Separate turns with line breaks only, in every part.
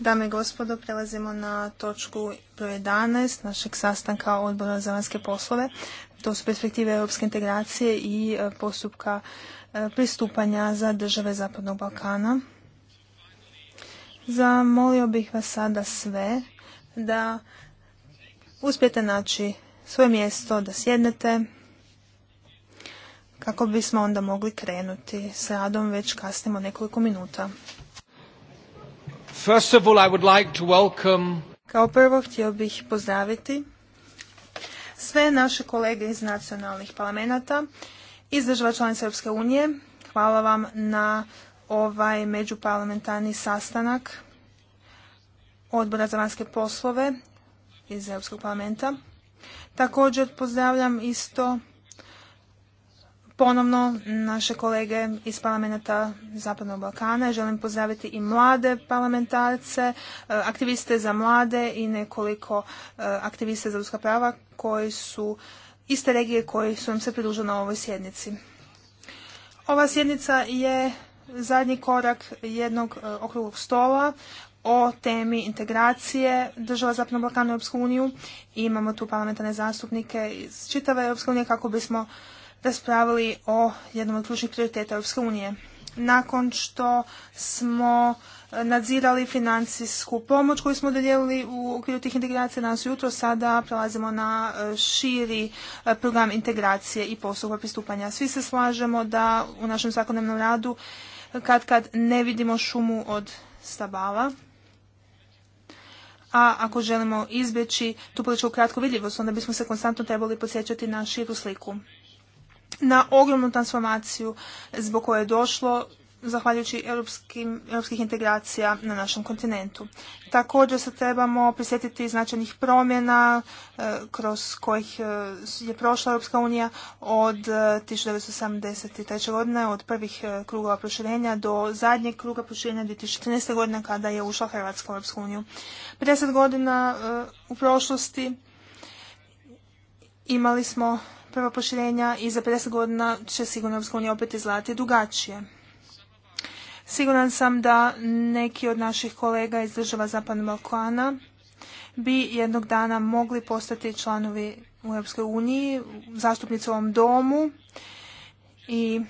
Dame i gospodo, prelazimo na točku broj 11 našeg sastanka odbora za vanjske poslove. To su perspektive europske integracije i e, postupka e, pristupanja za države Zapadnog Balkana. Zamolio bih vas sada sve da uspijete naći svoje mjesto, da sjednete kako bismo onda mogli krenuti s radom, već kasnimo nekoliko minuta.
First of all, I would like to welcome...
Kao prvo htio bih pozdraviti sve naše kolege iz nacionalnih parlamenta, iz država članica Europske unije. Hvala vam na ovaj međuparlamentarni sastanak odbora za vanjske poslove iz Europskog parlamenta. Također pozdravljam isto ponovno naše kolege iz parlamenta Zapadnog Balkana. Želim pozdraviti i mlade parlamentarce, e, aktiviste za mlade i nekoliko e, aktiviste za ljudska prava koji su iste regije koji su im se pridružili na ovoj sjednici. Ova sjednica je zadnji korak jednog e, okruglog stola o temi integracije država Zapadnog Balkana u Europsku uniju. Imamo tu parlamentarne zastupnike iz čitave Europske unije kako bismo raspravili o jednom od ključnih prioriteta Europske unije. Nakon što smo e, nadzirali financijsku pomoć koju smo dodijelili u okviru tih integracija danas jutro, sada prelazimo na e, širi e, program integracije i postupa pristupanja. Svi se slažemo da u našem svakodnevnom radu kad kad ne vidimo šumu od stabala, a ako želimo izbjeći tu političku kratku vidljivost, onda bismo se konstantno trebali podsjećati na širu sliku na ogromnu transformaciju zbog koje je došlo zahvaljujući europskih integracija na našem kontinentu. Također se trebamo prisjetiti značajnih promjena e, kroz kojih e, je prošla Europska unija od 1973. E, godine, od prvih krugova proširenja do zadnjeg kruga proširenja 2014. godine kada je ušla Hrvatska u Europsku uniju. 50 godina u prošlosti imali smo prva poširenja i za 50 godina će sigurno Europska unija opet izgledati drugačije. Siguran sam da neki od naših kolega iz država Zapadnog Balkana bi jednog dana mogli postati članovi u Europskoj uniji, zastupnici u ovom domu i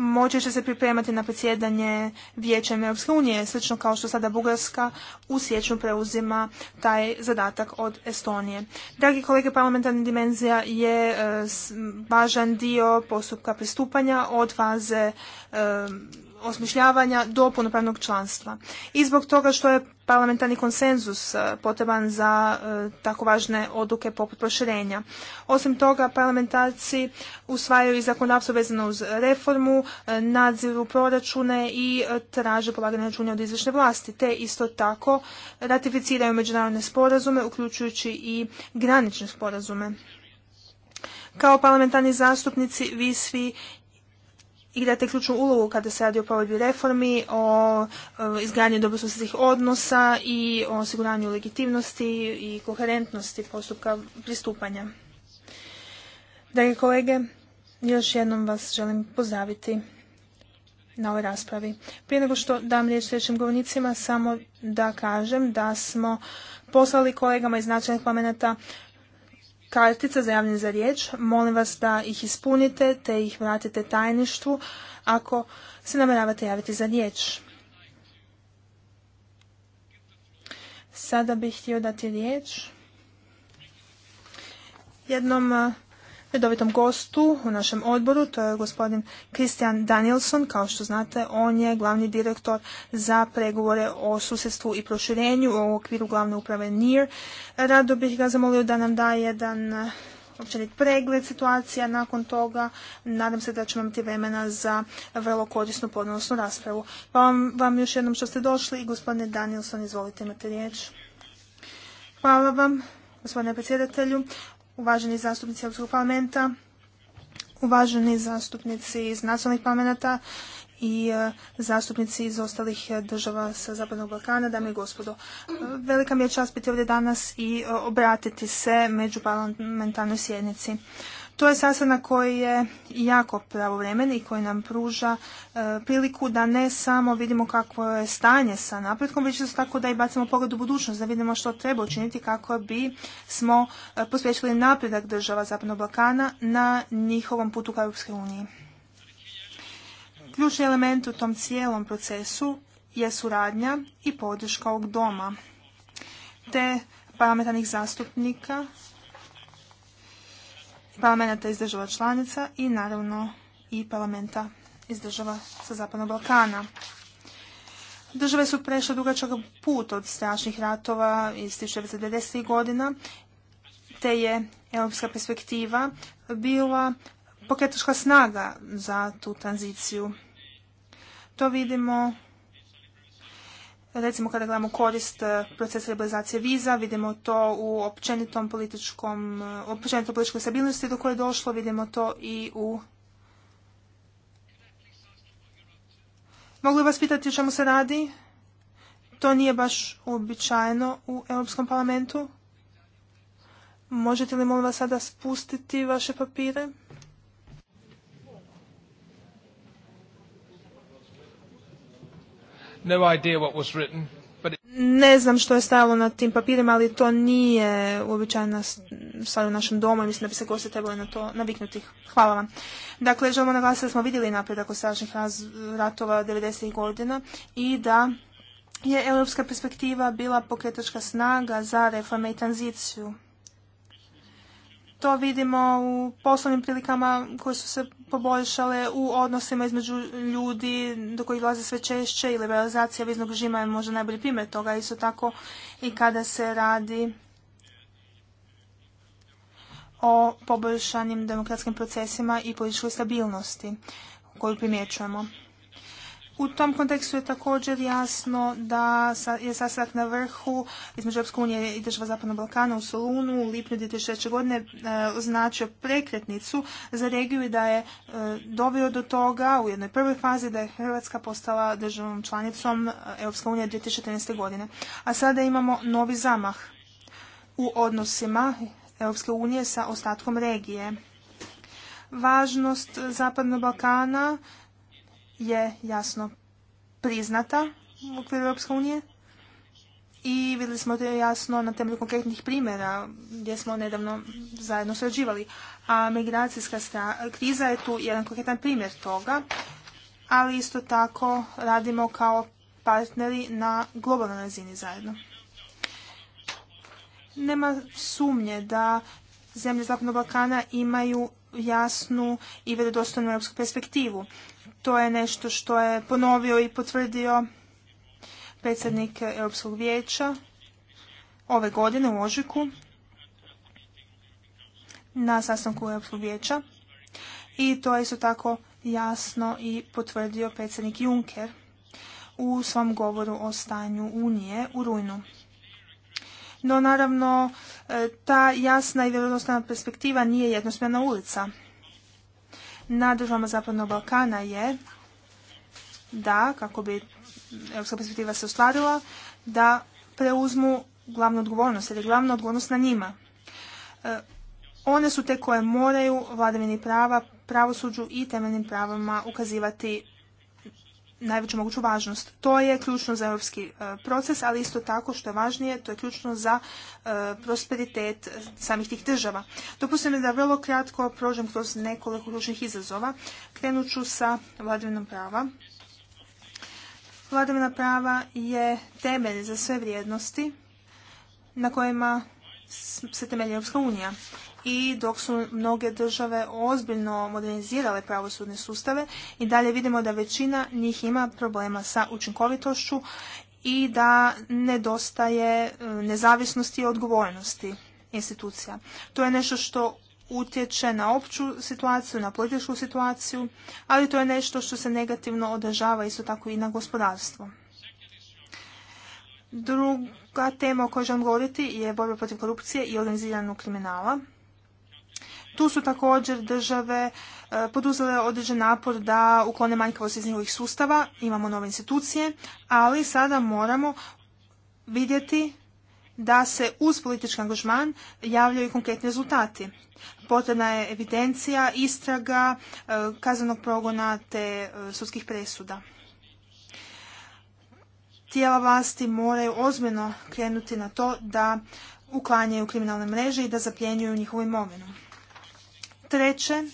moći će se pripremati na predsjedanje Vijećem Europske unije, slično kao što sada Bugarska u siječnju preuzima taj zadatak od Estonije. Dragi kolege, parlamentarna dimenzija je e, važan dio postupka pristupanja od faze e, osmišljavanja dopunopravnog članstva. I zbog toga što je parlamentarni konsenzus e, potreban za e, tako važne odluke poput proširenja. Osim toga, parlamentarci usvajaju i zakonodavstvo vezano uz reformu, e, nadziru proračune i traže polaganje računa od izvršne vlasti, te isto tako ratificiraju međunarodne sporazume, uključujući i granične sporazume. Kao parlamentarni zastupnici vi svi igrate ključnu ulogu kada se radi o provedbi reformi, o e, izgradnji dobrosusjedskih odnosa i o osiguranju legitimnosti i koherentnosti postupka pristupanja. Dragi kolege, još jednom vas želim pozdraviti na ovoj raspravi. Prije nego što dam riječ sljedećim govornicima, samo da kažem da smo poslali kolegama iz načelnih parlamenta kartica za javljanje za riječ. Molim vas da ih ispunite te ih vratite tajništvu ako se namjeravate javiti za riječ. Sada bih htio dati riječ jednom redovitom gostu u našem odboru, to je gospodin Kristijan Danielson, kao što znate, on je glavni direktor za pregovore o susjedstvu i proširenju u okviru glavne uprave NIR. Rado bih ga zamolio da nam da jedan eh, općenit pregled situacija nakon toga. Nadam se da ćemo imati vremena za vrlo korisnu podnosnu raspravu. Pa vam, vam još jednom što ste došli i gospodine Danielson, izvolite imate riječ. Hvala vam gospodine predsjedatelju uvaženi zastupnici Europskog parlamenta, uvaženi zastupnici iz nacionalnih parlamenta i e, zastupnici iz ostalih e, država sa Zapadnog Balkana, dame i gospodo. E, velika mi je čast biti ovdje danas i obratiti se parlamentarnoj sjednici. To je sastanak koji je jako pravovremen i koji nam pruža e, priliku da ne samo vidimo kakvo je stanje sa napretkom, već isto tako da i bacimo pogled u budućnost, da vidimo što treba učiniti kako bi smo e, pospješili napredak država Zapadnog Balkana na njihovom putu ka Europske unije. Ključni element u tom cijelom procesu je suradnja i podrška ovog doma, te parlamentarnih zastupnika parlamenta iz država članica i naravno i parlamenta iz država sa Zapadnog Balkana. Države su prešle dugačak put od strašnih ratova iz 1990. godina, te je europska perspektiva bila pokretačka snaga za tu tranziciju. To vidimo Recimo kada gledamo korist e, procesa liberalizacije viza, vidimo to u općenitom političkom, e, općenito političkoj stabilnosti do koje je došlo, vidimo to i u... Mogu li vas pitati o čemu se radi? To nije baš uobičajeno u Europskom parlamentu. Možete li molim vas sada spustiti vaše papire? Ne znam što je stajalo na tim papirima, ali to nije uobičajena stvar u našem domu i mislim da bi se gosti trebali na to naviknuti. Hvala vam. Dakle, želimo naglasiti da smo vidjeli napredak od strašnih ratova 90. godina i da je europska perspektiva bila pokretačka snaga za reforme i tranziciju to vidimo u poslovnim prilikama koje su se poboljšale, u odnosima između ljudi do kojih dolaze sve češće i liberalizacija viznog režima je možda najbolji primjer toga. Isto tako i kada se radi o poboljšanim demokratskim procesima i političkoj stabilnosti koju primjećujemo. U tom kontekstu je također jasno da je sastanak na vrhu između Europske unije i država Zapadnog Balkana u Solunu u lipnju 2006. godine e, označio prekretnicu za regiju i da je e, doveo do toga u jednoj prvoj fazi da je Hrvatska postala državnom članicom e, Europske unije 2014. godine. A sada imamo novi zamah u odnosima Europske unije sa ostatkom regije. Važnost Zapadnog Balkana je jasno priznata u okviru Europske unije i vidjeli smo to jasno na temelju konkretnih primjera gdje smo nedavno zajedno surađivali. A migracijska kriza je tu jedan konkretan primjer toga, ali isto tako radimo kao partneri na globalnoj razini zajedno. Nema sumnje da zemlje Zapadnog Balkana imaju jasnu i vjerodostojnu europsku perspektivu. To je nešto što je ponovio i potvrdio predsjednik Europskog vijeća ove godine u Ožiku na sastanku Europskog vijeća i to je isto tako jasno i potvrdio predsjednik Juncker u svom govoru o stanju Unije u rujnu. No naravno, e, ta jasna i vjerodostojna perspektiva nije jednosmjerna ulica na državama Zapadnog Balkana je da, kako bi europska perspektiva se ostvarila, da preuzmu glavnu odgovornost, jer je glavna odgovornost na njima. E, one su te koje moraju vladavini prava, pravosuđu i temeljnim pravama ukazivati najveću moguću važnost. To je ključno za europski e, proces, ali isto tako što je važnije, to je ključno za e, prosperitet samih tih država. Dopustite da vrlo kratko prođem kroz nekoliko ključnih izazova. Krenut ću sa vladavinom prava. Vladavina prava je temelj za sve vrijednosti na kojima se temelji Europska unija i dok su mnoge države ozbiljno modernizirale pravosudne sustave i dalje vidimo da većina njih ima problema sa učinkovitošću i da nedostaje e, nezavisnosti i odgovornosti institucija. To je nešto što utječe na opću situaciju, na političku situaciju, ali to je nešto što se negativno održava isto tako i na gospodarstvo. Druga tema o kojoj želim govoriti je borba protiv korupcije i organiziranog kriminala. Tu su također države e, poduzele određen napor da uklone manjkavost iz njihovih sustava, imamo nove institucije, ali sada moramo vidjeti da se uz politički angažman javljaju i konkretni rezultati. Potrebna je evidencija, istraga, e, kaznenog progona te e, sudskih presuda. Tijela vlasti moraju ozbiljno krenuti na to da uklanjaju kriminalne mreže i da zapljenjuju njihovu imovinu. Treće,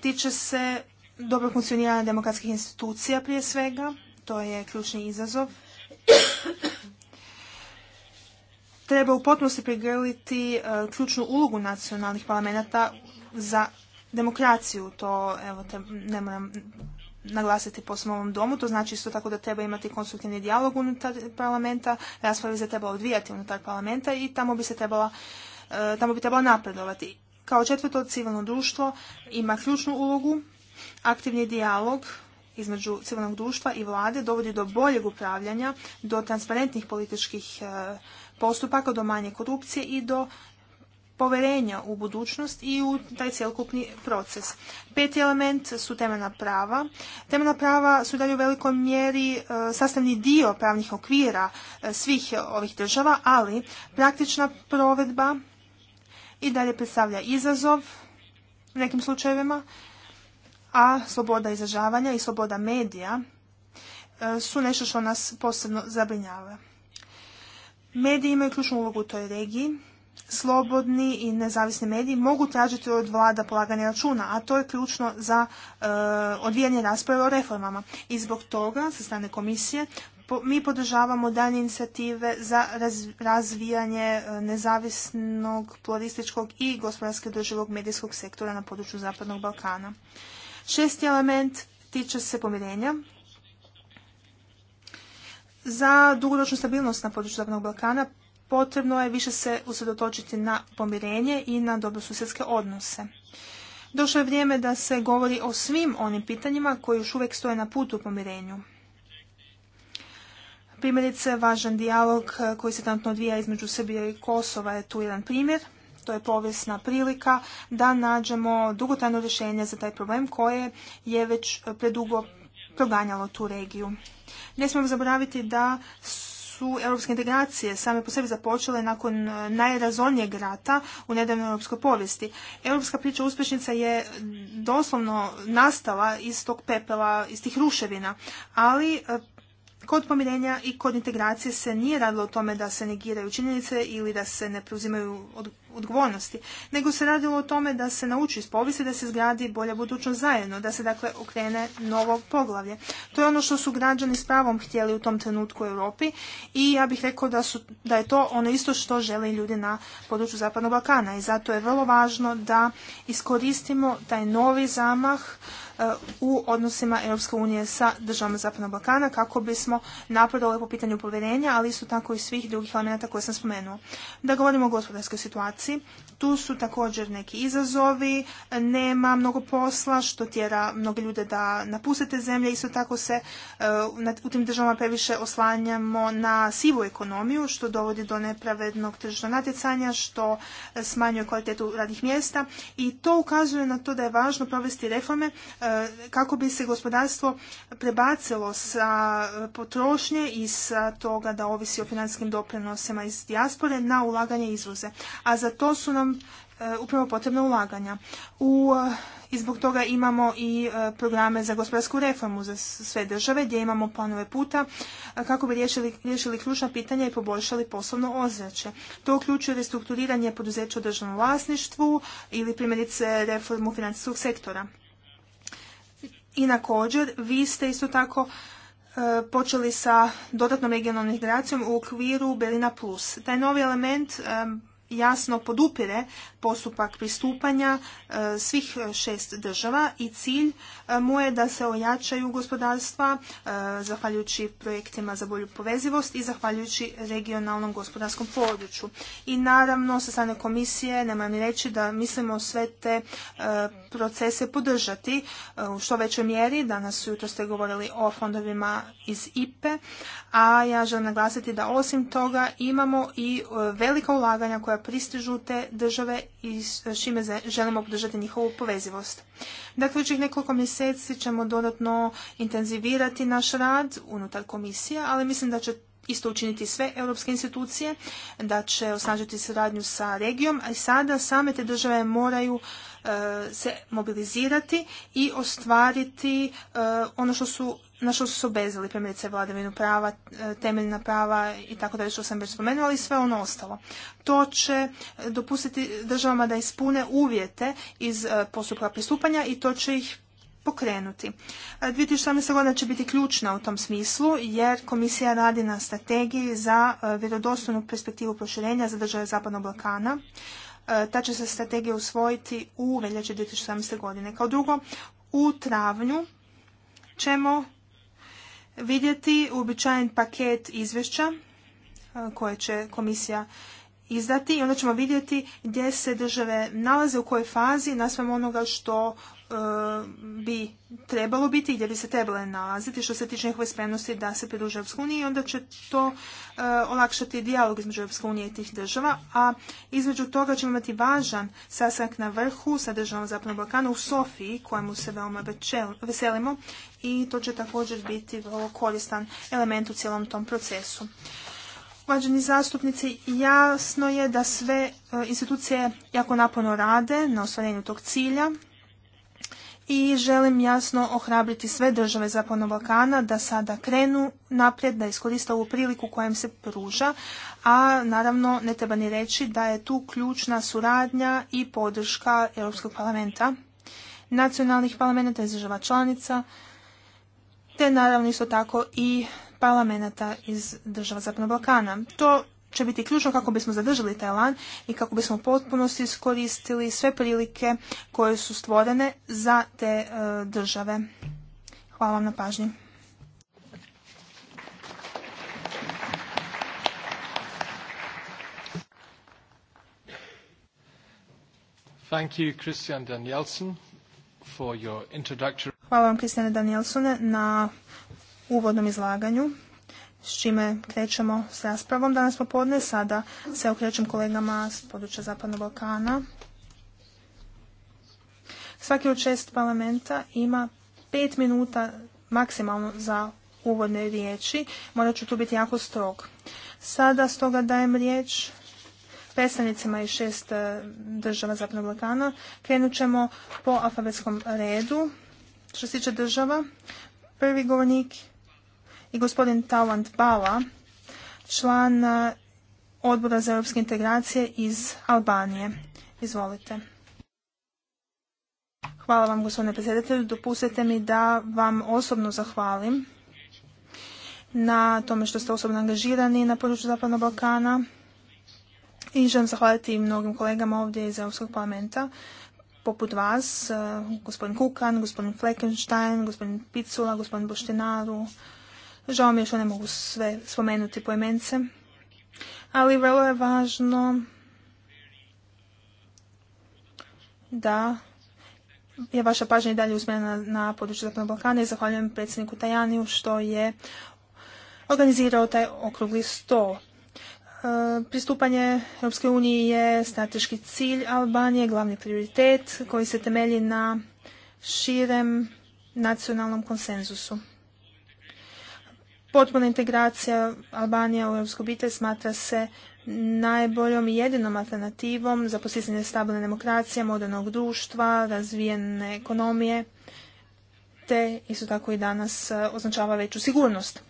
tiče se dobro funkcioniranja demokratskih institucija prije svega, to je ključni izazov. Treba u potpunosti pregrliti e, ključnu ulogu nacionalnih parlamenta za demokraciju. To evo, te, ne moram naglasiti po ovom domu, to znači isto tako da treba imati konstruktivni dijalog unutar parlamenta, rasprave se treba odvijati unutar parlamenta i tamo bi se trebala, e, tamo bi trebala napredovati. Kao četvrto, civilno društvo ima ključnu ulogu. Aktivni dijalog između civilnog društva i vlade dovodi do boljeg upravljanja, do transparentnih političkih e, postupaka, do manje korupcije i do poverenja u budućnost i u taj cjelokupni proces. Peti element su temeljna prava. Temeljna prava su dalje u velikoj mjeri e, sastavni dio pravnih okvira e, svih ovih država, ali praktična provedba i dalje predstavlja izazov u nekim slučajevima, a sloboda izražavanja i sloboda medija e, su nešto što nas posebno zabrinjava. Mediji imaju ključnu ulogu u toj regiji. Slobodni i nezavisni mediji mogu tražiti od vlada polaganje računa, a to je ključno za e, odvijanje rasprave o reformama. I zbog toga, sa strane komisije, mi podržavamo danje inicijative za razvijanje e, nezavisnog, pluralističkog i gospodarske održivog medijskog sektora na području Zapadnog Balkana. Šesti element tiče se pomirenja. Za dugoročnu stabilnost na području Zapadnog Balkana potrebno je više se usredotočiti na pomirenje i na dobrosusjedske odnose. Došlo je vrijeme da se govori o svim onim pitanjima koji još uvijek stoje na putu u pomirenju. Primjerice, važan dijalog eh, koji se trenutno odvija između Srbije i Kosova je tu jedan primjer. To je povijesna prilika da nađemo dugotrajno rješenje za taj problem koje je već eh, predugo proganjalo tu regiju. Ne smijemo zaboraviti da su europske integracije same po sebi započele nakon eh, najrazornijeg rata u nedavnoj europskoj povijesti. Europska priča uspješnica je doslovno nastala iz tog pepela, iz tih ruševina, ali Kod pomirenja i kod integracije se nije radilo o tome da se negiraju činjenice ili da se ne preuzimaju odgovornosti, nego se radilo o tome da se nauči iz povijesti, da se zgradi bolja budućnost zajedno, da se dakle okrene novo poglavlje. To je ono što su građani s pravom htjeli u tom trenutku u Europi i ja bih rekao da, su, da je to ono isto što žele ljudi na području Zapadnog Balkana i zato je vrlo važno da iskoristimo taj novi zamah u odnosima Europske unije sa državama Zapadnog Balkana kako bismo napredovali po pitanju povjerenja, ali isto tako i svih drugih elemenata koje sam spomenuo. Da govorimo o gospodarskoj situaciji, tu su također neki izazovi, nema mnogo posla što tjera mnoge ljude da napuste zemlje. Isto tako se e, u tim državama previše oslanjamo na sivu ekonomiju što dovodi do nepravednog tržišnog natjecanja, što smanjuje kvalitetu radnih mjesta i to ukazuje na to da je važno provesti reforme e, kako bi se gospodarstvo prebacilo sa e, potrošnje i sa toga da ovisi o financijskim doprinosima iz dijaspore na ulaganje izvoze. A za to su nam Um, e, upravo potrebna ulaganja. U, e, I zbog toga imamo i e, programe za gospodarsku reformu za sve države gdje imamo planove puta kako bi riješili, ključna pitanja i poboljšali poslovno ozračje. To uključuje restrukturiranje poduzeća u državnom vlasništvu ili primjerice reformu financijskog sektora. I također, vi ste isto tako počeli sa dodatnom regionalnom integracijom u okviru Berlina Plus. Taj novi element jasno podupire postupak pristupanja e, svih šest država i cilj e, mu je da se ojačaju gospodarstva e, zahvaljujući projektima za bolju povezivost i zahvaljujući regionalnom gospodarskom području. I naravno sa strane komisije nema mi reći da mislimo sve te procese podržati u što većoj mjeri. Danas jutro ste govorili o fondovima iz IPE, a ja želim naglasiti da osim toga imamo i velika ulaganja koja pristižu te države i s čime želimo podržati njihovu povezivost. Dakle, učih nekoliko mjeseci ćemo dodatno intenzivirati naš rad unutar komisija, ali mislim da će isto učiniti sve europske institucije, da će osnažiti suradnju sa regijom, a i sada same te države moraju e, se mobilizirati i ostvariti e, ono što su na što su se obezili, primjerice vladavinu prava, e, temeljna prava i tako dalje, što sam već spomenula, ali sve ono ostalo. To će e, dopustiti državama da ispune uvjete iz e, postupka pristupanja i to će ih pokrenuti. 2017. godina će biti ključna u tom smislu jer komisija radi na strategiji za vjerodostojnu perspektivu proširenja za države Zapadnog Balkana. Ta će se strategija usvojiti u veljači 2017. godine. Kao drugo, u travnju ćemo vidjeti uobičajen paket izvješća e, koje će komisija izdati i onda ćemo vidjeti gdje se države nalaze, u kojoj fazi, na naspram onoga što bi trebalo biti i gdje bi se trebale nalaziti što se tiče njihove spremnosti da se pridruže Europskoj uniji i onda će to eh, olakšati dijalog između Europske unije i tih država, a između toga ćemo imati važan sastanak na vrhu sa državom Zapadnog Balkana u Sofiji, kojemu se veoma veselimo i to će također biti vrlo koristan element u cijelom tom procesu. Uvaženi zastupnici, jasno je da sve eh, institucije jako naporno rade na ostvarenju tog cilja i želim jasno ohrabriti sve države Zapadnog Balkana da sada krenu naprijed, da iskoriste ovu priliku koja im se pruža, a naravno ne treba ni reći da je tu ključna suradnja i podrška Europskog parlamenta, nacionalnih parlamenta iz država članica, te naravno isto tako i parlamenta iz država Zapadnog Balkana. To će biti ključno kako bismo zadržali taj lan i kako bismo u potpunosti iskoristili sve prilike koje su stvorene za te e, države. Hvala vam na pažnji.
Thank you, Christian Danielson, for your introductory...
Hvala vam, Kristjane Danielsone, na uvodnom izlaganju s čime krećemo s raspravom danas popodne. Sada se okrećem kolegama s područja Zapadnog Balkana. Svaki od šest parlamenta ima pet minuta maksimalno za uvodne riječi. Morat ću tu biti jako strog. Sada stoga dajem riječ predstavnicima iz šest e, država Zapadnog Balkana. Krenut ćemo po alfabetskom redu. Što se tiče država, prvi govornik i gospodin Talant Bala, član e, odbora za europske integracije iz Albanije. Izvolite. Hvala vam gospodine predsjedatelju. Dopustite mi da vam osobno zahvalim na tome što ste osobno angažirani na području Zapadnog Balkana i želim zahvaliti i mnogim kolegama ovdje iz Europskog parlamenta poput vas, e, gospodin Kukan, gospodin Fleckenstein, gospodin Picula, gospodin Boštenaru, Žao mi je što ne mogu sve spomenuti poimence, ali vrlo je važno da je vaša pažnja i dalje usmjerena na području Zapadnog Balkana i zahvaljujem predsjedniku Tajaniju što je organizirao taj okrugli sto. E, pristupanje Europske unije je strateški cilj Albanije, glavni prioritet koji se temelji na širem nacionalnom konsenzusu. Potpuna integracija Albanija u Europsku obitelj smatra se najboljom i jedinom alternativom za postizanje stabilne demokracije, modernog društva, razvijene ekonomije, te isto tako i danas e, označava veću sigurnost.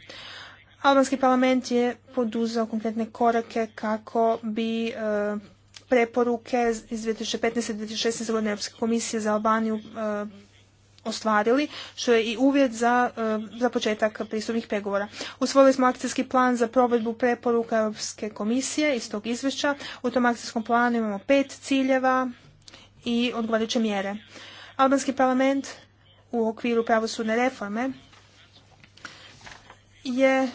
Albanski parlament je poduzeo konkretne korake kako bi e, preporuke iz 2015. i 2016. godine Europske komisije za Albaniju e, ostvarili, što je i uvjet za, e, za početak pristupnih pregovora. Usvojili smo akcijski plan za provedbu preporuka Europske komisije iz tog izvješća. U tom akcijskom planu imamo pet ciljeva i odgovarajuće mjere. Albanski parlament u okviru pravosudne reforme je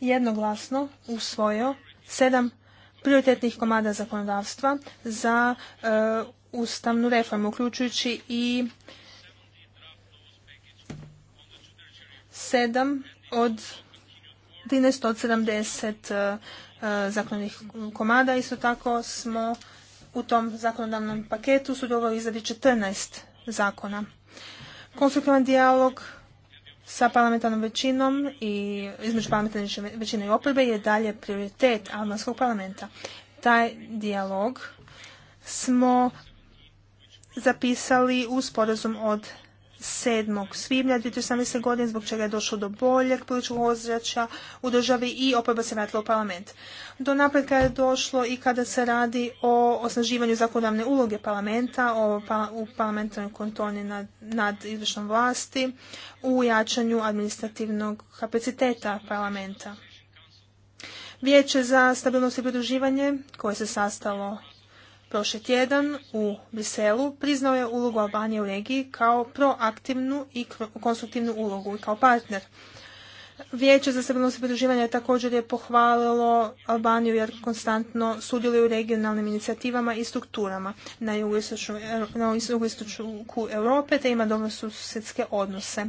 jednoglasno usvojio sedam prioritetnih komada zakonodavstva za e, ustavnu reformu, uključujući i sedam od 13 od sedamdeset e, e, zakonodnih komada. Isto tako smo u tom zakonodavnom paketu sudjelovali izradi 14 zakona. Konstruktivan dijalog sa parlamentarnom većinom i između parlamentarne većine i oporbe je dalje prioritet albanskog parlamenta. Taj dijalog smo zapisali u sporazum od 7. svibnja 2018. godine zbog čega je došlo do boljeg političkog ozračja u državi i oporba se vratila u parlament. Do napretka je došlo i kada se radi o osnaživanju zakonodavne uloge parlamenta, pa, u parlamentarnoj kontroli nad, nad izvršnom vlasti, u jačanju administrativnog kapaciteta parlamenta. Vijeće za stabilnost i pridruživanje koje se sastalo prošli tjedan u Briselu priznao je ulogu Albanije u regiji kao proaktivnu i konstruktivnu ulogu i kao partner. Vijeće za stabilnost i pridruživanje također je pohvalilo Albaniju jer konstantno sudjeluje u regionalnim inicijativama i strukturama na jugoistočku Europe te ima dobro susjedske odnose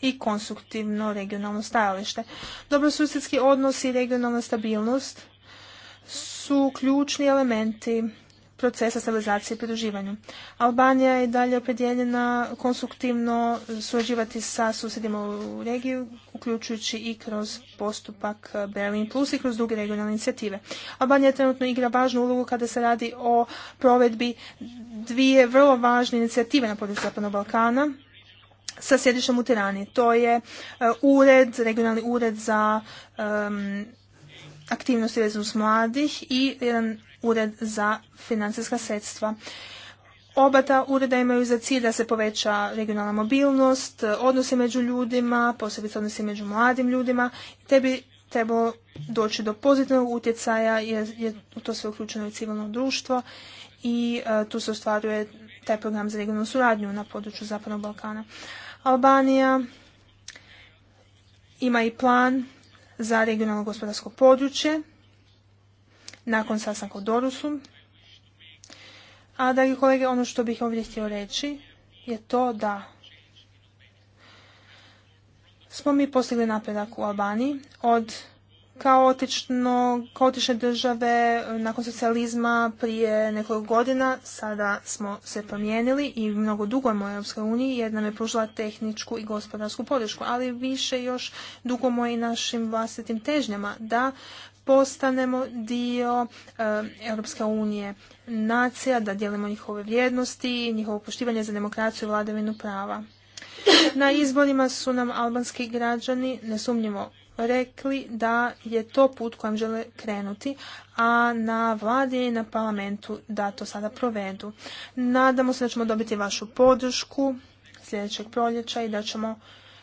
i konstruktivno regionalno stajalište. Dobrosusjedski odnos i regionalna stabilnost su ključni elementi procesa stabilizacije i pridruživanju. Albanija je dalje opredjeljena konstruktivno surađivati sa susjedima u regiju, uključujući i kroz postupak Berlin Plus i kroz druge regionalne inicijative. Albanija trenutno igra važnu ulogu kada se radi o provedbi dvije vrlo važne inicijative na području Zapadnog Balkana, sa sjedištem u Tirani. To je uh, ured, regionalni ured za um, aktivnosti vezano s mladih i jedan ured za financijska sredstva. Oba ta ureda imaju za cilj da se poveća regionalna mobilnost, odnose među ljudima, posebice odnose među mladim ljudima, te bi trebalo doći do pozitivnog utjecaja jer je to sve uključeno i civilno društvo i e, tu se ostvaruje taj program za regionalnu suradnju na području Zapadnog Balkana. Albanija ima i plan za regionalno gospodarsko područje nakon sastanka u Dorusu. A, dragi kolege, ono što bih ovdje htio reći je to da smo mi postigli napredak u Albaniji od kaotično, kaotične države nakon socijalizma prije nekoliko godina. Sada smo se promijenili i mnogo dugujemo u Europskoj uniji jer nam je pružila tehničku i gospodarsku podršku, ali više još dugujemo i našim vlastitim težnjama da postanemo dio e, Europske unije nacija, da dijelimo njihove vrijednosti i njihovo poštivanje za demokraciju i vladavinu prava. Na izborima su nam albanski građani nesumnjivo rekli da je to put kojem žele krenuti, a na vladi i na parlamentu da to sada provedu. Nadamo se da ćemo dobiti vašu podršku sljedećeg proljeća i da ćemo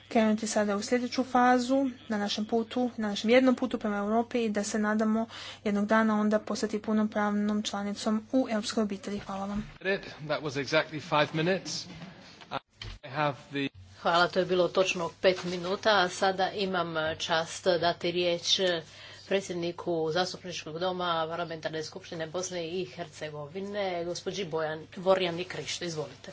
krenuti sada u sljedeću fazu na našem putu, na našem jednom putu prema Europi i da se nadamo jednog dana onda postati punopravnom članicom u europskoj obitelji. Hvala
vam. Hvala, to je
bilo točno pet minuta, a sada imam čast dati riječ predsjedniku zastupničkog doma Parlamentarne skupštine Bosne i Hercegovine, gospođi Bojan, Borjani Izvolite.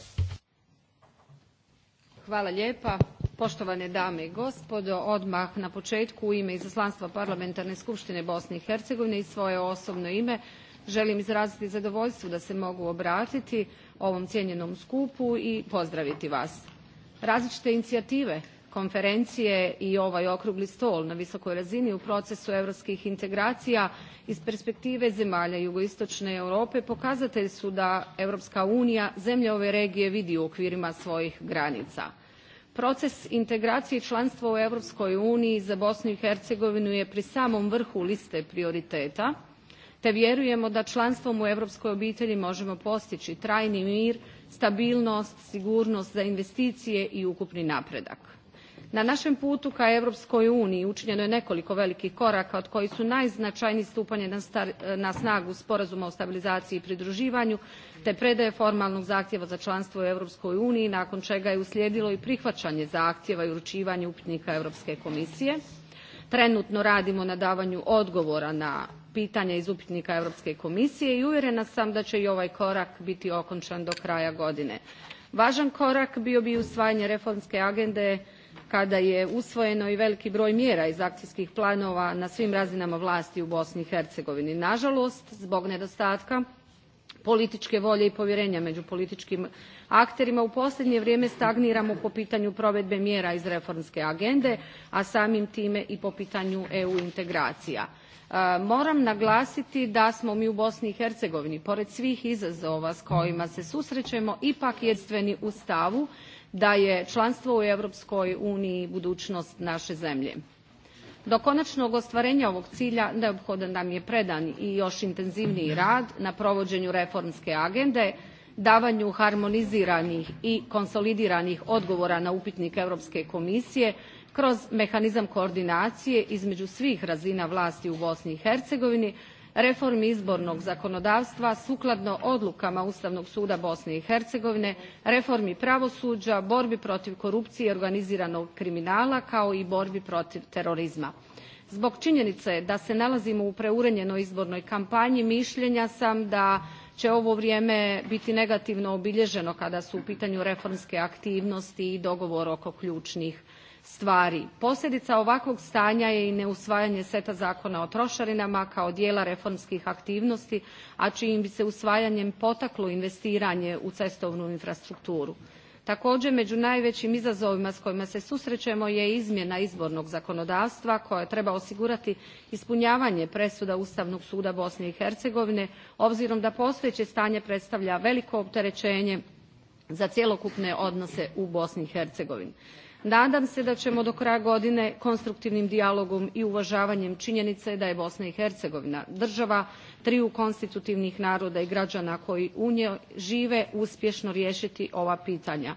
Hvala lijepa Poštovane dame i gospodo, odmah na početku u ime Izaslanstva Parlamentarne skupštine Bosne i Hercegovine i svoje osobno ime želim izraziti zadovoljstvo da se mogu obratiti ovom cijenjenom skupu i pozdraviti vas. Različite inicijative, konferencije i ovaj okrugli stol na visokoj razini u procesu europskih integracija iz perspektive zemalja jugoistočne Europe pokazatelj su da Evropska unija zemlje ove regije vidi u okvirima svojih granica. Proces integracije i članstva u Europskoj uniji za Bosnu i Hercegovinu je pri samom vrhu liste prioriteta te vjerujemo da članstvom u europskoj obitelji možemo postići trajni mir, stabilnost, sigurnost za investicije i ukupni napredak. Na našem putu ka Europskoj uniji učinjeno je nekoliko velikih koraka od kojih su najznačajniji stupanje na, snagu Sporazuma o stabilizaciji i pridruživanju te predaje formalnog zahtjeva za članstvo u Europskoj uniji nakon čega je uslijedilo i prihvaćanje zahtjeva i uručivanje upitnika Europske komisije. Trenutno radimo na davanju odgovora na pitanja iz upitnika Europske komisije i uvjerena sam da će i ovaj korak biti okončan do kraja godine. Važan korak bio bi usvajanje reformske agende kada je usvojeno i veliki broj mjera iz akcijskih planova na svim razinama vlasti u Bosni i Hercegovini. Nažalost, zbog nedostatka političke volje i povjerenja među političkim akterima u posljednje vrijeme stagniramo po pitanju provedbe mjera iz reformske agende, a samim time i po pitanju EU integracija. E, moram naglasiti da smo mi u Bosni i Hercegovini pored svih izazova s kojima se susrećemo ipak jedstveni u stavu da je članstvo u Europskoj uniji budućnost naše zemlje. Do konačnog ostvarenja ovog cilja neophodan nam je predan i još intenzivniji rad na provođenju reformske agende, davanju harmoniziranih i konsolidiranih odgovora na upitnik Europske komisije kroz mehanizam koordinacije između svih razina vlasti u Bosni i Hercegovini reformi izbornog zakonodavstva sukladno odlukama Ustavnog suda Bosne i Hercegovine, reformi pravosuđa, borbi protiv korupcije i organiziranog kriminala kao i borbi protiv terorizma. Zbog činjenice da se nalazimo u preurenjenoj izbornoj kampanji mišljenja sam da će ovo vrijeme biti negativno obilježeno kada su u pitanju reformske aktivnosti i dogovor oko ključnih stvari. Posljedica ovakvog stanja je i neusvajanje seta zakona o trošarinama kao dijela reformskih aktivnosti, a čijim bi se usvajanjem potaklo investiranje u cestovnu infrastrukturu. Također među najvećim izazovima s kojima se susrećemo je izmjena izbornog zakonodavstva koja treba osigurati ispunjavanje presuda Ustavnog suda Bosne i Hercegovine obzirom da postojeće stanje predstavlja veliko opterećenje za cjelokupne odnose u Bosni i Hercegovini. Nadam se da ćemo do kraja godine konstruktivnim dijalogom i uvažavanjem činjenice da je Bosna i Hercegovina država triju konstitutivnih naroda i građana koji u njoj žive uspješno riješiti ova pitanja.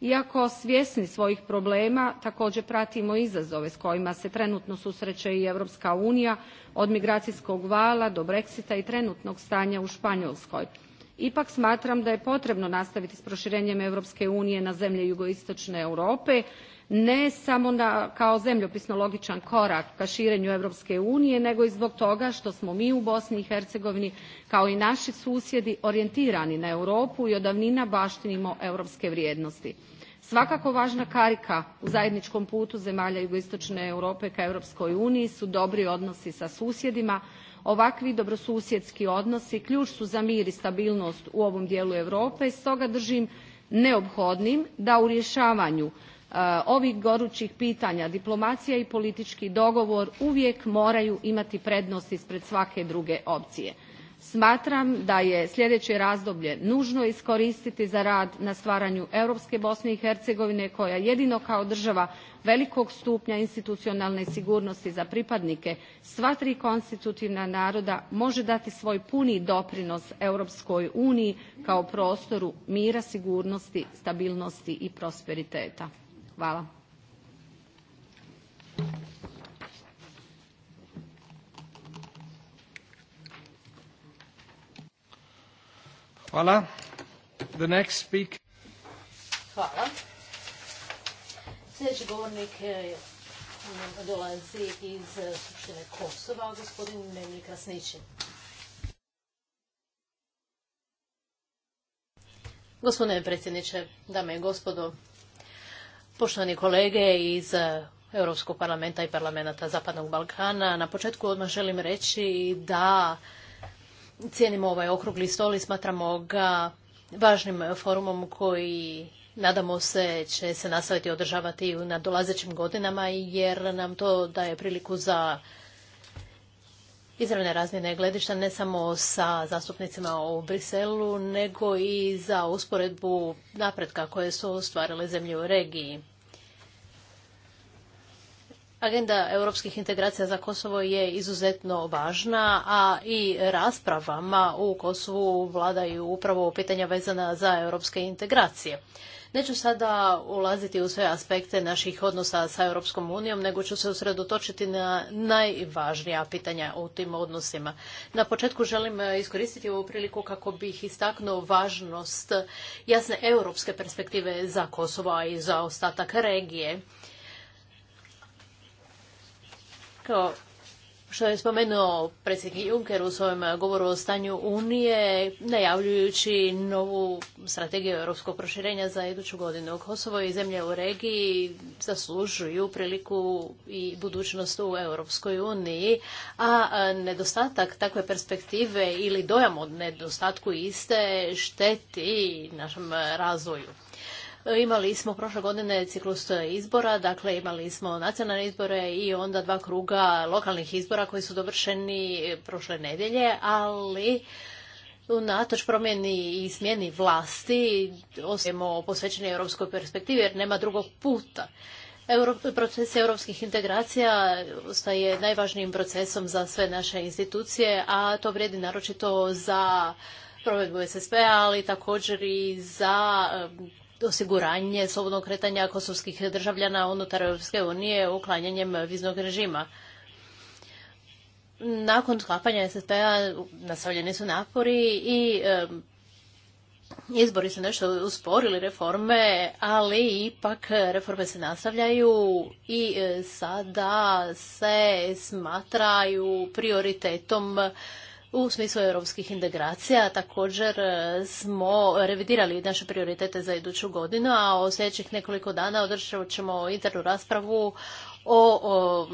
Iako svjesni svojih problema također pratimo izazove s kojima se trenutno susreće i Europska unija od migracijskog vala do Brexita i trenutnog stanja u Španjolskoj ipak smatram da je potrebno nastaviti s proširenjem europske unije na zemlje jugoistočne europe ne samo kao zemljopisno logičan korak ka širenju europske unije nego i zbog toga što smo mi u bosni i hercegovini kao i naši susjedi orijentirani na europu i od davnina baštinimo europske vrijednosti svakako važna karika u zajedničkom putu zemalja jugoistočne europe ka europskoj uniji su dobri odnosi sa susjedima Ovakvi dobrosusjedski odnosi ključ su za mir i stabilnost u ovom dijelu Europe i stoga držim neophodnim da u rješavanju e, ovih gorućih pitanja diplomacija i politički dogovor uvijek moraju imati prednost ispred svake druge opcije. Smatram da je sljedeće razdoblje nužno iskoristiti za rad na stvaranju europske Bosne i Hercegovine koja jedino kao država velikog stupnja institucionalne sigurnosti za pripadnike sva tri konstitutivna naroda može dati svoj puni doprinos Europskoj uniji kao prostoru mira, sigurnosti, stabilnosti i prosperiteta. Hvala.
Hvala. The next speaker.
Hvala. Sljedeći govornik e, dolazi iz Skupštine Kosova, gospodin Nemlji Krasnićin. Gospodine predsjedniče, dame i gospodo, poštovani kolege iz Europskog parlamenta i parlamenta Zapadnog Balkana, na početku odmah želim reći da cijenimo ovaj okrugli stol i smatramo ga važnim forumom koji nadamo se će se nastaviti održavati u nadolazećim godinama jer nam to daje priliku za izravne razmjene gledišta ne samo sa zastupnicima u Briselu nego i za usporedbu napretka koje su ostvarile zemlje u regiji. Agenda europskih integracija za Kosovo je izuzetno važna, a i raspravama u Kosovu vladaju upravo pitanja vezana za europske integracije. Neću sada ulaziti u sve aspekte naših odnosa sa Europskom unijom, nego ću se usredotočiti na najvažnija pitanja u tim odnosima. Na početku želim iskoristiti ovu priliku kako bih istaknuo važnost jasne europske perspektive za Kosovo i za ostatak regije rekao, što je spomenuo predsjednik Juncker u svojem govoru o stanju Unije, najavljujući novu strategiju europskog proširenja za iduću godinu. Kosovo i zemlje u regiji zaslužuju priliku i budućnost u Europskoj uniji, a nedostatak takve perspektive ili dojam od nedostatku iste šteti našem razvoju. Imali smo prošle godine ciklus izbora, dakle imali smo nacionalne izbore i onda dva kruga lokalnih izbora koji su dovršeni prošle nedjelje, ali unatoč promjeni i smjeni vlasti ostajemo posvećeni europskoj perspektivi jer nema drugog puta. proces europskih integracija ostaje najvažnijim procesom za sve naše institucije, a to vrijedi naročito za provedbu SSP, p-a, ali također i za osiguranje slobodnog kretanja kosovskih državljana unutar Europske unije uklanjanjem viznog režima. Nakon sklapanja SSP-a nastavljeni su napori i izbori su nešto usporili reforme, ali ipak reforme se nastavljaju i e, sada se smatraju prioritetom u smislu europskih integracija. Također e, smo revidirali naše prioritete za iduću godinu, a u sljedećih nekoliko dana održat ćemo internu raspravu o, o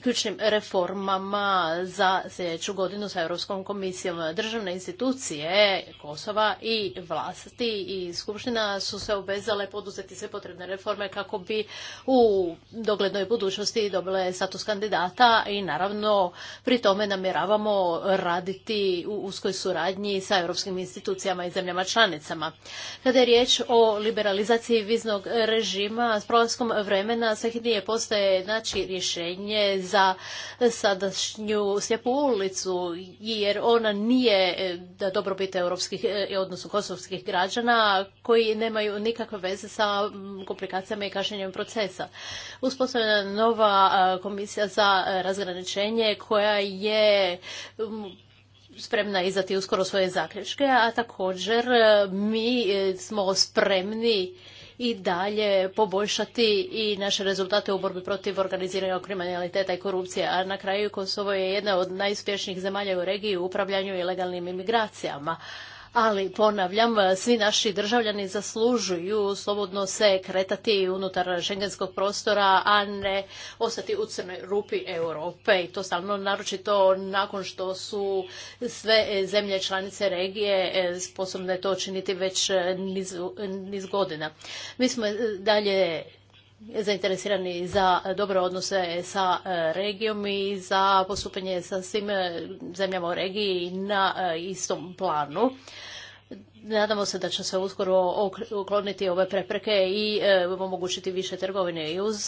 ključnim reformama za sljedeću godinu sa Europskom komisijom. Državne institucije Kosova i vlasti i Skupština su se obezale poduzeti sve potrebne reforme kako bi u doglednoj budućnosti dobile status kandidata i naravno pri tome namjeravamo raditi u uskoj suradnji sa europskim institucijama i zemljama članicama. Kada je riječ o liberalizaciji viznog režima, s prolaskom vremena sve hitnije postaje znači rješenje za sadašnju slijepu ulicu, jer ona nije e, da dobrobit europskih, e, e, odnosno kosovskih građana koji nemaju nikakve veze sa komplikacijama i kašnjenjem procesa. Uspostavljena nova komisija za razgraničenje koja je spremna izdati uskoro svoje zaključke, a također mi smo spremni i dalje poboljšati i naše rezultate u borbi protiv organiziranog kriminaliteta i korupcije. A na kraju Kosovo je jedna od najuspješnijih zemalja u regiji u upravljanju ilegalnim imigracijama ali ponavljam, svi naši državljani zaslužuju slobodno se kretati unutar šengenskog prostora, a ne ostati u crnoj rupi Europe i to stalno naročito nakon što su sve zemlje članice regije e, sposobne to činiti već niz godina. Mi smo e, dalje zainteresirani za dobre odnose sa e, regijom i za postupanje sa svim e, zemljama u regiji na e, istom planu. Nadamo se da će se uskoro ukloniti ove prepreke i omogućiti više trgovine. I uz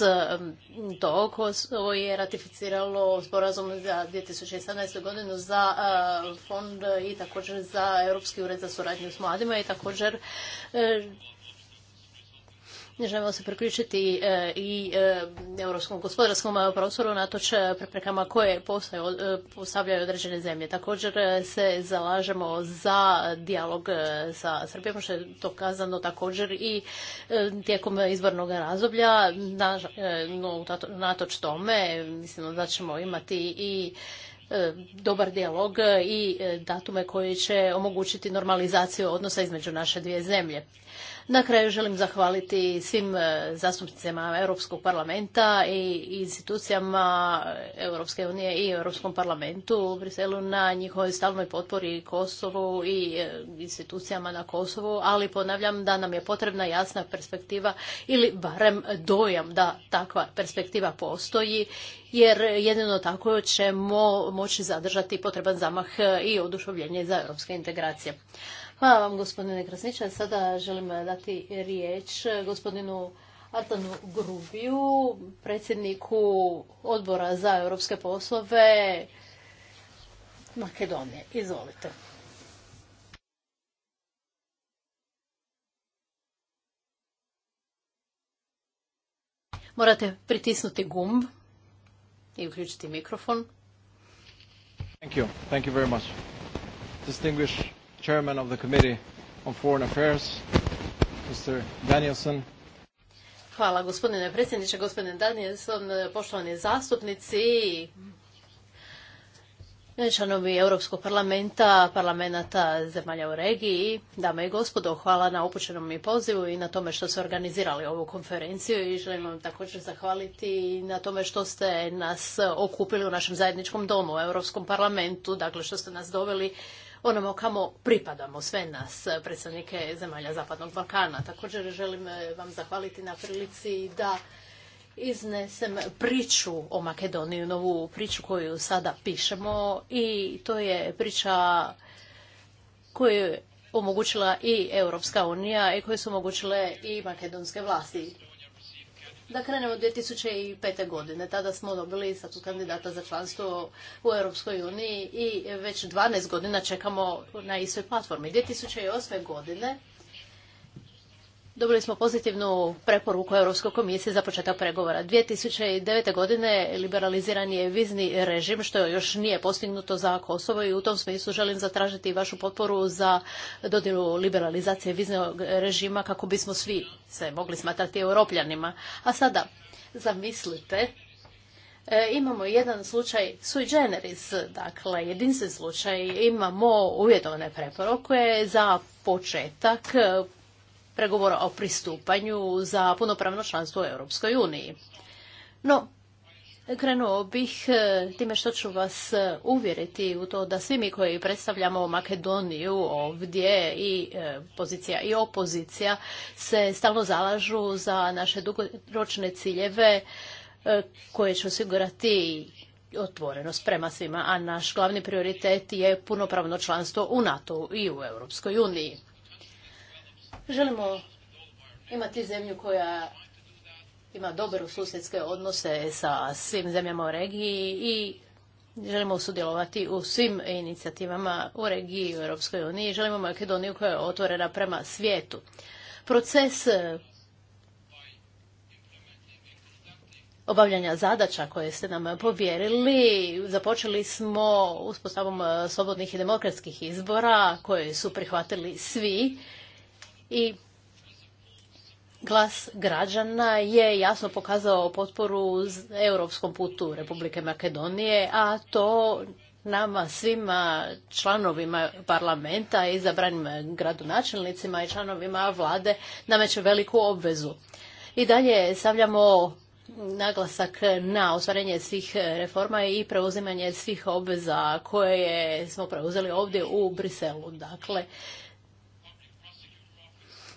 to je ratificiralo sporazum za 2017. godinu za fond i također za Europski ured za suradnju s mladima i također želimo se priključiti e, i e, europskom gospodarskom e, prostoru natoč preprekama koje postavljaju određene zemlje. Također se zalažemo za dijalog sa Srbijom, što je to kazano također i tijekom izbornog razdoblja. Na, no, natoč tome, mislimo da ćemo imati i dobar dijalog i datume koji će omogućiti normalizaciju odnosa između naše dvije zemlje. Na kraju želim zahvaliti svim e, zastupnicima Europskog parlamenta i institucijama Europske unije i Europskom parlamentu u Briselu na njihovoj stalnoj potpori Kosovu i e, institucijama na Kosovu, ali ponavljam da nam je potrebna jasna perspektiva ili barem dojam da takva perspektiva postoji jer jedino tako ćemo moći zadržati potreban zamah i oduševljenje za europske integracije. Hvala vam gospodine Krasniče. Sada želim dati riječ gospodinu Artanu Grubiju, predsjedniku odbora za europske poslove Makedonije. Izvolite. Morate pritisnuti gumb i uključiti mikrofon.
Thank you. Thank you very chairman of the Committee on Foreign Affairs, Mr. Danielson.
Hvala gospodine predsjedniče, gospodine Danielson, poštovani zastupnici i članovi Europskog parlamenta, parlamenta zemalja u regiji. Dame i gospodo, hvala na upućenom mi pozivu i na tome što ste organizirali ovu konferenciju i želim vam također zahvaliti na tome što ste nas okupili u našem zajedničkom domu, u Europskom parlamentu, dakle što ste nas doveli onamo kamo pripadamo, sve nas, eh, predstavnike zemalja Zapadnog Balkana. Također želim eh, vam zahvaliti na prilici da iznesem priču o Makedoniji, novu priču koju sada pišemo i to je priča koju je omogućila i Europska unija i koje su omogućile i makedonske vlasti da krenemo 2005. godine. Tada smo dobili status kandidata za članstvo u Europskoj uniji i već 12 godina čekamo na istoj platformi. 2008. godine Dobili smo pozitivnu preporuku Europskoj komisije za početak pregovora. 2009. godine liberaliziran je vizni režim, što još nije postignuto za Kosovo i u tom smislu želim zatražiti vašu potporu za dodjelu liberalizacije viznog režima kako bismo svi se mogli smatrati europljanima. A sada, zamislite, e, imamo jedan slučaj sui generis, dakle jedinstven slučaj, imamo uvjetovane preporuke za početak pregovora o pristupanju za punopravno članstvo u Europskoj uniji. No, krenuo bih e, time što ću vas e, uvjeriti u to da svi mi koji predstavljamo Makedoniju ovdje i e, pozicija i opozicija se stalno zalažu za naše dugoročne ciljeve koje će osigurati otvorenost prema svima, a naš glavni prioritet je punopravno članstvo u NATO i u Europskoj uniji. Želimo imati zemlju koja ima dobro susjedske odnose sa svim zemljama u regiji i želimo sudjelovati u svim inicijativama u regiji i u Europskoj uniji. Želimo Makedoniju koja je otvorena prema svijetu. Proces e, obavljanja zadaća koje ste nam povjerili. Započeli smo uspostavom e, slobodnih i demokratskih izbora koje su prihvatili svi i glas građana je jasno pokazao potporu europskom putu Republike Makedonije, a to nama svima članovima parlamenta, izabranim gradonačelnicima i članovima vlade nameće veliku obvezu. I dalje stavljamo naglasak na ostvarenje svih reforma i preuzimanje svih obveza koje smo preuzeli ovdje u Briselu. Dakle,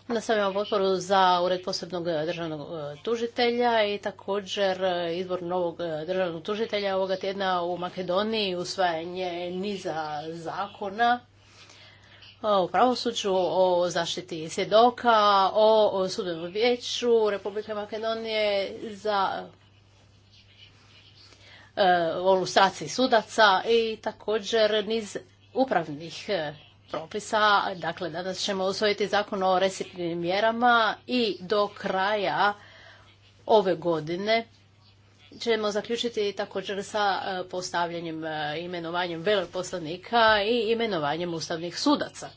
Nastavljamo potporu za ured posebnog e, državnog e, tužitelja i također e, izbor novog državnog tužitelja ovoga tjedna u Makedoniji, usvajanje niza zakona o pravosuđu, o zaštiti svjedoka, o sudbenom vijeću Republike Makedonije za o sudaca i također niz upravnih propisa. Dakle, danas ćemo usvojiti zakon o restriktivnim mjerama i do kraja ove godine ćemo zaključiti također sa e, postavljanjem e, imenovanjem veleposlanika i imenovanjem ustavnih sudaca.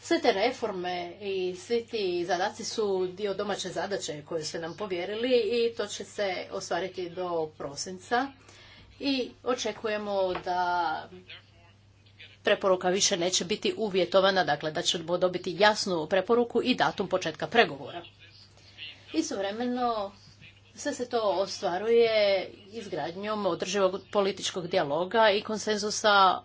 Sve te reforme i svi ti zadaci su dio domaće zadaće koje ste nam povjerili i to će se ostvariti do prosinca i očekujemo da preporuka više neće biti uvjetovana, dakle da ćemo dobiti jasnu preporuku i datum početka pregovora. Istovremeno sve se to ostvaruje izgradnjom održivog političkog dijaloga i konsenzusa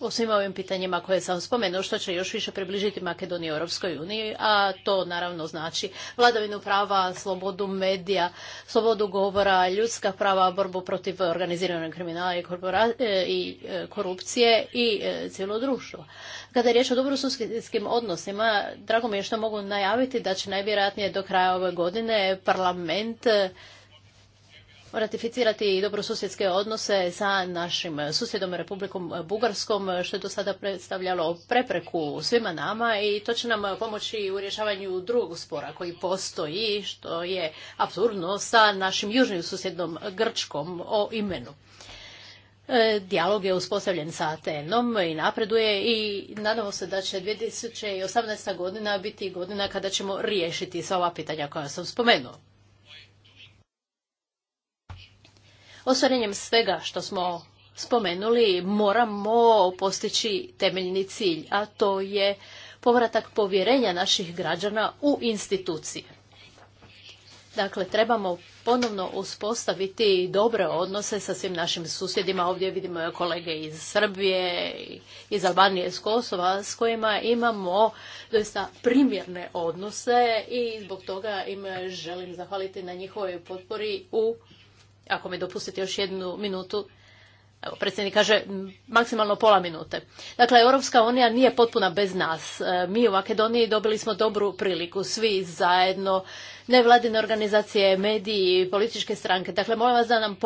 o svim ovim pitanjima koje sam spomenuo, što će još više približiti Makedoniju Europskoj uniji, a to naravno znači vladavinu prava, slobodu medija, slobodu govora, ljudska prava, borbu protiv organiziranog kriminala i, e, e, korupcije i e, cijelo društvo. Kada je riječ o dobrosusjedskim odnosima, drago mi je što mogu najaviti da će najvjerojatnije do kraja ove godine parlament ratificirati i dobrosusjedske odnose sa našim susjedom Republikom Bugarskom, što je do sada predstavljalo prepreku svima nama i to će nam pomoći u rješavanju drugog spora koji postoji, što je absurdno sa našim južnim susjednom Grčkom o imenu. E, dijalog je uspostavljen sa Atenom i napreduje i nadamo se da će 2018. godina biti godina kada ćemo riješiti sva ova pitanja koja sam spomenuo. Ostvarenjem svega što smo spomenuli moramo postići temeljni cilj, a to je povratak povjerenja naših građana u institucije. Dakle, trebamo ponovno uspostaviti dobre odnose sa svim našim susjedima. Ovdje vidimo kolege iz Srbije, iz Albanije, iz Kosova, s kojima imamo doista primjerne odnose i zbog toga im želim zahvaliti na njihovoj potpori u ako mi dopustite još jednu minutu, Evo, predsjednik kaže maksimalno pola minute. Dakle, Europska unija nije potpuna bez nas. E, mi u Makedoniji dobili smo dobru priliku, svi zajedno, nevladine organizacije, mediji, političke stranke. Dakle, molim vas da nam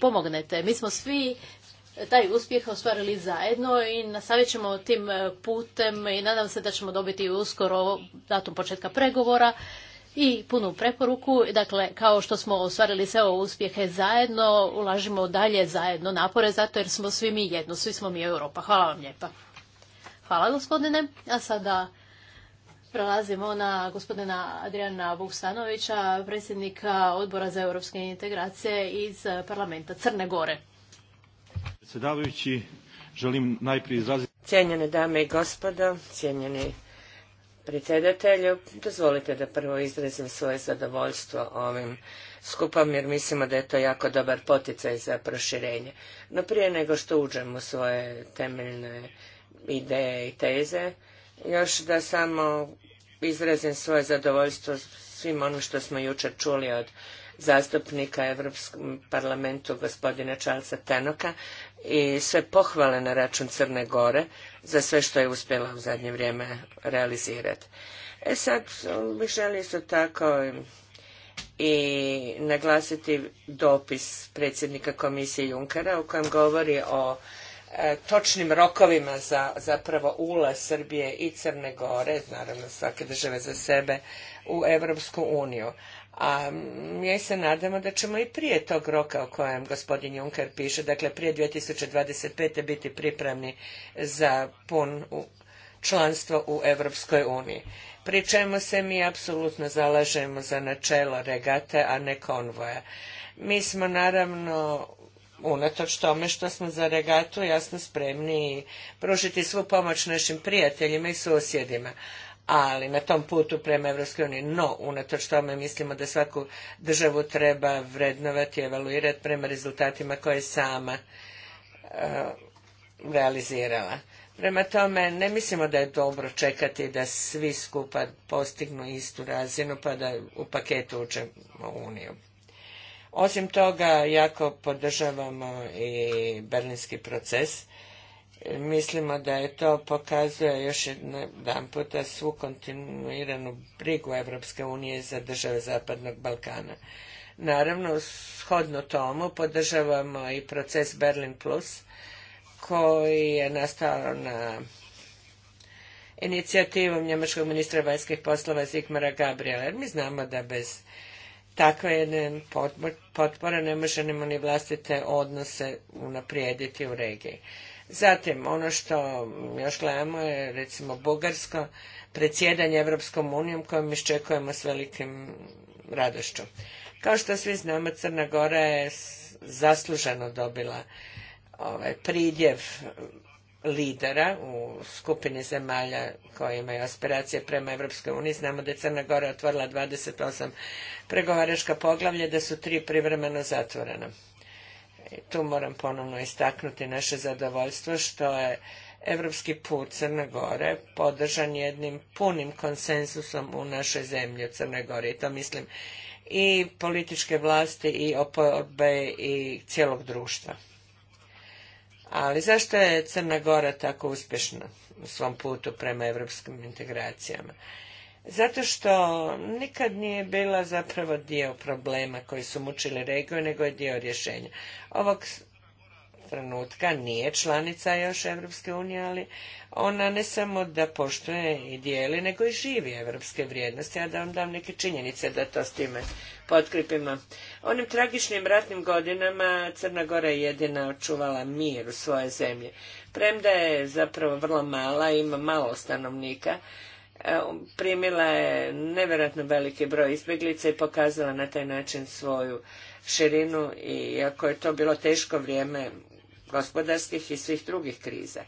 pomognete. Mi smo svi taj uspjeh ostvarili zajedno i nastavit ćemo tim putem i nadam se da ćemo dobiti uskoro datum početka pregovora i punu preporuku. Dakle, kao što smo ostvarili sve ovo uspjehe zajedno, ulažimo dalje zajedno napore, zato jer smo svi mi jedno, svi smo mi Europa. Hvala vam lijepa. Hvala gospodine. A sada prelazimo na gospodina Adriana Vuksanovića, predsjednika odbora za europske integracije iz parlamenta Crne Gore.
Predsjedavajući, želim najprije
Cijenjene dame i gospodo, cijenjeni predsjedatelju. Dozvolite da prvo izrazim svoje zadovoljstvo ovim skupom jer mislimo da je to jako dobar poticaj za proširenje. No prije nego što uđem u svoje temeljne ideje i teze, još da samo izrazim svoje zadovoljstvo svim onim što smo jučer čuli od zastupnika Europskom parlamentu gospodina Charlesa Tenoka i sve pohvale na račun Crne Gore za sve što je uspjela u zadnje vrijeme realizirati. E sad, bih isto tako i naglasiti dopis predsjednika komisije Junkera u kojem govori o e, točnim rokovima za zapravo ulaz Srbije i Crne Gore, naravno svake države za sebe, u Europsku uniju. A mi se nadamo da ćemo i prije tog roka o kojem gospodin Juncker piše, dakle prije 2025. biti pripravni za pun članstvo u Europskoj uniji. Pri čemu se mi apsolutno zalažemo za načelo regate, a ne konvoja. Mi smo naravno unatoč tome što smo za regatu jasno spremni pružiti svu pomoć našim prijateljima i susjedima ali na tom putu prema EU uniji. No, unatoč tome mislimo da svaku državu treba vrednovati i evaluirati prema rezultatima koje je sama e, realizirala. Prema tome, ne mislimo da je dobro čekati da svi skupa postignu istu razinu pa da u paketu učemo Uniju. Osim toga, jako podržavamo i berlinski proces mislimo da je to pokazuje još jedan puta svu kontinuiranu brigu Evropske unije za države Zapadnog Balkana. Naravno, shodno tomu podržavamo i proces Berlin Plus koji je nastao na inicijativom njemačkog ministra vanjskih poslova Zikmara Gabriela. mi znamo da bez takve jedne potpore ne možemo ni vlastite odnose unaprijediti u regiji. Zatim, ono što još gledamo je recimo Bugarsko predsjedanje Evropskom unijom kojom iščekujemo s velikim radošću. Kao što svi znamo, Crna Gora je zasluženo dobila ovaj, pridjev lidera u skupini zemalja koje imaju aspiracije prema Evropskoj uniji. Znamo da je Crna Gora otvorila 28 pregovaračka poglavlja, da su tri privremeno zatvorena tu moram ponovno istaknuti naše zadovoljstvo što je Evropski put Crne Gore podržan jednim punim konsenzusom u našoj zemlji u gore I to mislim i političke vlasti i oporbe i cijelog društva. Ali zašto je Crna Gora tako uspješna u svom putu prema evropskim integracijama? Zato što nikad nije bila zapravo dio problema koji su mučili regiju, nego je dio rješenja. Ovog trenutka nije članica još Evropske unije, ali ona ne samo da poštuje i dijeli, nego i živi evropske vrijednosti. Ja da vam dam neke činjenice da to s time potkripimo. Onim tragičnim ratnim godinama Crna Gora je jedina očuvala mir u svoje zemlje. Premda je zapravo vrlo mala, ima malo stanovnika, primila je nevjerojatno veliki broj izbjeglica i pokazala na taj način svoju širinu i iako je to bilo teško vrijeme gospodarskih i svih drugih kriza.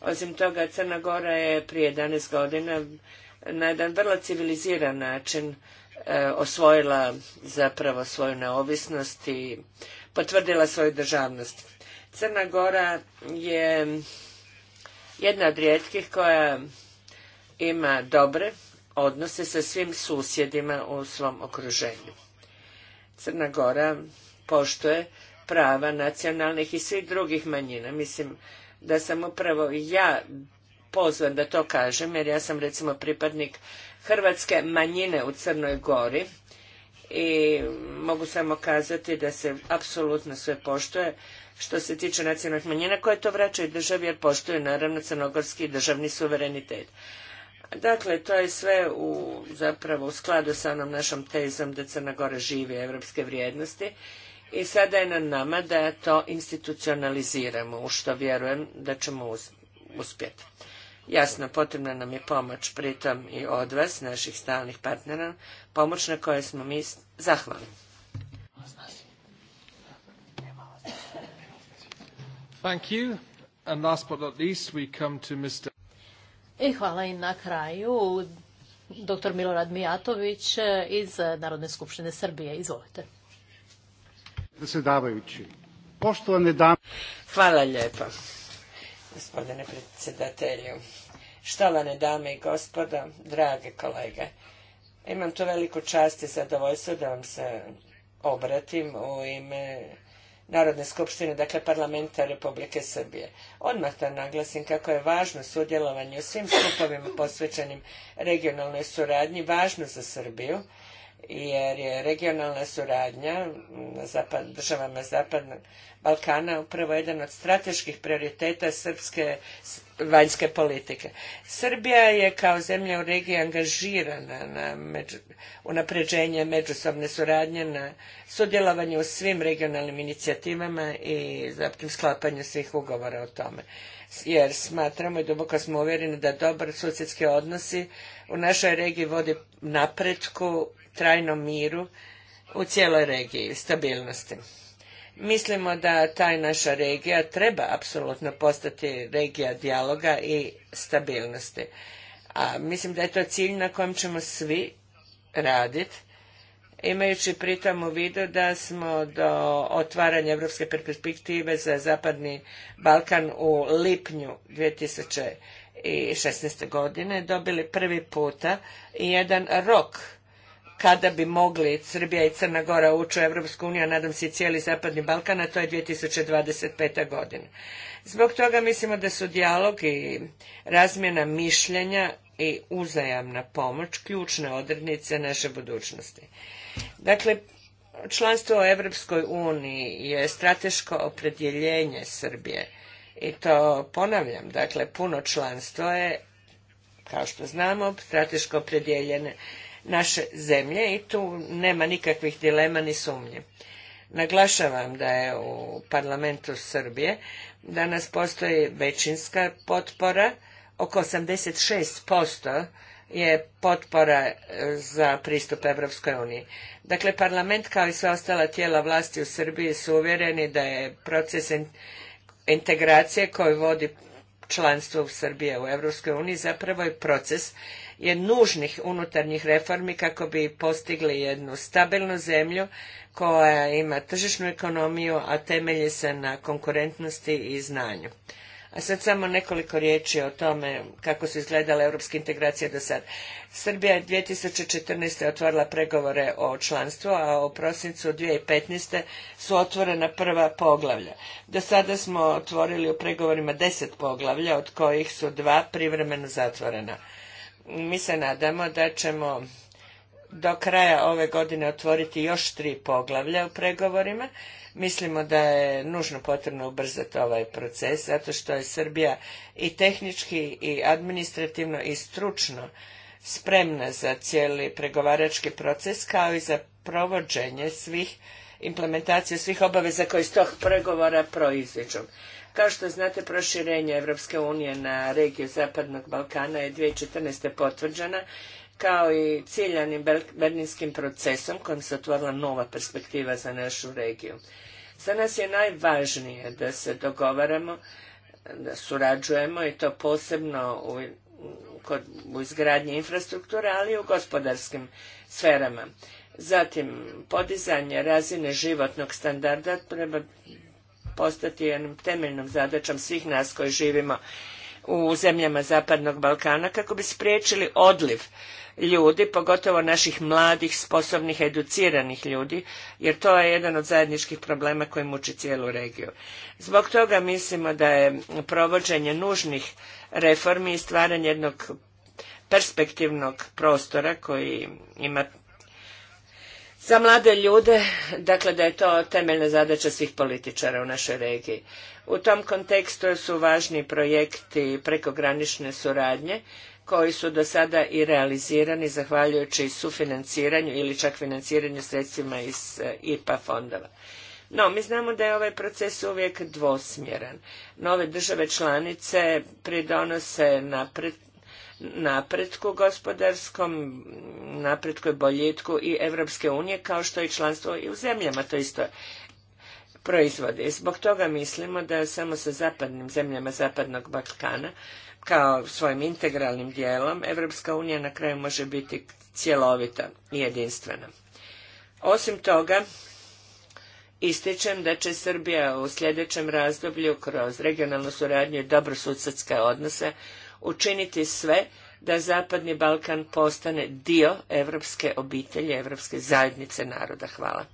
Osim toga, Crna Gora je prije 11 godina na jedan vrlo civiliziran način e, osvojila zapravo svoju neovisnost i potvrdila svoju državnost. Crna Gora je jedna od rijetkih koja ima dobre odnose sa svim susjedima u svom okruženju. Crna Gora poštuje prava nacionalnih i svih drugih manjina. Mislim da sam upravo ja pozvan da to kažem, jer ja sam recimo pripadnik hrvatske manjine u Crnoj Gori i mogu samo kazati da se apsolutno sve poštuje što se tiče nacionalnih manjina koje to vraćaju državi jer poštuju naravno crnogorski državni suverenitet. Dakle, to je sve u, zapravo u skladu sa onom našom tezom da Crna Gora živi evropske vrijednosti i sada je na nama da to institucionaliziramo, u što vjerujem da ćemo uspjeti. Jasno, potrebna nam je pomoć pritom i od vas, naših stalnih partnera, pomoć na kojoj smo mi zahvalni.
Thank you. And last but least, we come to Mr.
I hvala i na kraju dr. Milorad Mijatović iz Narodne skupštine Srbije. Izvolite.
Predsjedavajući, poštovane dame... Hvala lijepa,
gospodine predsjedatelju. Štovane dame i gospoda, drage kolege, imam tu veliku čast i zadovoljstvo da vam se obratim u ime Narodne skupštine, dakle parlamenta Republike Srbije. Odmah da naglasim kako je važno sudjelovanje u svim skupovima posvećenim regionalnoj suradnji, važno za Srbiju jer je regionalna suradnja zapad, državama Zapadnog Balkana upravo jedan od strateških prioriteta srpske vanjske politike. Srbija je kao zemlja u regiji angažirana na među, unapređenje međusobne suradnje, na sudjelovanju u svim regionalnim inicijativama i zatim sklapanju svih ugovora o tome. Jer smatramo i duboko smo uvjereni da dobar susjedski odnosi u našoj regiji vodi napretku trajnom miru u cijeloj regiji, stabilnosti. Mislimo da taj naša regija treba apsolutno postati regija dijaloga i stabilnosti. A mislim da je to cilj na kojem ćemo svi raditi, imajući pritom u vidu da smo do otvaranja europske perspektive za Zapadni Balkan u lipnju 2016. godine dobili prvi puta jedan rok kada bi mogli Srbija i Crna Gora ući u Europsku uniju, a nadam se i cijeli Zapadni Balkan, a to je 2025. godina. Zbog toga mislimo da su dijalog i razmjena mišljenja i uzajamna pomoć ključne odrednice naše budućnosti. Dakle, članstvo u Europskoj uniji je strateško opredjeljenje Srbije i to ponavljam, dakle puno članstvo je kao što znamo, strateško opredjeljene naše zemlje i tu nema nikakvih dilema ni sumnje. Naglašavam da je u parlamentu Srbije danas postoji većinska potpora, oko 86% je potpora e, za pristup Evropskoj uniji. Dakle, parlament kao i sve ostala tijela vlasti u Srbiji su uvjereni da je proces integracije koji vodi članstvo u Srbije u Evropskoj uniji zapravo je proces je nužnih unutarnjih reformi kako bi postigli jednu stabilnu zemlju koja ima tržišnu ekonomiju, a temelji se na konkurentnosti i znanju. A sad samo nekoliko riječi o tome kako su izgledale europske integracije do sad. Srbija je 2014. otvorila pregovore o članstvu, a u prosincu 2015. su otvorena prva poglavlja. Do sada smo otvorili u pregovorima deset poglavlja, od kojih su dva privremeno zatvorena mi se nadamo da ćemo do kraja ove godine otvoriti još tri poglavlja u pregovorima. Mislimo da je nužno potrebno ubrzati ovaj proces, zato što je Srbija i tehnički i administrativno i stručno spremna za cijeli pregovarački proces, kao i za provođenje svih implementacije svih obaveza koje iz tog pregovora proiziđu. Kao što znate, proširenje Europske unije na regiju Zapadnog Balkana je 2014. potvrđena kao i ciljanim berlinskim procesom kojim se otvorila nova perspektiva za našu regiju. Za nas je najvažnije da se dogovaramo, da surađujemo i to posebno u, izgradnji infrastrukture, ali i u gospodarskim sferama. Zatim, podizanje razine životnog standarda treba postati jednom temeljnom zadaćom svih nas koji živimo u zemljama Zapadnog Balkana kako bi spriječili odliv ljudi, pogotovo naših mladih, sposobnih, educiranih ljudi, jer to je jedan od zajedničkih problema koji muči cijelu regiju. Zbog toga mislimo da je provođenje nužnih reformi i stvaranje jednog perspektivnog prostora koji ima za mlade ljude, dakle da je to temeljna zadaća svih političara u našoj regiji. U tom kontekstu su važni projekti prekogranične suradnje koji su do sada i realizirani zahvaljujući sufinanciranju ili čak financiranju sredstvima iz eh, IPA fondova. No, mi znamo da je ovaj proces uvijek dvosmjeran. Nove države članice pridonose napred, napretku gospodarskom, napretku i boljitku i Evropske unije kao što i članstvo i u zemljama to isto proizvode. zbog toga mislimo da samo sa zapadnim zemljama Zapadnog Balkana kao svojim integralnim dijelom Evropska unija na kraju može biti cjelovita i jedinstvena. Osim toga, Ističem da će Srbija u sljedećem razdoblju kroz regionalnu suradnju i dobro odnose učiniti sve da Zapadni Balkan postane dio evropske obitelji, evropske zajednice naroda. Hvala.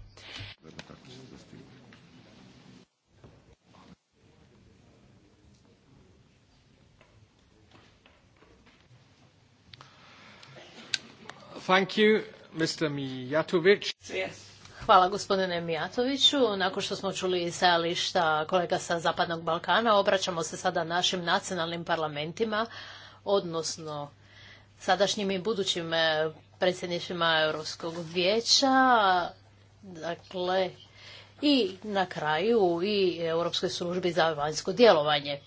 Thank Mr.
Hvala gospodine Mijatoviću. Nakon što smo čuli stajališta kolega sa Zapadnog Balkana, obraćamo se sada našim nacionalnim parlamentima, odnosno sadašnjim i budućim eh, predsjednicima Europskog vijeća. Dakle, i na kraju i Europskoj službi za vanjsko djelovanje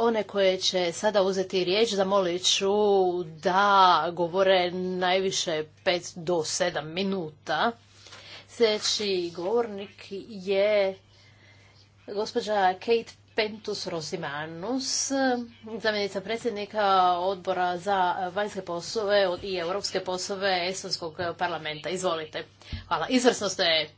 one koje će sada uzeti riječ zamolit ću da govore najviše 5 do 7 minuta. Sljedeći govornik je gospođa Kate Pentus Rosimanus, zamjenica predsjednika odbora za vanjske poslove i europske poslove Estonskog parlamenta. Izvolite. Hvala. Izvrsno ste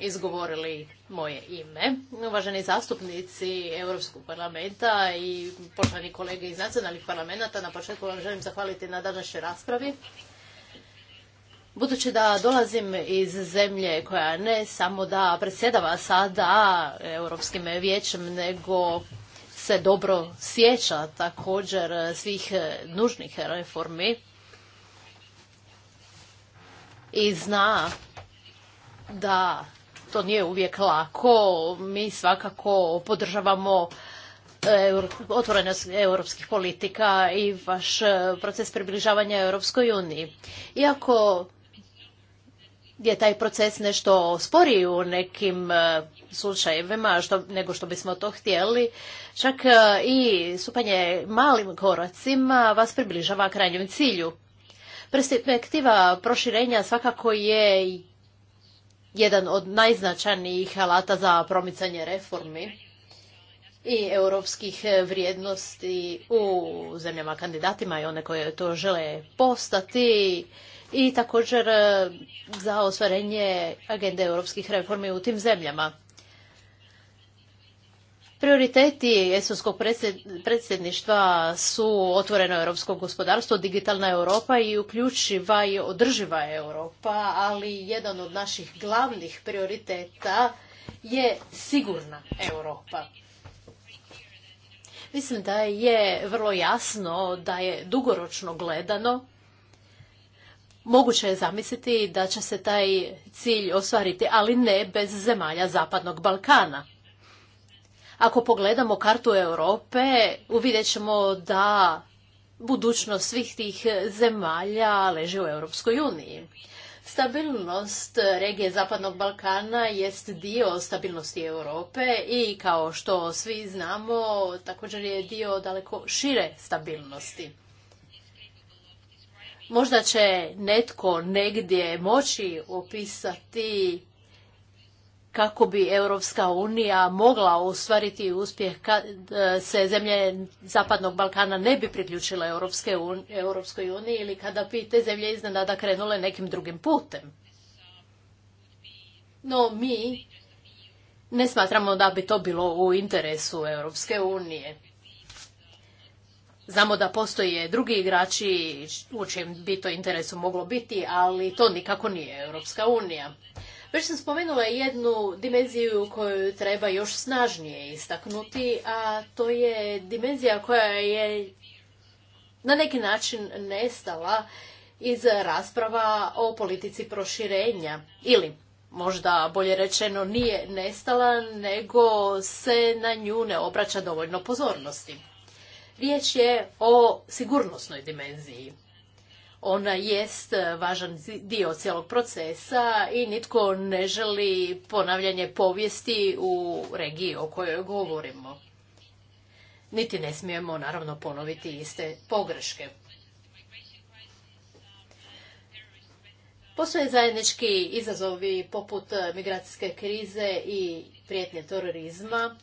izgovorili moje ime. Uvaženi zastupnici Europskog parlamenta i poštovani kolege iz nacionalnih parlamenta, na početku vam želim zahvaliti na današnjoj raspravi. Budući da dolazim iz zemlje koja ne samo da predsjedava sada Europskim vijećem, nego se dobro sjeća također svih nužnih reformi i zna da to nije uvijek lako. Mi svakako podržavamo e, otvorenost europskih politika i vaš e, proces približavanja Europskoj uniji. Iako je taj proces nešto sporiji u nekim e, slučajevima nego što bismo to htjeli, čak i supanje malim koracima vas približava krajnjem cilju. Perspektiva proširenja svakako je jedan od najznačajnijih alata za promicanje reformi i europskih vrijednosti u zemljama kandidatima i one koje to žele postati i također e, za ostvarenje agende europskih reformi u tim zemljama. Prioriteti Estonskog predsjedništva su otvoreno europsko gospodarstvo, digitalna Europa i uključiva i održiva Europa, ali jedan od naših glavnih prioriteta je sigurna Europa. Mislim da je vrlo jasno da je dugoročno gledano Moguće je zamisliti da će se taj cilj ostvariti, ali ne bez zemalja Zapadnog Balkana. Ako pogledamo kartu Europe, uvidjet ćemo da budućnost svih tih zemalja leži u Europskoj uniji. Stabilnost regije Zapadnog Balkana jest dio stabilnosti Europe i kao što svi znamo također je dio daleko šire stabilnosti. Možda će netko negdje moći opisati kako bi Europska unija mogla ostvariti uspjeh kad e, se zemlje Zapadnog Balkana ne bi priključile Europskoj uniji ili kada bi te zemlje iznenada krenule nekim drugim putem. No mi ne smatramo da bi to bilo u interesu Europske unije. Znamo da postoje drugi igrači u čijem bi to interesu moglo biti, ali to nikako nije Europska unija. Već sam spomenula jednu dimenziju koju treba još snažnije istaknuti, a to je dimenzija koja je na neki način nestala iz rasprava o politici proširenja ili možda bolje rečeno nije nestala nego se na nju ne obraća dovoljno pozornosti. Riječ je o sigurnosnoj dimenziji. Ona jest e, važan dio cijelog procesa i nitko ne želi ponavljanje povijesti u regiji o kojoj govorimo. Niti ne smijemo naravno ponoviti iste pogreške. Postoje zajednički izazovi poput migracijske krize i prijetnje terorizma,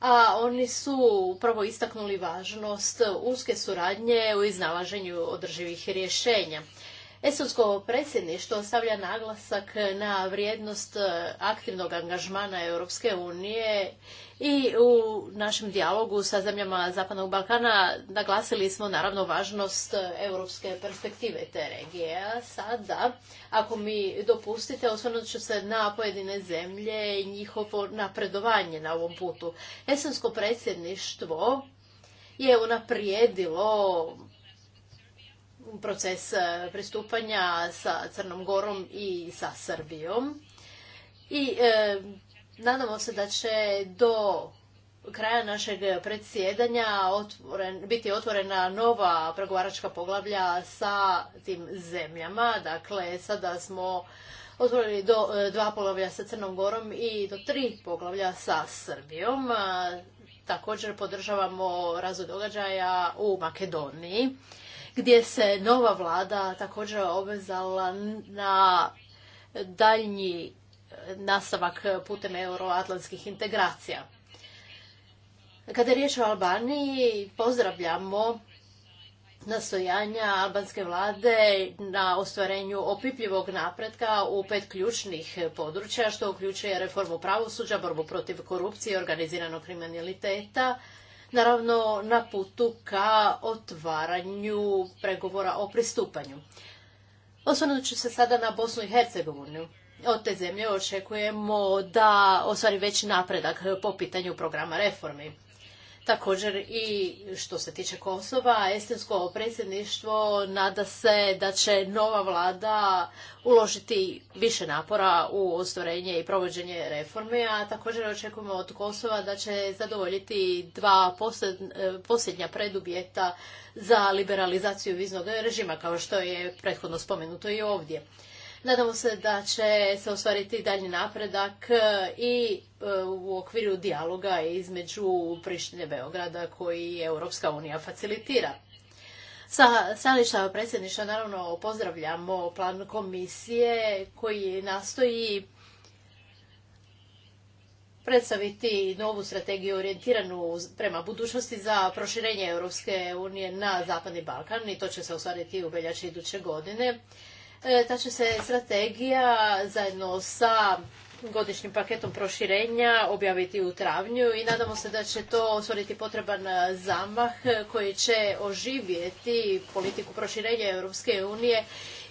a oni su upravo istaknuli važnost uske suradnje u iznalaženju održivih rješenja. Estonsko predsjedništvo stavlja naglasak na vrijednost aktivnog angažmana Europske unije i u našem dijalogu sa zemljama Zapadnog Balkana naglasili smo naravno važnost e, europske perspektive te regije. sada, ako mi dopustite, osvrnut ću se na pojedine zemlje i njihovo napredovanje na ovom putu. Esensko predsjedništvo je unaprijedilo proces e, pristupanja sa Crnom Gorom i sa Srbijom. I e, Nadamo se da će do kraja našeg predsjedanja biti otvorena nova pregovaračka poglavlja sa tim zemljama. Dakle, sada smo otvorili do e, dva poglavlja sa Crnom Gorom i do tri poglavlja sa Srbijom. Također podržavamo razvoj događaja u Makedoniji gdje se nova vlada također obvezala na daljnji nastavak putem euroatlantskih integracija. Kada je riječ o Albaniji, pozdravljamo nastojanja albanske vlade na ostvarenju opipljivog napretka u pet ključnih područja, što uključuje reformu pravosuđa, borbu protiv korupcije i organiziranog kriminaliteta, naravno na putu ka otvaranju pregovora o pristupanju. Osvrnut ću se sada na Bosnu i Hercegovinu od te zemlje očekujemo da ostvari veći napredak po pitanju programa reformi. Također i što se tiče Kosova, estonsko predsjedništvo nada se da će nova vlada uložiti više napora u ostvarenje i provođenje reforme, a također očekujemo od Kosova da će zadovoljiti dva posljednja predubjeta za liberalizaciju viznog režima, kao što je prethodno spomenuto i ovdje. Nadamo se da će se ostvariti dalji napredak e, i e, u okviru dijaloga između Prištine Beograda koji Europska unija facilitira. Sa stajališta predsjedništva naravno pozdravljamo plan komisije koji nastoji predstaviti novu strategiju orijentiranu prema budućnosti za proširenje Europske unije na Zapadni Balkan i to će se ostvariti u veljači iduće godine. E, ta će se strategija zajedno sa godišnjim paketom proširenja objaviti u travnju i nadamo se da će to osvoriti potreban zamah koji će oživjeti politiku proširenja Europske unije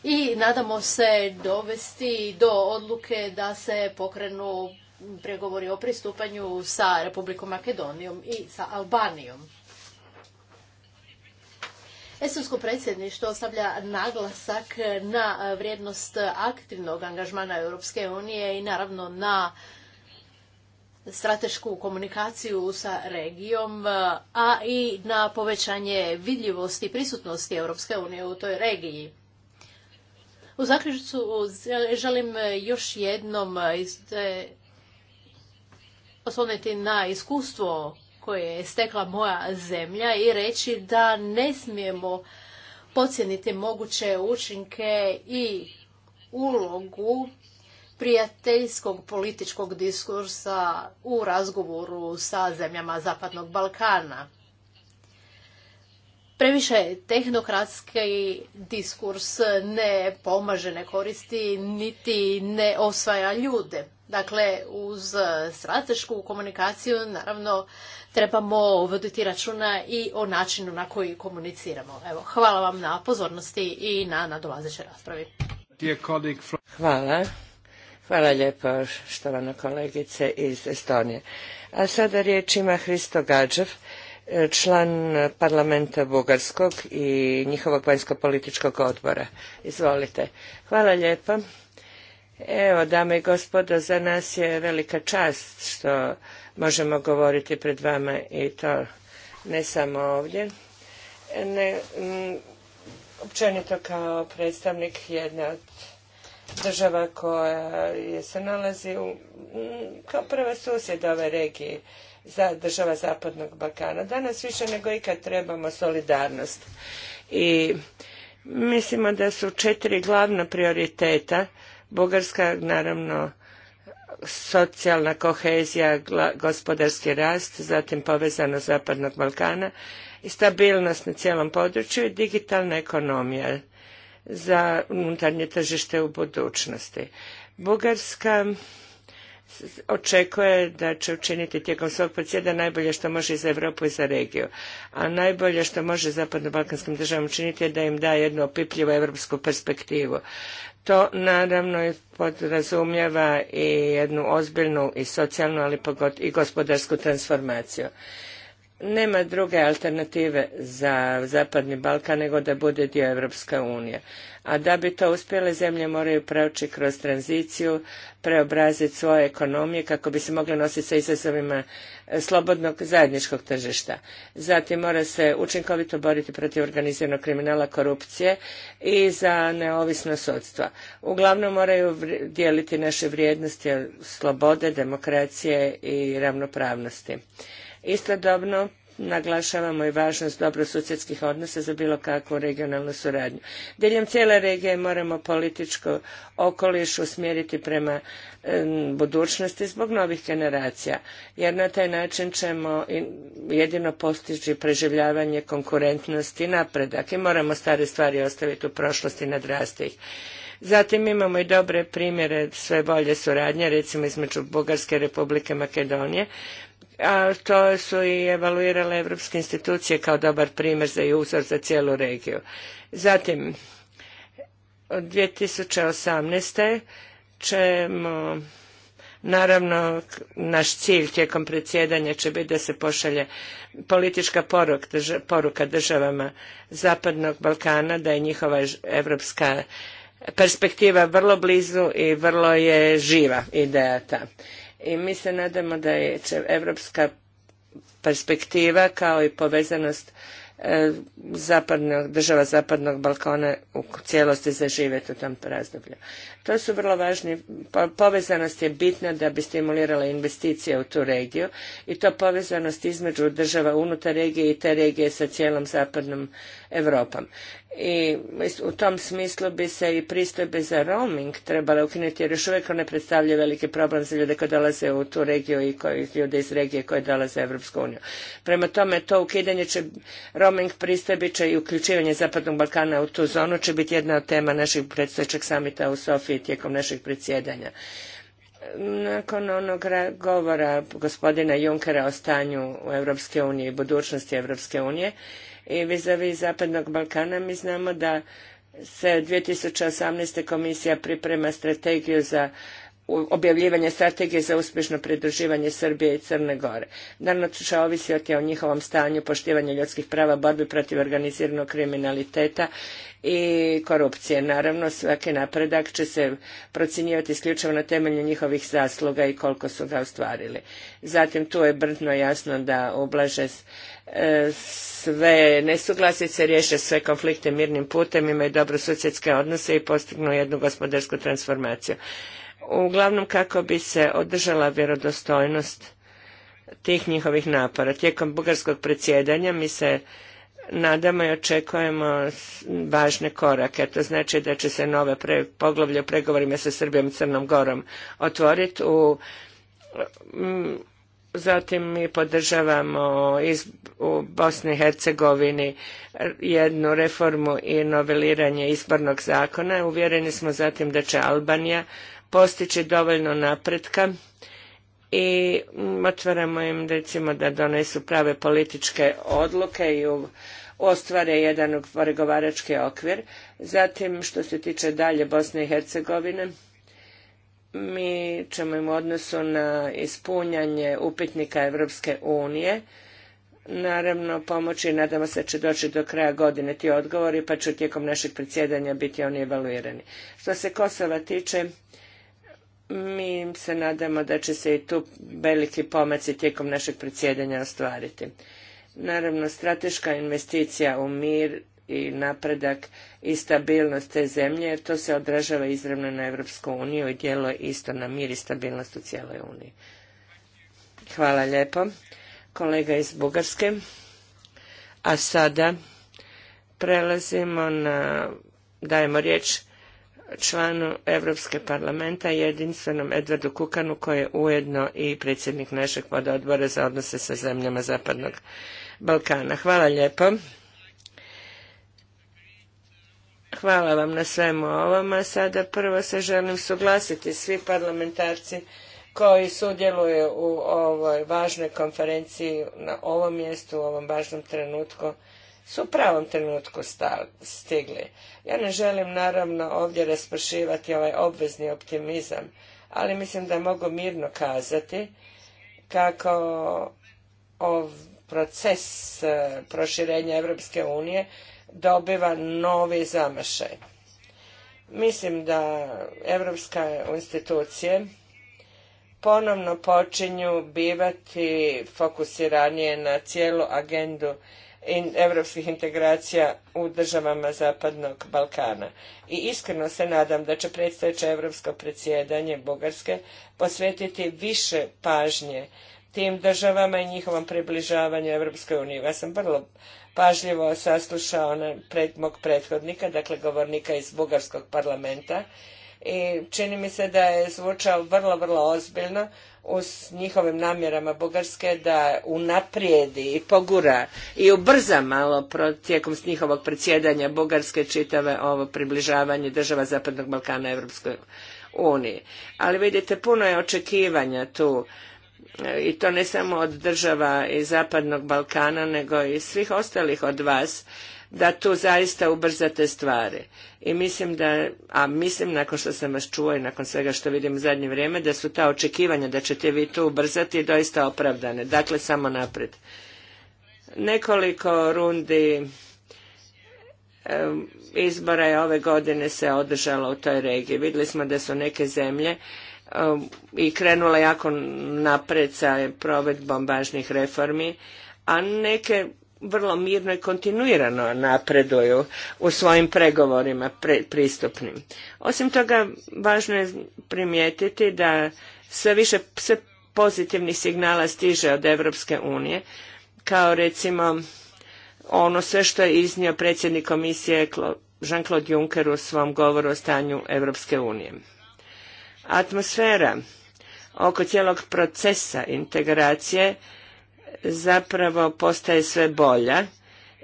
i nadamo se dovesti do odluke da se pokrenu pregovori o pristupanju sa Republikom Makedonijom i sa Albanijom. Estonsko predsjedništvo ostavlja naglasak na vrijednost aktivnog angažmana Europske unije i naravno na stratešku komunikaciju sa regijom, a i na povećanje vidljivosti i prisutnosti Europske unije u toj regiji. U zaključku želim još jednom osloniti na iskustvo koje je stekla moja zemlja i reći da ne smijemo pocijeniti moguće učinke i ulogu prijateljskog političkog diskursa u razgovoru sa zemljama Zapadnog Balkana. Previše tehnokratski diskurs ne pomaže, ne koristi, niti ne osvaja ljude. Dakle, uz stratešku komunikaciju naravno trebamo voditi računa i o načinu na koji komuniciramo. Evo, hvala vam na pozornosti i na nadolazećoj raspravi.
Hvala. Hvala lijepo,
štovana kolegice iz Estonije. A sada riječ ima Hristo Gađev, član parlamenta Bugarskog i njihovog vanjsko-političkog odbora. Izvolite. Hvala lijepo. Evo, dame i gospodo, za nas je velika čast što možemo govoriti pred vama i to ne samo ovdje. Ne, m, općenito kao predstavnik jedne od država koja je se nalazi u, kao prva susjed ove regije za država Zapadnog Balkana. Danas više nego ikad trebamo solidarnost. I mislimo da su četiri glavna prioriteta. Bugarska naravno socijalna kohezija, gospodarski rast, zatim povezanost Zapadnog Balkana i stabilnost na cijelom području i digitalna ekonomija za unutarnje tržište u budućnosti. Bugarska očekuje da će učiniti tijekom svog predsjeda najbolje što može za Europu i za regiju. A najbolje što može zapadno-balkanskim državama učiniti je da im da jednu opipljivu europsku perspektivu. To naravno podrazumijeva i jednu ozbiljnu i socijalnu, ali i gospodarsku transformaciju nema druge alternative za Zapadni Balkan nego da bude dio europske unije. A da bi to uspjele, zemlje moraju proći kroz tranziciju, preobraziti svoje ekonomije kako bi se mogle nositi sa izazovima e, slobodnog zajedničkog tržišta. Zatim mora se učinkovito boriti protiv organiziranog kriminala, korupcije i za neovisno sudstva. Uglavnom moraju dijeliti naše vrijednosti slobode, demokracije i ravnopravnosti. Istodobno naglašavamo i važnost dobrosusjedskih odnosa za bilo kakvu regionalnu suradnju. Diljem cijele regije moramo političko okoliš usmjeriti prema budućnosti zbog novih generacija, jer na taj način ćemo jedino postići preživljavanje, konkurentnost i napredak i moramo stare stvari ostaviti u prošlosti i nadrasti ih. Zatim imamo i dobre primjere sve bolje suradnje, recimo između Bugarske republike Makedonije, a to su i evaluirale evropske institucije kao dobar primjer za i uzor za cijelu regiju. Zatim, od 2018. ćemo Naravno, naš cilj tijekom predsjedanja će biti da se pošalje politička poruka državama Zapadnog Balkana, da je njihova evropska perspektiva vrlo blizu i vrlo je živa ideja ta i mi se nadamo da je evropska perspektiva kao i povezanost e, zapadnog, država zapadnog Balkona u cijelosti zaživjeti u tom razdoblju. To su vrlo važni, povezanost je bitna da bi stimulirala investicije u tu regiju i to povezanost između država unutar regije i te regije sa cijelom zapadnom Europom. I u tom smislu bi se i pristojbe za roaming trebale ukinuti jer još uvijek one predstavljaju veliki problem za ljude koji dolaze u tu regiju i koji, ljude iz regije koje dolaze u Europsku uniju. Prema tome to ukidanje će, roaming pristojbi će i uključivanje Zapadnog Balkana u tu zonu će biti jedna od tema našeg predstojećeg samita u Sofiji tijekom našeg predsjedanja nakon onog govora gospodina Junckera o stanju u Europske unije i budućnosti Europske unije i vizavi Zapadnog Balkana mi znamo da se 2018. komisija priprema strategiju za objavljivanje strategije za uspješno pridruživanje Srbije i Crne Gore. Naravno će ovisiti o njihovom stanju, poštivanju ljudskih prava, borbi protiv organiziranog kriminaliteta i korupcije. Naravno, svaki napredak će se procjenjivati isključivo na temelju njihovih zasluga i koliko su ga ostvarili. Zatim, tu je brdno jasno da ublaže E, sve nesuglasice, riješe sve konflikte mirnim putem, imaju dobro susjedske odnose i postignu jednu gospodarsku transformaciju. Uglavnom kako bi se održala vjerodostojnost tih njihovih napora. Tijekom bugarskog predsjedanja mi se nadamo i očekujemo važne korake. To znači da će se nove pre, poglavlje u pregovorima sa Srbijom i Crnom Gorom otvoriti u Zatim mi podržavamo u Bosni i Hercegovini jednu reformu i noveliranje izbornog zakona. Uvjereni smo zatim da će Albanija postići dovoljno napretka i otvaramo im recimo da donesu prave političke odluke i u ostvare jedan pregovarački okvir. Zatim što se tiče dalje Bosne i Hercegovine, mi ćemo im u odnosu na ispunjanje upitnika Evropske unije naravno pomoći i nadamo se da će doći do kraja godine ti odgovori pa će tijekom našeg predsjedanja biti oni evaluirani. Što se Kosova tiče, mi se nadamo da će se i tu veliki pomaci tijekom našeg predsjedanja ostvariti. Naravno, strateška investicija u mir i napredak i stabilnost te zemlje, jer to se odražava izravno na Europsku uniju i djeluje isto na mir i stabilnost u cijeloj uniji. Hvala lijepo. Kolega iz Bugarske. A sada prelazimo na, dajemo riječ članu Europske parlamenta, jedinstvenom Edvardu Kukanu, koji je ujedno i predsjednik našeg pododbora za odnose sa zemljama Zapadnog Balkana. Hvala lijepo. Hvala vam na svemu ovome. Sada prvo se želim suglasiti svi parlamentarci koji sudjeluju u ovoj važnoj konferenciji na ovom mjestu, u ovom važnom trenutku, su u pravom trenutku stigli. Ja ne želim naravno ovdje raspršivati ovaj obvezni optimizam, ali mislim da mogu mirno kazati kako ov proces eh, proširenja Europske unije dobiva novi zamašaj. Mislim da evropske institucije ponovno počinju bivati fokusiranije na cijelu agendu europskih integracija u državama Zapadnog Balkana. I iskreno se nadam da će predstojeće europsko predsjedanje Bugarske posvetiti više pažnje tim državama i njihovom približavanju Europskoj uniji. Ja sam vrlo pažljivo saslušao mog prethodnika, dakle govornika iz Bugarskog parlamenta i čini mi se da je zvučao vrlo, vrlo ozbiljno uz njihovim namjerama Bugarske da unaprijedi i pogura i ubrza malo tijekom njihovog predsjedanja Bugarske čitave ovo približavanje država Zapadnog Balkana Europskoj uniji. Ali vidite, puno je očekivanja tu E, i to ne samo od država i Zapadnog Balkana, nego i svih ostalih od vas, da tu zaista ubrzate stvari. I mislim da, a mislim nakon što sam vas čuo i nakon svega što vidim u zadnje vrijeme, da su ta očekivanja da ćete vi tu ubrzati doista opravdane. Dakle, samo naprijed. Nekoliko rundi izbora je ove godine se održalo u toj regiji. Vidjeli smo da su neke zemlje Ehm, i krenula jako napred sa provedbom važnih reformi, a neke vrlo mirno i kontinuirano napreduju u svojim pregovorima pristupnim. Osim toga, važno je primijetiti da sve više pozitivnih signala stiže od Europske unije, kao recimo ono sve što je iznio predsjednik komisije Jean-Claude Juncker u svom govoru o stanju Europske unije. Atmosfera oko cijelog procesa integracije zapravo postaje sve bolja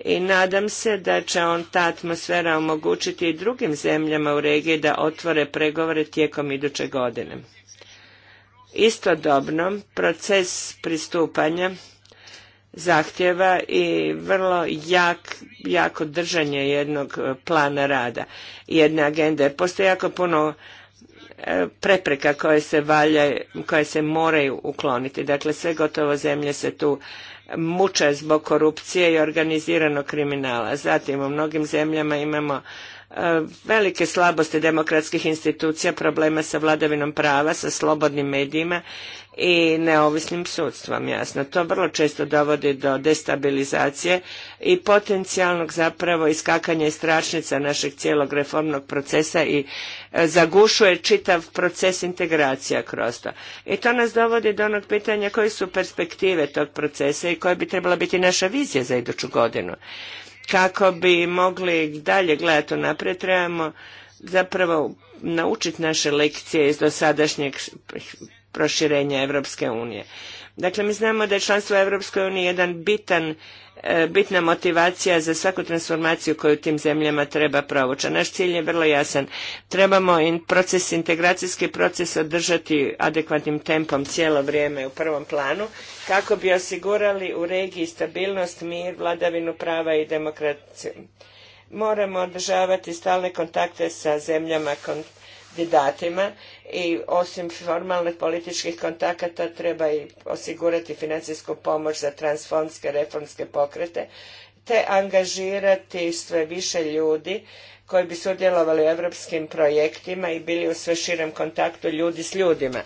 i nadam se da će on ta atmosfera omogućiti i drugim zemljama u regiji da otvore pregovore tijekom iduće godine. Istodobno, proces pristupanja zahtjeva i vrlo jak, jako držanje jednog plana rada, jedne agende. Postoji jako puno E, prepreka koje se valja, koje se moraju ukloniti. Dakle, sve gotovo zemlje se tu muče zbog korupcije i organiziranog kriminala. Zatim u mnogim zemljama imamo e, velike slabosti demokratskih institucija, problema sa vladavinom prava, sa slobodnim medijima i neovisnim sudstvom, jasno. To vrlo često dovodi do destabilizacije i potencijalnog zapravo iskakanja iz tračnica našeg cijelog reformnog procesa i e, zagušuje čitav proces integracija kroz to. I to nas dovodi do onog pitanja koje su perspektive tog procesa i koja bi trebala biti naša vizija za iduću godinu. Kako bi mogli dalje gledati naprijed, trebamo zapravo naučiti naše lekcije iz dosadašnjeg proširenja Europske unije. Dakle, mi znamo da je članstvo Europskoj uniji jedan bitan e, bitna motivacija za svaku transformaciju koju tim zemljama treba provući. Naš cilj je vrlo jasan. Trebamo in proces, integracijski proces održati adekvatnim tempom cijelo vrijeme u prvom planu kako bi osigurali u regiji stabilnost, mir, vladavinu prava i demokraciju. Moramo održavati stalne kontakte sa zemljama kandidatima i osim formalnih političkih kontakata treba i osigurati financijsku pomoć za transfondske reformske pokrete te angažirati sve više ljudi koji bi sudjelovali u europskim projektima i bili u sve širem kontaktu ljudi s ljudima.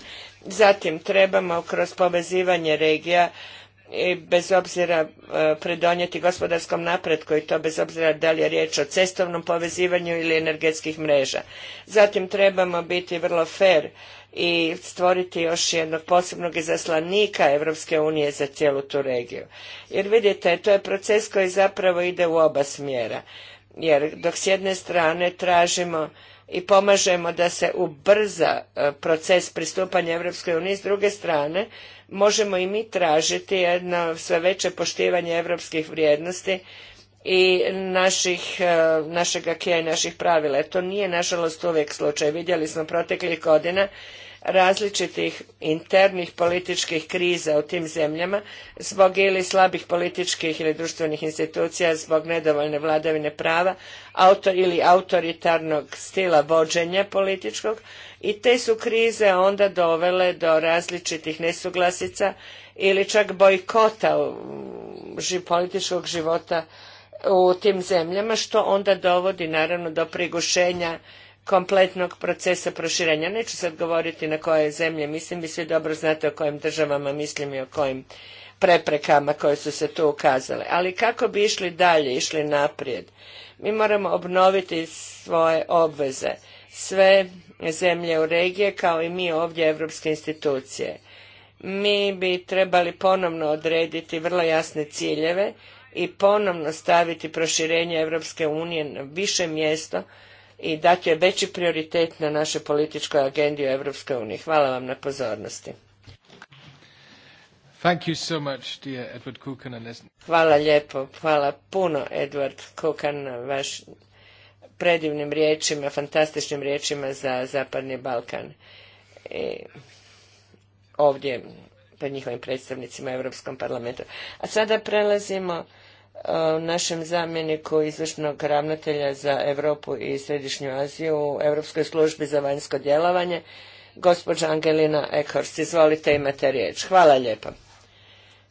Zatim trebamo kroz povezivanje regija i bez obzira e, pridonijeti gospodarskom napretku i to bez obzira da li je riječ o cestovnom povezivanju ili energetskih mreža. Zatim trebamo biti vrlo fer i stvoriti još jednog posebnog izaslanika Europske unije za cijelu tu regiju. Jer vidite, to je proces koji zapravo ide u oba smjera. Jer dok s jedne strane tražimo i pomažemo da se ubrza e, proces pristupanja Europskoj uniji, s druge strane možemo i mi tražiti jedno sve veće poštivanje europskih vrijednosti i naših, e, našeg akija i naših pravila. To nije nažalost uvijek slučaj. Vidjeli smo proteklih godina različitih internih političkih kriza u tim zemljama zbog ili slabih političkih ili društvenih institucija, zbog nedovoljne vladavine prava ili autoritarnog stila vođenja političkog i te su krize onda dovele do različitih nesuglasica ili čak bojkota političkog života u tim zemljama što onda dovodi naravno do prigušenja kompletnog procesa proširenja. Neću sad govoriti na koje zemlje mislim, vi svi dobro znate o kojim državama mislim i o kojim preprekama koje su se tu ukazale. Ali kako bi išli dalje, išli naprijed, mi moramo obnoviti svoje obveze. Sve zemlje u regije kao i mi ovdje evropske institucije. Mi bi trebali ponovno odrediti vrlo jasne ciljeve i ponovno staviti proširenje Evropske unije na više mjesto i dati je veći prioritet na našoj političkoj agendi u Europskoj uniji. Hvala vam na pozornosti.
Thank you Hvala
lijepo, hvala puno Edward Kukan na vaš predivnim riječima, fantastičnim riječima za Zapadni Balkan. I ovdje pred njihovim predstavnicima u Europskom parlamentu. A sada prelazimo E, našem zamjeniku izvršnog ravnatelja za Europu i Središnju Aziju u Europskoj službi za vanjsko djelovanje, gospođa Angelina Ekhorst. Izvolite, imate riječ. Hvala lijepo.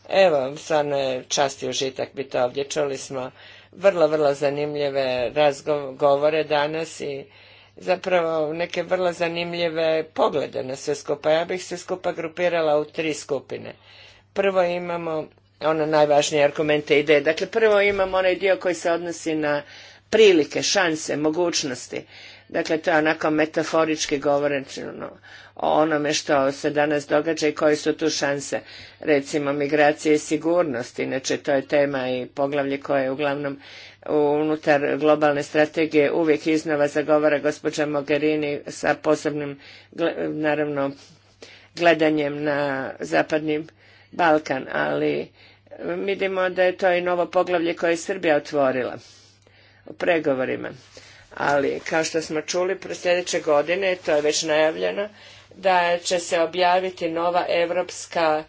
Evo, stvarno je čast i užitak biti ovdje. Čuli smo vrlo, vrlo zanimljive razgovore danas i zapravo neke vrlo zanimljive poglede na sve skupa. Ja bih sve skupa grupirala u tri skupine. Prvo imamo ona najvažnije argumente ide ideje. Dakle, prvo imamo onaj dio koji se odnosi na prilike, šanse, mogućnosti. Dakle, to je onako metaforički govoreno o onome što se danas događa i koje su tu šanse. Recimo, migracije i sigurnosti, Inače, to je tema i poglavlje koje je uglavnom unutar globalne strategije uvijek iznova zagovara gospođa Mogherini sa posebnim, naravno, gledanjem na zapadnim Balkan, ali vidimo da je to i novo poglavlje koje je Srbija otvorila u pregovorima. Ali, kao što smo čuli, pro sljedeće godine, to je već najavljeno, da će se objaviti nova evropska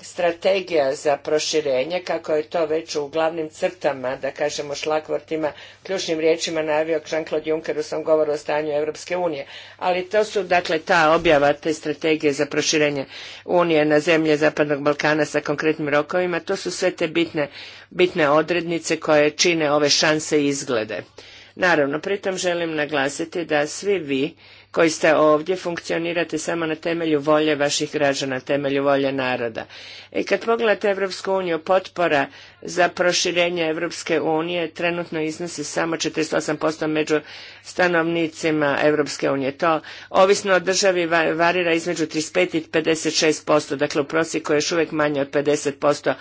strategija za proširenje, kako je to već u glavnim crtama, da kažemo šlakvortima, ključnim riječima najavio Jean-Claude Juncker u svom govoru o stanju Europske unije. Ali to su, dakle, ta objava te strategije za proširenje Unije na zemlje Zapadnog Balkana sa konkretnim rokovima, to su sve te bitne, bitne odrednice koje čine ove šanse i izglede. Naravno, pritom želim naglasiti da svi vi koji ste ovdje funkcionirate samo na temelju volje vaših građana, temelju volje naroda. I kad pogledate Evropsku uniju, potpora za proširenje Evropske unije trenutno iznosi samo 48% među stanovnicima Evropske unije. To ovisno od državi varira između 35 i 56%, dakle u prosjeku je još uvijek manje od 50%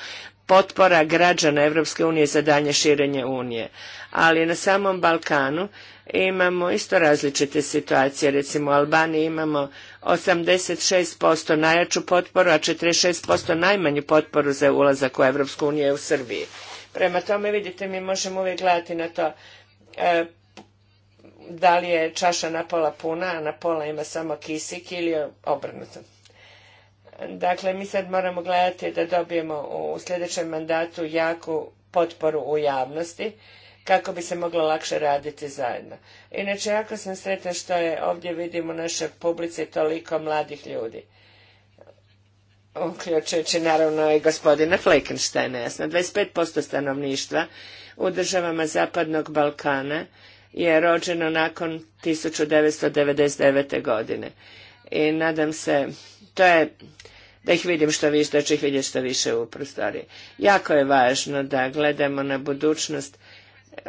potpora građana Europske unije za dalje širenje unije. Ali na samom Balkanu imamo isto različite situacije. Recimo u Albaniji imamo 86% najjaču potporu, a 46% najmanju potporu za ulazak u Europsku uniju u Srbiji. Prema tome, vidite, mi možemo uvijek gledati na to e, da li je čaša pola puna, a na pola ima samo kisik ili obrnuto. Dakle, mi sad moramo gledati da dobijemo u sljedećem mandatu jaku potporu u javnosti kako bi se moglo lakše raditi zajedno. Inače, jako sam sretna što je ovdje vidim u našoj publici toliko mladih ljudi. Uključujući naravno i gospodina Fleckensteina, jasno. 25% stanovništva u državama Zapadnog Balkana je rođeno nakon 1999. godine. I nadam se, to je da ih vidim što više, da ću ih vidjeti što više u prostoriji. Jako je važno da gledamo na budućnost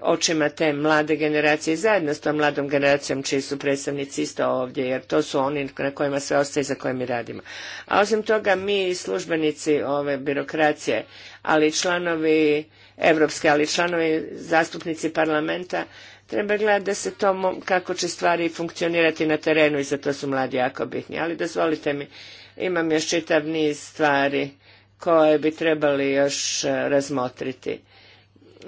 očima te mlade generacije zajedno s tom mladom generacijom čiji su predstavnici isto ovdje jer to su oni na kojima sve ostaje i za koje mi radimo. A osim toga mi službenici ove birokracije, ali članovi evropske, ali članovi zastupnici parlamenta treba gledati da se to kako će stvari funkcionirati na terenu i za to su mladi jako bitni. Ali dozvolite mi imam još čitav niz stvari koje bi trebali još e, razmotriti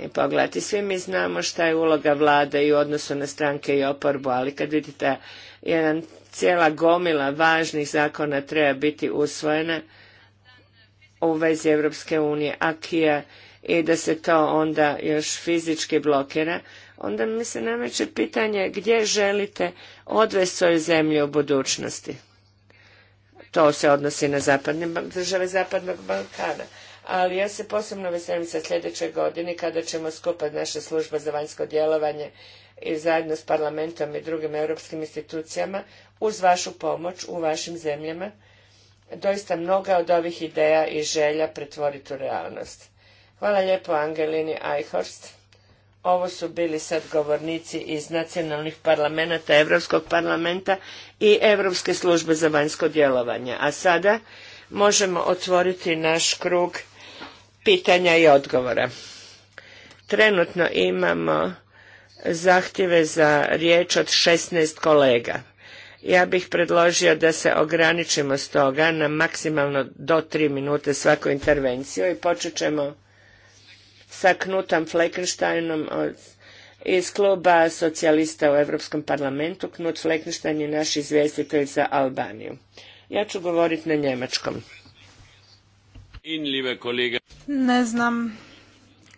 i pogledati. Svi mi znamo šta je uloga vlade i u odnosu na stranke i oporbu, ali kad vidite jedan cijela gomila važnih zakona treba biti usvojena u vezi Evropske unije, akija i da se to onda još fizički blokira, onda mi se nameće pitanje gdje želite odvesti svoju zemlju u budućnosti. To se odnosi na zapadne države Zapadnog Balkana. Ali ja se posebno veselim sa sljedećoj godini kada ćemo skupa naša služba za vanjsko djelovanje i zajedno s parlamentom i drugim europskim institucijama uz vašu pomoć u vašim zemljama doista mnoga od ovih ideja i želja pretvoriti u realnost. Hvala lijepo Angelini Eichhorst. Ovo su bili sad govornici iz nacionalnih parlamenta, Europskog parlamenta i Europske službe za vanjsko djelovanje. A sada možemo otvoriti naš krug pitanja i odgovora. Trenutno imamo zahtjeve za riječ od 16 kolega. Ja bih predložio da se ograničimo stoga na maksimalno do 3 minute svaku intervenciju i počet ćemo sa Knutom Fleckensteinom iz kluba socijalista u Europskom parlamentu. Knut Fleckenstein je naš izvjestitelj za Albaniju. Ja ću govoriti na njemačkom.
Ne znam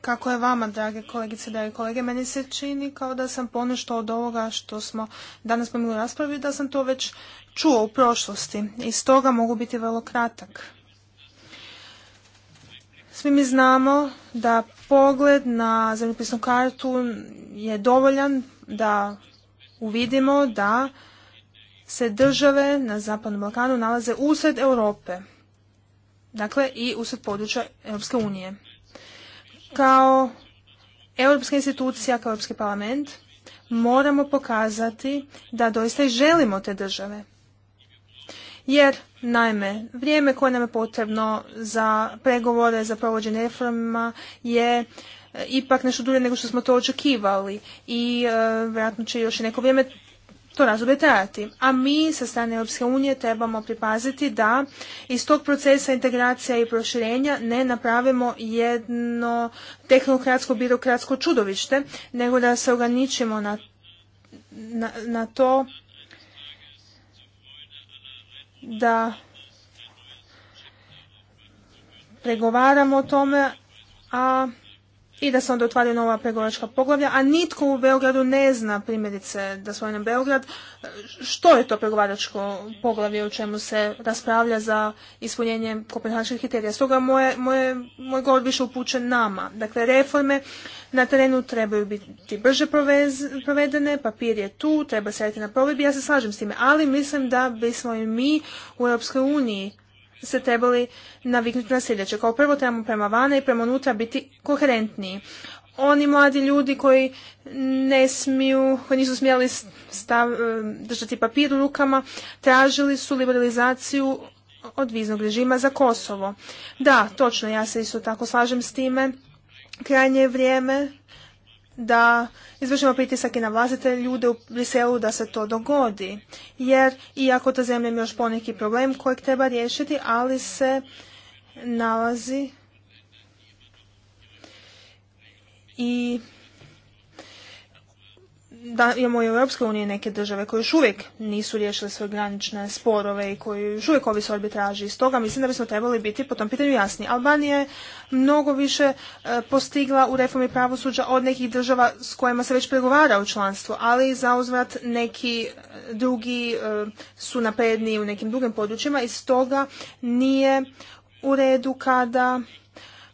kako je vama, drage kolegice, i kolege. Meni se čini kao da sam ponešto od ovoga što smo danas pomili u raspravi, da sam to već čuo u prošlosti. I stoga mogu biti vrlo kratak. Svi mi znamo da pogled na zemljopisnu kartu je dovoljan da uvidimo da se države na Zapadnom Balkanu nalaze usred Europe, dakle i usred područja Europske unije. Kao Europska institucija, kao Europski parlament, moramo pokazati da doista i želimo te države, jer, naime, vrijeme koje nam je potrebno za pregovore, za provođenje reforma je e, ipak nešto dulje nego što smo to očekivali i e, vjerojatno će još i neko vrijeme to razdoblje trajati. A mi sa strane Europske unije trebamo pripaziti da iz tog procesa integracija i proširenja ne napravimo jedno tehnokratsko, birokratsko čudovište, nego da se ograničimo na to da pregovaramo o tome, a i da se onda otvaraju nova pregovaračka poglavlja, a nitko u Beogradu ne zna, primjerice, da svoj Beograd, što je to pregovaračko poglavlje u čemu se raspravlja za ispunjenje kopenhaških kriterija. Stoga moje, moje, moj govor više upućen nama. Dakle, reforme na terenu trebaju biti brže provedene, papir je tu, treba se na provedbi, ja se slažem s time, ali mislim da bismo i mi u Europskoj uniji se trebali naviknuti na sljedeće. Kao prvo trebamo prema vana i prema unutra biti koherentniji. Oni mladi ljudi koji ne smiju, koji nisu smjeli e, držati papir u rukama, tražili su liberalizaciju od viznog režima za Kosovo. Da, točno, ja se isto tako slažem s time. Krajnje vrijeme da izvršimo pritisak i na vlastite ljude u Briselu da se to dogodi. Jer iako ta zemlja ima još poneki problem kojeg treba riješiti, ali se nalazi i da imamo i u Europskoj uniji neke države koje još uvijek nisu riješile svoje granične sporove i koji još uvijek ovise o arbitraži. I stoga mislim da bismo trebali biti po tom pitanju jasni. Albanija je mnogo više e, postigla u reformi pravosuđa od nekih država s kojima se već pregovara u članstvu, ali za uzvrat neki e, drugi e, su napredniji u nekim drugim područjima i stoga nije u redu kada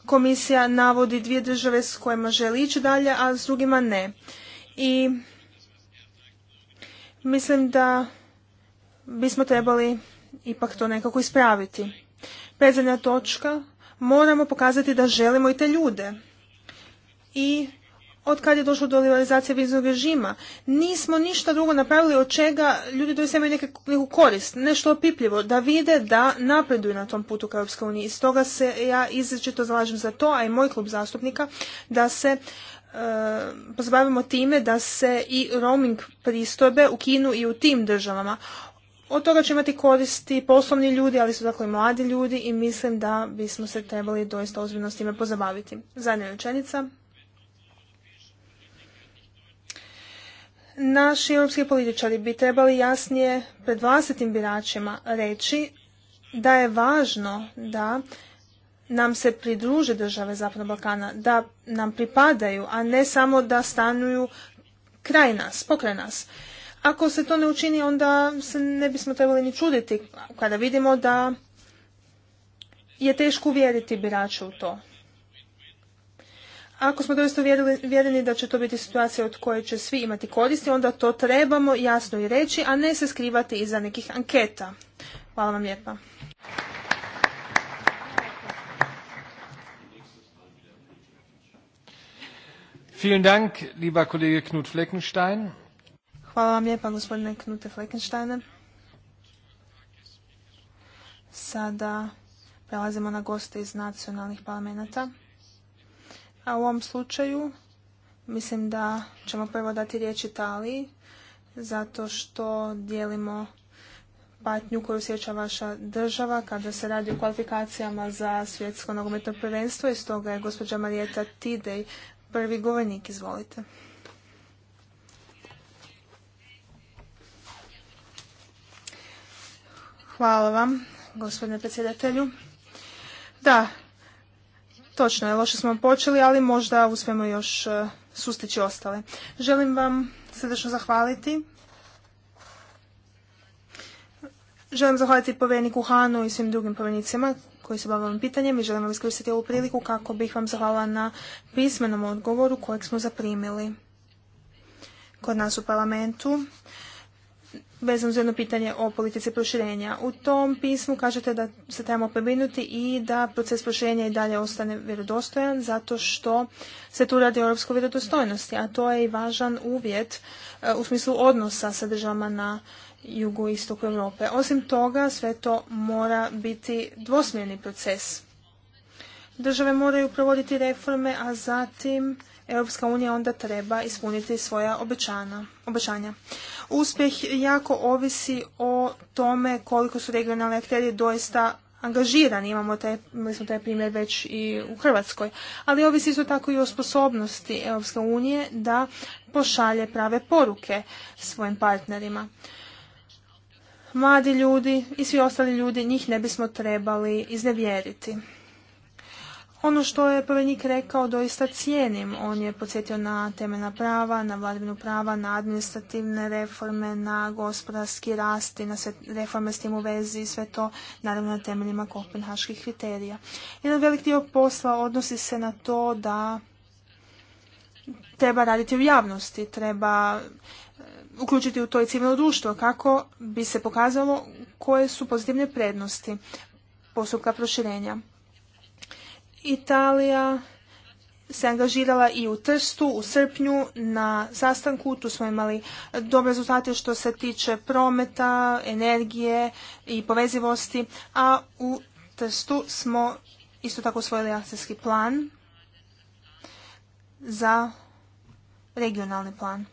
komisija navodi dvije države s kojima želi ići dalje, a s drugima ne. I Mislim da bismo trebali ipak to nekako ispraviti. Predzadnja točka, moramo pokazati da želimo i te ljude. I od kad je došlo do liberalizacije viznog režima, nismo ništa drugo napravili od čega ljudi doista imaju neku korist, nešto opipljivo, da vide da napreduju na tom putu ka Europskoj uniji. Stoga se ja izrečito zalažem za to, a i moj klub zastupnika, da se E, pozabavimo time da se i roaming pristojbe ukinu i u tim državama. Od toga će imati koristi poslovni ljudi, ali su dakle i mladi ljudi i mislim da bismo se trebali doista ozbiljno s time pozabaviti. Zadnja rečenica. Naši europski političari bi trebali jasnije pred vlastitim biračima reći da je važno da nam se pridruže države Zapadnog Balkana, da nam pripadaju, a ne samo da stanuju kraj nas, pokraj nas. Ako se to ne učini, onda se ne bismo trebali ni čuditi kada vidimo da je teško uvjeriti birače u to. Ako smo doista uvjereni da će to biti situacija od koje će svi imati koristi, onda to trebamo jasno i reći, a ne se skrivati iza nekih anketa. Hvala vam lijepa.
Fleckenstein.
Hvala vam lijepa, gospodine Knute Fleckensteine. Sada prelazimo na goste iz nacionalnih parlamenta. A u ovom slučaju mislim da ćemo prvo dati riječ Italiji, zato što dijelimo patnju koju sjeća vaša država kada se radi o kvalifikacijama za svjetsko nogometno prvenstvo i stoga je gospođa Marijeta Tidej Prvi govornik, izvolite. Hvala vam, gospodine predsjedatelju. Da, točno je, loše smo počeli, ali možda uspijemo još e, sustići ostale. Želim vam srdečno zahvaliti. Želim zahvaliti povjereniku Hanu i svim drugim povenicima koji se bavili pitanjem i želim vam iskoristiti ovu priliku kako bih vam zahvala na pismenom odgovoru kojeg smo zaprimili kod nas u parlamentu vezano za jedno pitanje o politici proširenja. U tom pismu kažete da se trebamo prebrinuti i da proces proširenja i dalje ostane vjerodostojan zato što se tu radi o europskoj vjerodostojnosti, a to je i važan uvjet e, u smislu odnosa sa državama na jugoistoku Europe. Osim toga, sve to mora biti dvosmjerni proces. Države moraju provoditi reforme, a zatim Europska unija onda treba ispuniti svoja obećanja. Uspjeh jako ovisi o tome koliko su regionalne akteri doista angažirani. Imamo taj, imali smo taj primjer već i u Hrvatskoj. Ali ovisi isto tako i o sposobnosti Europske unije da pošalje prave poruke svojim partnerima mladi ljudi i svi ostali ljudi, njih ne bismo trebali iznevjeriti. Ono što je povjednik rekao doista cijenim. On je podsjetio na temeljna prava, na vladavinu prava, na administrativne reforme, na gospodarski rast i na sve reforme s tim u vezi i sve to naravno na temeljima kopenhaških kriterija. Jedan velik dio posla odnosi se na to da treba raditi u javnosti, treba uključiti u to i civilno društvo kako bi se pokazalo koje su pozitivne prednosti postupka proširenja. Italija se angažirala i u Trstu u srpnju na sastanku. Tu smo imali dobre rezultate što se tiče prometa, energije i povezivosti, a u Trstu smo isto tako usvojili akcijski plan za regionalni plan.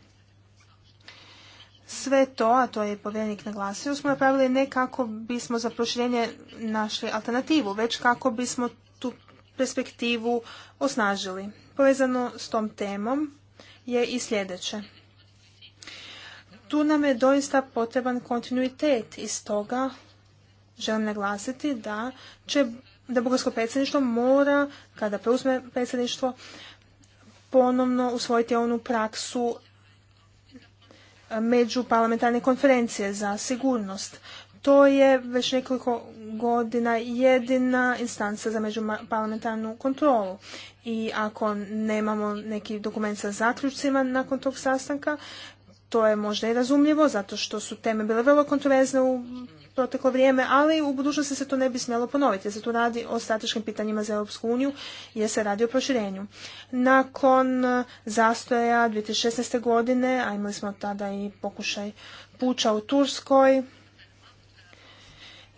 Sve to, a to je povjerenik naglasio, smo napravili ne kako bismo za proširenje našli alternativu, već kako bismo tu perspektivu osnažili. Povezano s tom temom je i sljedeće. Tu nam je doista potreban kontinuitet i stoga želim naglasiti da će da bugarsko predsjedništvo mora, kada preuzme predsjedništvo, ponovno usvojiti onu praksu međuparlamentarne konferencije za sigurnost. To je već nekoliko godina jedina instanca za međuparlamentarnu kontrolu. I ako nemamo neki dokument sa zaključcima nakon tog sastanka, to je možda i razumljivo, zato što su teme bile vrlo kontroverzne u proteklo vrijeme, ali u budućnosti se to ne bi smjelo ponoviti, jer se tu radi o strateškim pitanjima za Europsku uniju, jer se radi o proširenju. Nakon eh, zastoja 2016. godine, a imali smo tada i pokušaj puča u Turskoj,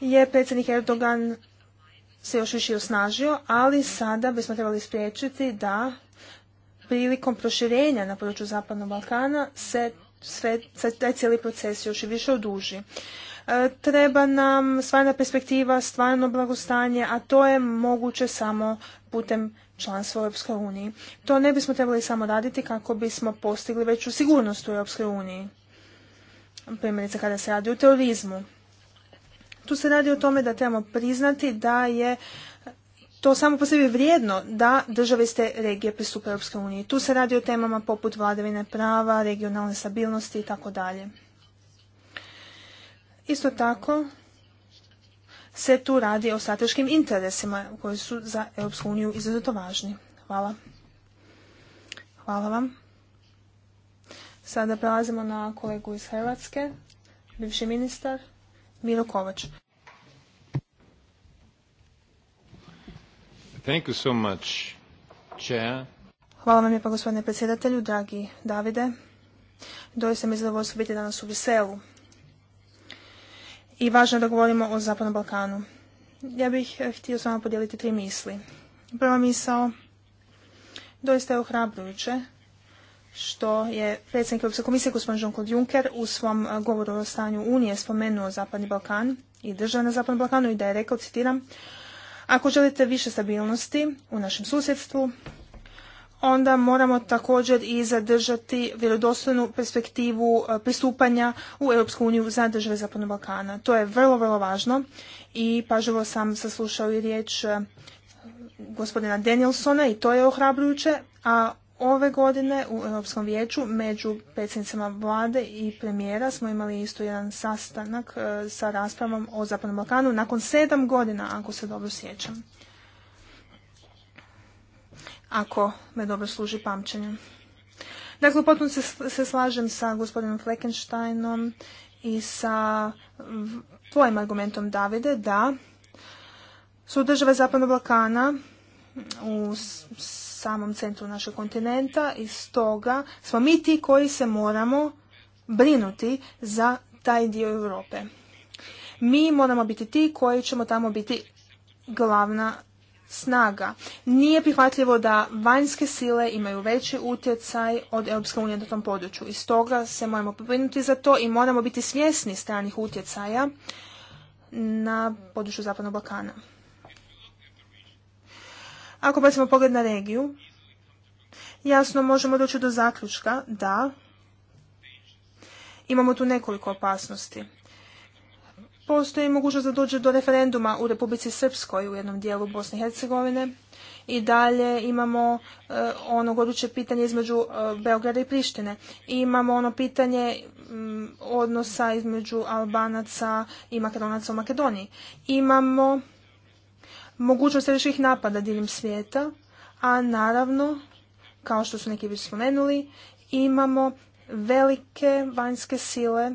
je predsjednik Erdogan se još više osnažio, ali sada bismo trebali spriječiti da prilikom proširenja na području Zapadnog Balkana se taj cijeli proces još i više oduži. E, treba nam stvarna perspektiva, stvarno blagostanje, a to je moguće samo putem članstva u Europskoj uniji. To ne bismo trebali samo raditi kako bismo postigli veću sigurnost u Europskoj uniji. Primjerice kada se radi o terorizmu. Tu se radi o tome da trebamo priznati da je to samo po sebi vrijedno da države iz te regije pristupe Europskoj uniji. Tu se radi o temama poput vladavine prava, regionalne stabilnosti i tako dalje. Isto tako se tu radi o strateškim interesima koji su za Europsku uniju izuzetno važni. Hvala. Hvala vam. Sada prelazimo na kolegu iz Hrvatske, bivši ministar Miro Kovač.
Thank you so much, Chair.
Hvala vam lijepa gospodine predsjedatelju, dragi Davide. Doista mi je zadovoljstvo biti danas u Briselu i važno je da govorimo o Zapadnom Balkanu. Ja bih eh, htio s vama podijeliti tri misli. Prva misao, doista je ohrabrujuće što je predsjednik Europske komisije gospodin Jean-Claude Juncker u svom eh, govoru o stanju Unije spomenuo Zapadni Balkan i države na Zapadnom Balkanu i da je rekao, citiram, ako želite više stabilnosti u našem susjedstvu, onda moramo također i zadržati vjerodostojnu perspektivu e, pristupanja u Europsku uniju za države Zapadnog Balkana. To je vrlo, vrlo važno i pažljivo sam saslušao i riječ e, gospodina Danielsona i to je ohrabrujuće, a ove godine u Europskom vijeću među predsjednicama vlade i premijera smo imali isto jedan sastanak e, sa raspravom o Zapadnom Balkanu nakon sedam godina, ako se dobro sjećam ako me dobro služi pamćenje. Dakle, potpuno se, se slažem sa gospodinom Fleckensteinom i sa tvojim argumentom Davide da su države Zapadnog Balkana u samom centru našeg kontinenta i stoga smo mi ti koji se moramo brinuti za taj dio Europe. Mi moramo biti ti koji ćemo tamo biti glavna snaga. Nije prihvatljivo da vanjske sile imaju veći utjecaj od Europske unije na tom području. I stoga se moramo pobrinuti za to i moramo biti svjesni stranih utjecaja na području Zapadnog Balkana. Ako bacimo pogled na regiju, jasno možemo doći do zaključka da imamo tu nekoliko opasnosti postoji mogućnost da dođe do referenduma u Republici Srpskoj u jednom dijelu Bosne i Hercegovine. I dalje imamo eh, ono goduće pitanje između eh, Beograda i Prištine. I imamo ono pitanje mm, odnosa između Albanaca i Makedonaca u Makedoniji. Imamo mogućnost središnjih napada diljem svijeta, a naravno, kao što su neki već spomenuli, imamo velike vanjske sile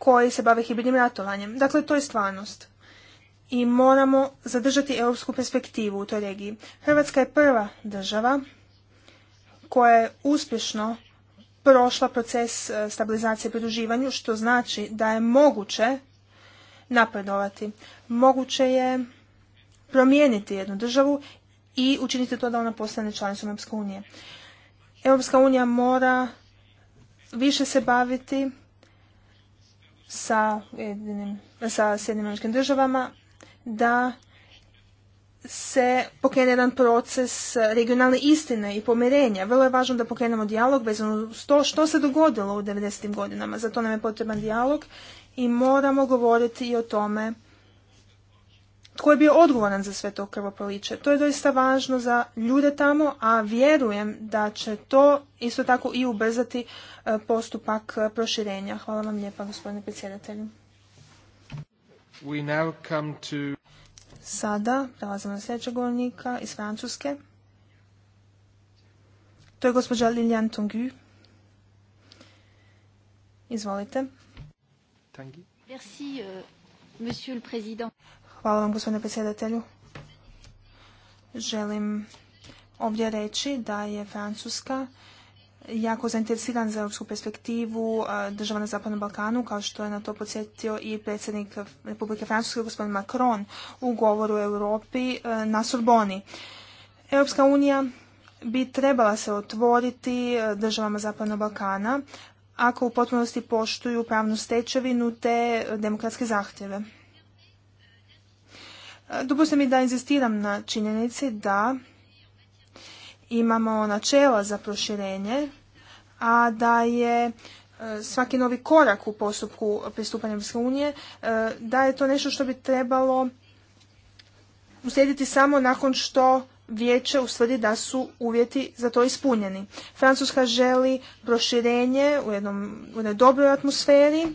koji se bave hibridnim ratovanjem. Dakle, to je stvarnost. I moramo zadržati europsku perspektivu u toj regiji. Hrvatska je prva država koja je uspješno prošla proces e, stabilizacije i pridruživanju, što znači da je moguće napredovati. Moguće je promijeniti jednu državu i učiniti to da ona postane članicom Europske unije. Europska unija mora više se baviti sa, jedinim, sa državama da se pokrene jedan proces regionalne istine i pomirenja. Vrlo je važno da pokrenemo dijalog vezano uz to što se dogodilo u 90. godinama. Zato nam je potreban dijalog i moramo govoriti i o tome tko je bio odgovoran za sve to krvopoliče. To je doista važno za ljude tamo, a vjerujem da će to isto tako i ubrzati e, postupak e, proširenja. Hvala vam lijepa, gospodine predsjedatelju. Sada prelazimo na sljedećeg govornika iz Francuske. To je gospođa Lilian Tongu. Izvolite. Tangi. Hvala vam gospodine predsjedatelju. Želim ovdje reći da je Francuska jako zainteresirana za europsku perspektivu država na Zapadnom Balkanu, kao što je na to podsjetio i predsjednik Republike Francuske, gospodin Macron, u govoru o Europi e, na Sorboni. Europska unija bi trebala se otvoriti e, državama Zapadnog Balkana, ako u potpunosti poštuju pravnu stečevinu te demokratske zahtjeve. Dopustite mi da inzistiram na činjenici da imamo načela za proširenje, a da je e, svaki novi korak u postupku pristupanja EU, unije, e, da je to nešto što bi trebalo uslijediti samo nakon što vijeće ustvrdi da su uvjeti za to ispunjeni. Francuska želi proširenje u, jednom, u jednoj dobroj atmosferi,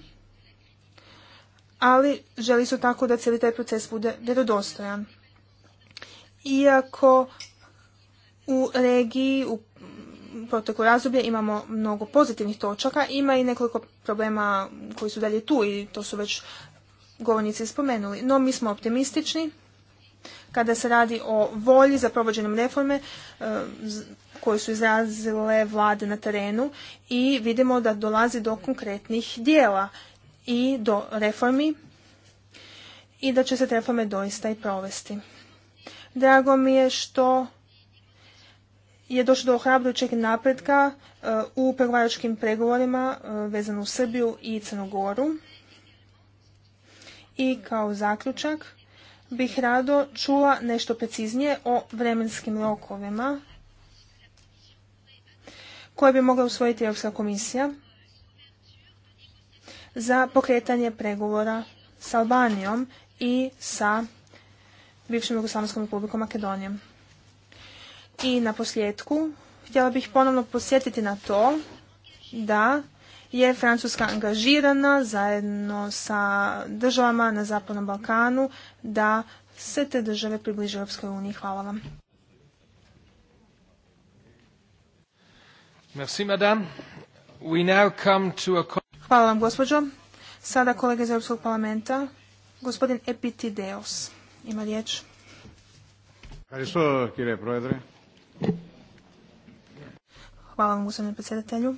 ali želi su tako da cijeli taj proces bude vjerodostojan. Iako u regiji u proteklo razdoblje imamo mnogo pozitivnih točaka, ima i nekoliko problema koji su dalje tu i to su već govornici spomenuli. No mi smo optimistični kada se radi o volji za provođenom reforme eh, koje su izrazile vlade na terenu i vidimo da dolazi do konkretnih dijela i do reformi i da će se te reforme doista i provesti. Drago mi je što je došlo do ohrabrujućeg napretka e, u pregovaračkim pregovorima e, vezano u Srbiju i Crnogoru. I kao zaključak bih rado čula nešto preciznije o vremenskim rokovima koje bi mogla usvojiti Europska komisija za pokretanje pregovora sa Albanijom i sa bivšom Jugoslavenskom republikom Makedonijom. I na posljedku htjela bih ponovno posjetiti na to da je Francuska angažirana zajedno sa državama na Zapadnom Balkanu da se te države približe Europskoj uniji. Hvala vam.
Merci, madame. We now come to a...
Hvala vam, gospođo. Sada kolega iz Europskog parlamenta, gospodin Epitideos. Ima riječ. Hvala vam, gospodine predsjedatelju.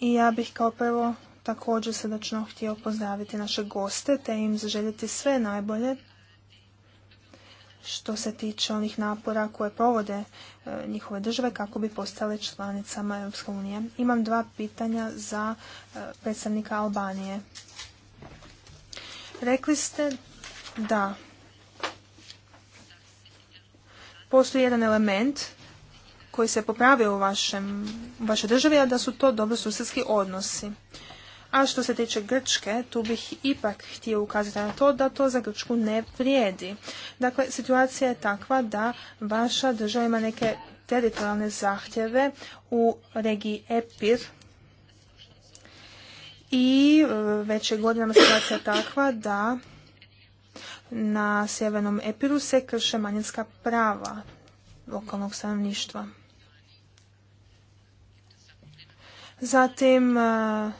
I ja bih kao prvo također srdačno htio pozdraviti naše goste te im zaželjeti sve najbolje što se tiče onih napora koje provode e, njihove države kako bi postale članicama Europske unije. Imam dva pitanja za e, predstavnika Albanije. Rekli ste da postoji jedan element koji se popravio u, vašem, vašoj državi, a da su to dobrosusjedski odnosi. A što se tiče Grčke, tu bih ipak htio ukazati na to da to za Grčku ne vrijedi. Dakle, situacija je takva da vaša država ima neke teritorijalne zahtjeve u regiji Epir, i e, već je godinama situacija takva da na sjevernom Epiru se krše manjinska prava lokalnog stanovništva. Zatim e,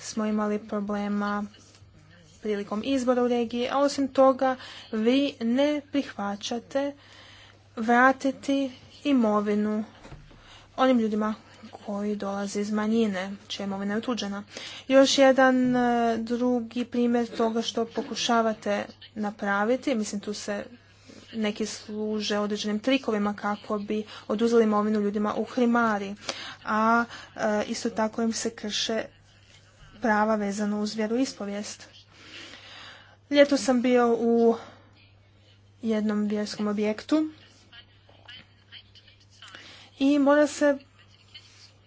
smo imali problema prilikom izbora u regiji, a osim toga vi ne prihvaćate vratiti imovinu onim ljudima koji dolaze iz manjine, čija imovina je otuđena. Još jedan e, drugi primjer toga što pokušavate napraviti, mislim tu se neki služe određenim trikovima kako bi oduzeli imovinu ljudima u hrimari, a e, isto tako im se krše prava vezano uz vjeru ispovijest. Ljeto sam bio u jednom vjerskom objektu i mora se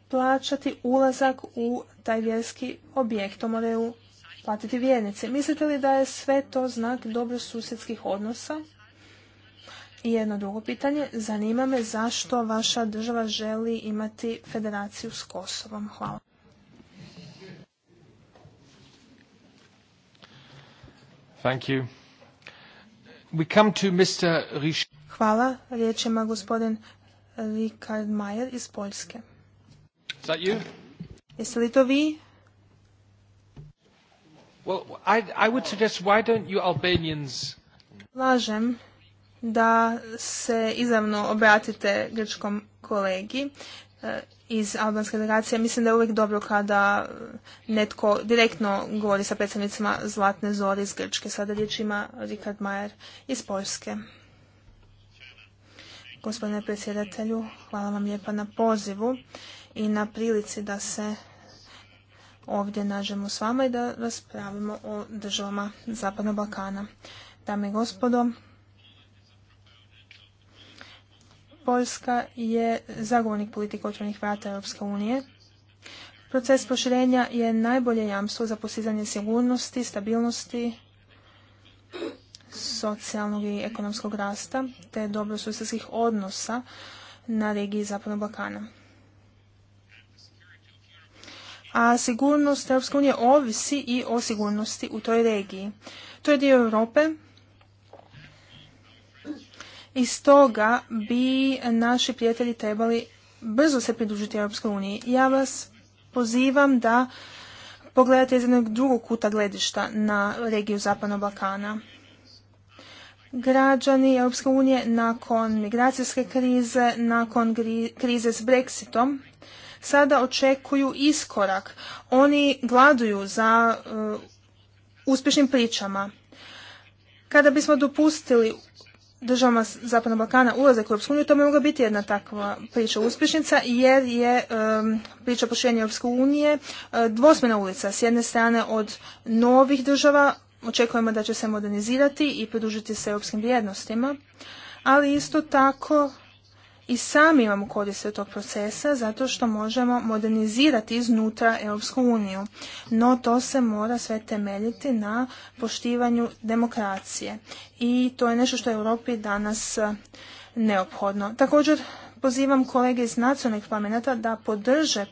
plaćati ulazak u taj vjerski objekt. To moraju platiti vjernice. Mislite li da je sve to znak dobrosusjedskih odnosa? I jedno drugo pitanje. Zanima me zašto vaša država želi imati federaciju s Kosovom. Hvala.
Thank you. We come to Mr. Rich...
Hvala. Riječ ima gospodin Richard Mayer iz Poljske. Is that you? Jeste li to vi?
Well, I, I would suggest why don't you Albanians...
Lažem da se izravno obratite grčkom kolegi iz albanske delegacije. Mislim da je uvijek dobro kada netko direktno govori sa predstavnicima Zlatne zore iz Grčke. Sada riječ ima Richard Majer iz Poljske. Gospodine predsjedatelju, hvala vam lijepa na pozivu i na prilici da se ovdje nađemo s vama i da raspravimo o državama Zapadnog Balkana. Dame i gospodo, Poljska je zagovornik politike otvorenih vrata Europske unije. Proces proširenja je najbolje jamstvo za postizanje sigurnosti, stabilnosti, socijalnog i ekonomskog rasta te dobrosusjedskih odnosa na regiji Zapadnog Balkana. A sigurnost Europske unije ovisi i o sigurnosti u toj regiji. To je dio Europe i stoga bi naši prijatelji trebali brzo se pridružiti Europskoj uniji. Ja vas pozivam da pogledate iz jednog drugog kuta gledišta na regiju Zapadnog Balkana. Građani Europske unije nakon migracijske krize, nakon krize s Brexitom, sada očekuju iskorak. Oni gladuju za uh, uspješnim pričama. Kada bismo dopustili državama Zapadnog Balkana ulazak u Europsku uniju, to bi mogla biti jedna takva priča uspješnica, jer je priča proširenja Europske unije e, dvosmjena ulica. S jedne strane od novih država očekujemo da će se modernizirati i pridružiti se europskim vrijednostima, ali isto tako i sami imamo koriste tog procesa zato što možemo modernizirati iznutra Europsku uniju. No to se mora sve temeljiti na poštivanju demokracije i to je nešto što je Europi danas e, neophodno. Također pozivam kolege iz nacionalnih parlamenta da podrže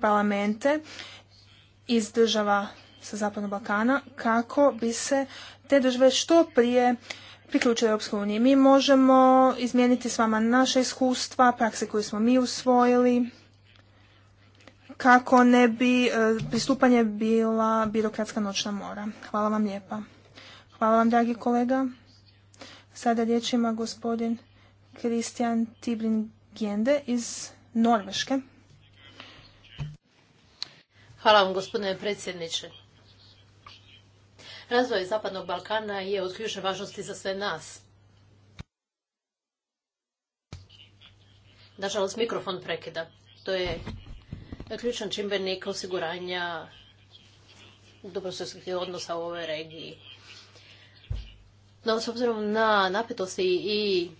parlamente iz država sa Zapadnog Balkana kako bi se te države što prije priključili Europskoj uniji. Mi možemo izmijeniti s vama naše iskustva, prakse koje smo mi usvojili, kako ne bi e, pristupanje bila birokratska noćna mora. Hvala vam lijepa. Hvala vam, dragi kolega. Sada riječ ima gospodin Kristijan Tibringende iz Norveške.
Hvala vam, gospodine predsjedniče. Razvoj Zapadnog Balkana je od ključne važnosti za sve nas. Nažalost, mikrofon prekida. To je ključan čimbenik osiguranja dobrosusjedskih odnosa u ovoj regiji. No, s obzirom na napetosti i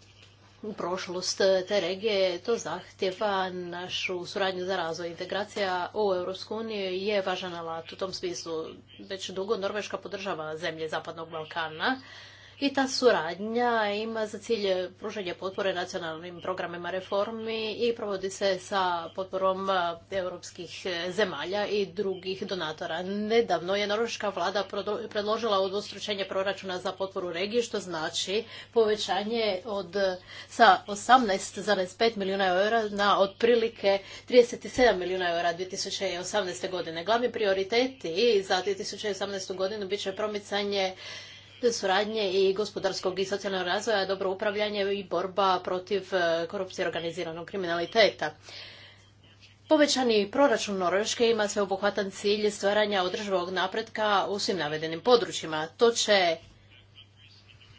u prošlost te regije. To zahtjeva našu suradnju za razvoj. Integracija u Europsku uniju je važan alat u tom smislu. Već dugo Norveška podržava zemlje Zapadnog Balkana i ta suradnja ima za cilj pružanje potpore nacionalnim programima reformi i provodi se sa potporom e, europskih e, zemalja i drugih donatora. Nedavno je norveška vlada predložila odostručenje proračuna za potporu regiji, što znači povećanje od, sa 18,5 milijuna eura na otprilike 37 milijuna eura 2018. godine. Glavni prioriteti za 2018. godinu bit će promicanje suradnje i gospodarskog i socijalnog razvoja, dobro upravljanje i borba protiv e, korupcije i organiziranog kriminaliteta. Povećani proračun Norveške ima sveobuhvatan cilj stvaranja održivog napretka u svim navedenim područjima. To će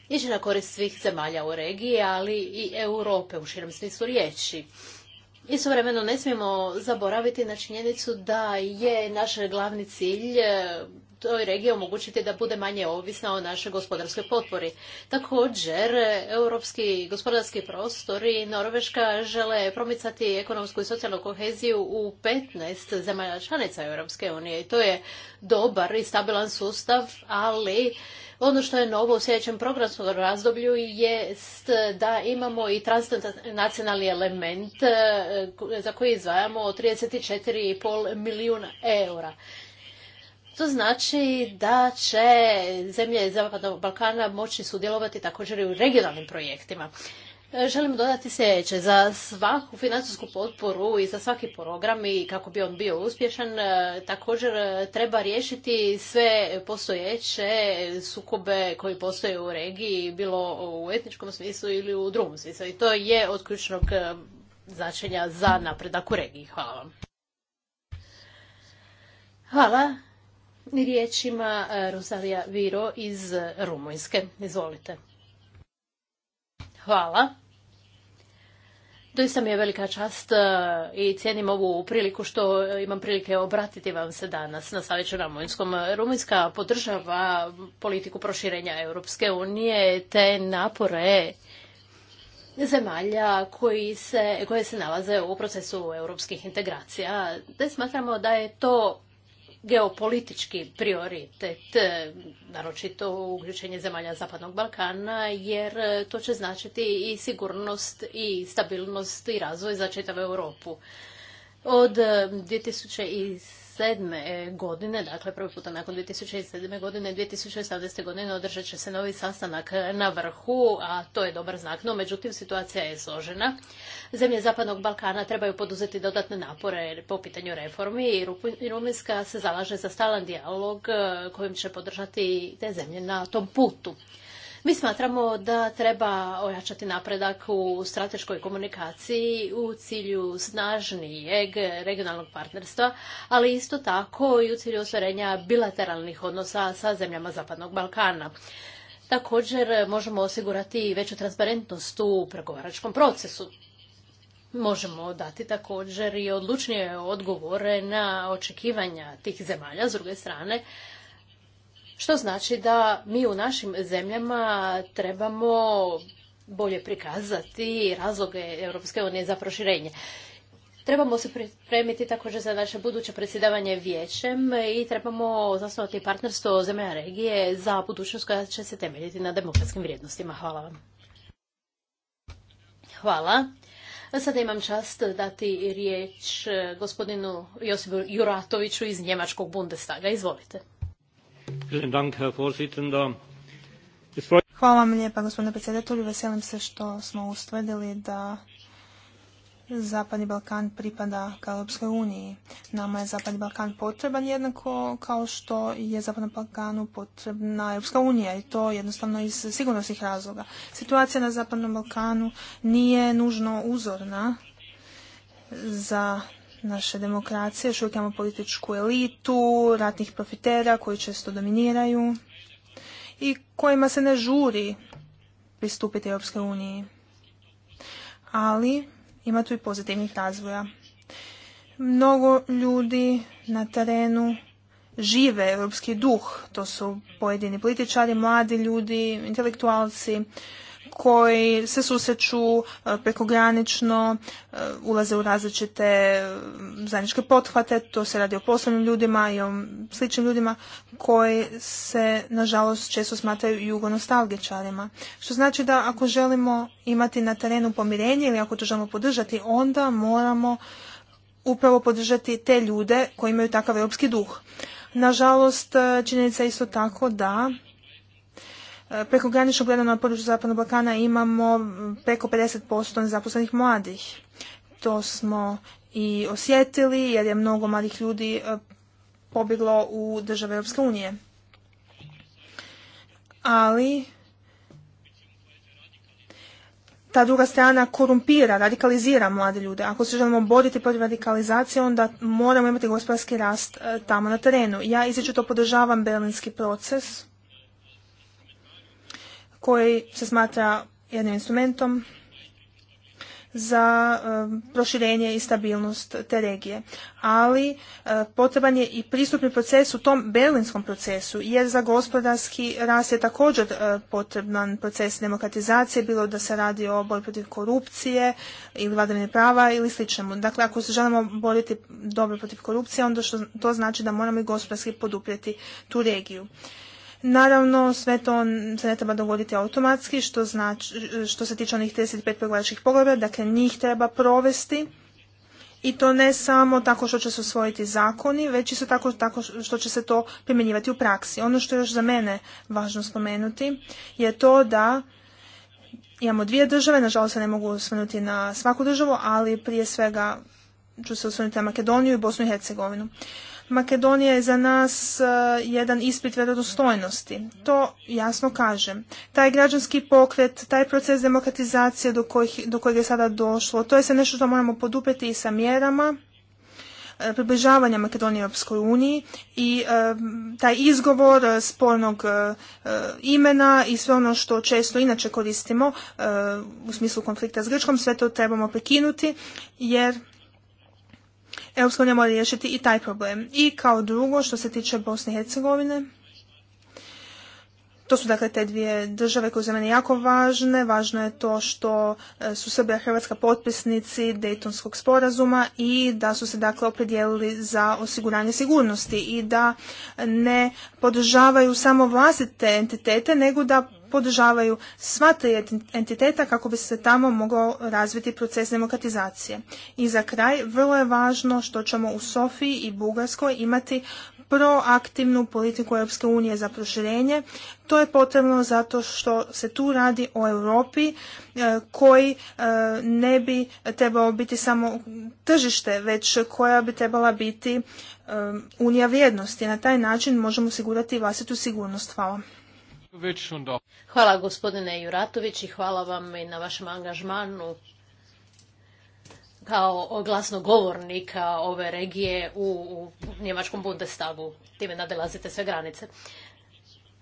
ići na korist svih zemalja u regiji, ali i Europe u širem smislu riječi. Istovremeno ne smijemo zaboraviti na činjenicu da je naš glavni cilj e, toj regiji omogućiti da bude manje ovisna o našoj gospodarskoj potpori. Također, e, europski gospodarski prostor i Norveška žele promicati ekonomsku i socijalnu koheziju u 15 zemalja članica Europske unije. I to je dobar i stabilan sustav, ali ono što je novo u sljedećem programskom razdoblju jest da imamo i transnacionalni element e, za koji izvajamo 34,5 milijuna eura. To znači da će zemlje Zapadnog Balkana moći sudjelovati također i u regionalnim projektima želim dodati sljedeće. Za svaku financijsku potporu i za svaki program i kako bi on bio uspješan, e, također e, treba riješiti sve postojeće sukobe koji postoje u regiji, bilo u etničkom smislu ili u drugom smislu. I to je od ključnog e, značenja za napredak u regiji. Hvala vam. Hvala. Riječ ima Rosalija Viro iz Rumunjske. Izvolite. Hvala. Doista mi je velika čast e, i cijenim ovu priliku što e, imam prilike obratiti vam se danas na Savjeću Rumunjskom. Rumunjska podržava politiku proširenja Europske unije te napore zemalja koji se, koje se nalaze u procesu europskih integracija. Da smatramo da je to geopolitički prioritet, naročito uključenje zemalja Zapadnog Balkana, jer to će značiti i sigurnost i stabilnost i razvoj za čitavu Europu. Od 2007. 2007. godine, dakle prvi puta nakon 2007. godine, 2018. godine održat će se novi sastanak na vrhu, a to je dobar znak, no međutim situacija je složena. Zemlje Zapadnog Balkana trebaju poduzeti dodatne napore po pitanju reformi i Rumunjska se zalaže za stalan dijalog eh, kojim će podržati te zemlje na tom putu. Mi smatramo da treba ojačati napredak u strateškoj komunikaciji u cilju snažnijeg regionalnog partnerstva, ali isto tako i u cilju ostvarenja bilateralnih odnosa sa zemljama Zapadnog Balkana. Također možemo osigurati veću transparentnost u pregovaračkom procesu. Možemo dati također i odlučnije odgovore na očekivanja tih zemalja, s druge strane, što znači da mi u našim zemljama trebamo bolje prikazati razloge Europske unije za proširenje. Trebamo se pripremiti također za naše buduće predsjedavanje vijećem i trebamo zasnovati partnerstvo zemlja regije za budućnost koja će se temeljiti na demokratskim vrijednostima. Hvala vam. Hvala. Sada imam čast dati riječ gospodinu Josipu Juratoviću iz Njemačkog Bundestaga. Izvolite.
Hvala vam
lijepa gospodine predsjedatelju. Veselim se što smo ustvrdili da Zapadni Balkan pripada ka Europskoj uniji. Nama je Zapadni Balkan potreban jednako kao što je Zapadnom Balkanu potrebna Europska unija i to jednostavno iz sigurnosnih razloga. Situacija na Zapadnom Balkanu nije nužno uzorna za naše demokracije, još političku elitu, ratnih profitera koji često dominiraju i kojima se ne žuri pristupiti Europskoj uniji. Ali ima tu i pozitivnih razvoja. Mnogo ljudi na terenu žive europski duh. To su pojedini političari, mladi ljudi, intelektualci, koji se susreću e, prekogranično, e, ulaze u različite zajedničke pothvate, to se radi o poslovnim ljudima i o sličnim ljudima koji se nažalost često smatraju jugonostalgičarima. Što znači da ako želimo imati na terenu pomirenje ili ako to želimo podržati, onda moramo upravo podržati te ljude koji imaju takav europski duh. Nažalost, e, činjenica je isto tako da preko prekogranično gledano na području Zapadnog Balkana imamo preko 50% nezaposlenih mladih. To smo i osjetili jer je mnogo mladih ljudi e, pobjeglo u države Europske unije. Ali ta druga strana korumpira, radikalizira mlade ljude. Ako se želimo boriti protiv radikalizacije, onda moramo imati gospodarski rast e, tamo na terenu. Ja izreću to podržavam berlinski proces koji se smatra jednim instrumentom za um, proširenje i stabilnost te regije. Ali uh, potreban je i pristupni proces u tom berlinskom procesu, jer za gospodarski rast je također uh, potreban proces demokratizacije, bilo da se radi o borbi protiv korupcije ili vladavine prava ili sličnemu. Dakle, ako se želimo boriti dobro protiv korupcije, onda što, to znači da moramo i gospodarski poduprijeti tu regiju. Naravno, sve to se ne treba dogoditi automatski, što, znači, što se tiče onih 35 pregovaračkih poglavlja, dakle njih treba provesti i to ne samo tako što će se usvojiti zakoni, već isto tako, tako što će se to primjenjivati u praksi. Ono što je još za mene važno spomenuti je to da imamo dvije države, nažalost se ne mogu osvrnuti na svaku državu, ali prije svega ću se osvrnuti na Makedoniju i Bosnu i Hercegovinu. Makedonija je za nas e, jedan ispit vjerodostojnosti. To jasno kažem. Taj građanski pokret, taj proces demokratizacije do, kojih, do kojeg je sada došlo, to je se nešto što moramo podupeti i sa mjerama e, približavanja Makedonije Europskoj uniji i e, taj izgovor spolnog imena i sve ono što često inače koristimo e, u smislu konflikta s Grčkom, sve to trebamo prekinuti jer Europska unija mora riješiti i taj problem. I kao drugo, što se tiče Bosne i Hercegovine, to su dakle te dvije države koje su za mene jako važne. Važno je to što e, su Srbija i Hrvatska potpisnici Dejtonskog sporazuma i da su se dakle opredijelili za osiguranje sigurnosti i da ne podržavaju samo vlastite entitete, nego da podržavaju sva tri entiteta kako bi se tamo mogao razviti proces demokratizacije. I za kraj, vrlo je važno što ćemo u Sofiji i Bugarskoj imati proaktivnu politiku Europske unije za proširenje. To je potrebno zato što se tu radi o Europi e, koji e, ne bi trebao biti samo tržište, već koja bi trebala biti e, unija vrijednosti. Na taj način možemo osigurati vlastitu sigurnost. Hvala.
Hvala gospodine Juratović i hvala vam i na vašem angažmanu kao govornika ove regije u Njemačkom Bundestagu. Time nadelazite sve granice.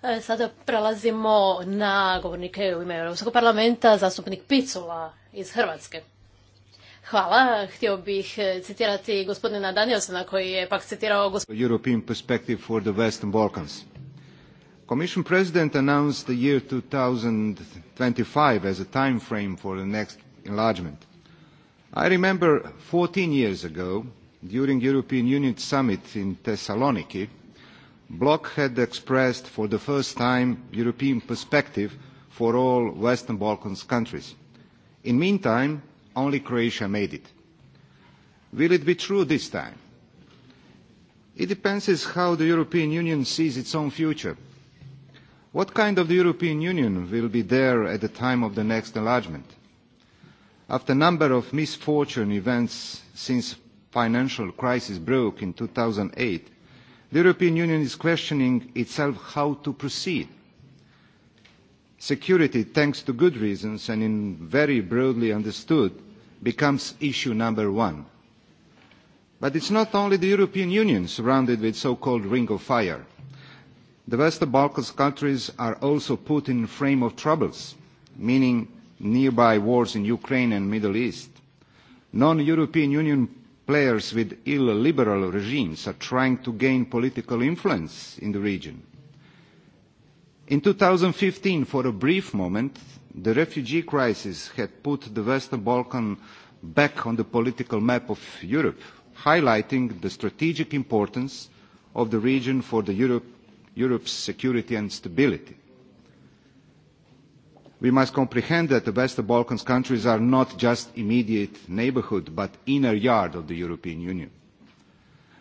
E, sada prelazimo na govornike u ime Europskog parlamenta, zastupnik Picula iz Hrvatske. Hvala. Htio bih e, citirati gospodina Danielsona koji je pak citirao
European perspective for the Western Balkans commission president announced the year 2025 as a time frame for the next enlargement i remember 14 years ago during european union summit in thessaloniki bloc had expressed for the first time european perspective for all western balkans countries in meantime only croatia made it will it be true this time it depends on how the european union sees its own future What kind of the European Union will be there at the time of the next enlargement? After a number of misfortune events since financial crisis broke in 2008, the European Union is questioning itself how to proceed. Security, thanks to good reasons and in very broadly understood, becomes issue number one. But it's not only the European Union surrounded with so-called ring of fire. The Western Balkans countries are also put in a frame of troubles, meaning nearby wars in Ukraine and Middle East. Non-European Union players with illiberal regimes are trying to gain political influence in the region. In 2015, for a brief moment, the refugee crisis had put the Western Balkans back on the political map of Europe, highlighting the strategic importance of the region for the Europe Europe's security and stability. We must comprehend that the Western Balkans countries are not just immediate neighbourhood, but inner yard of the European Union.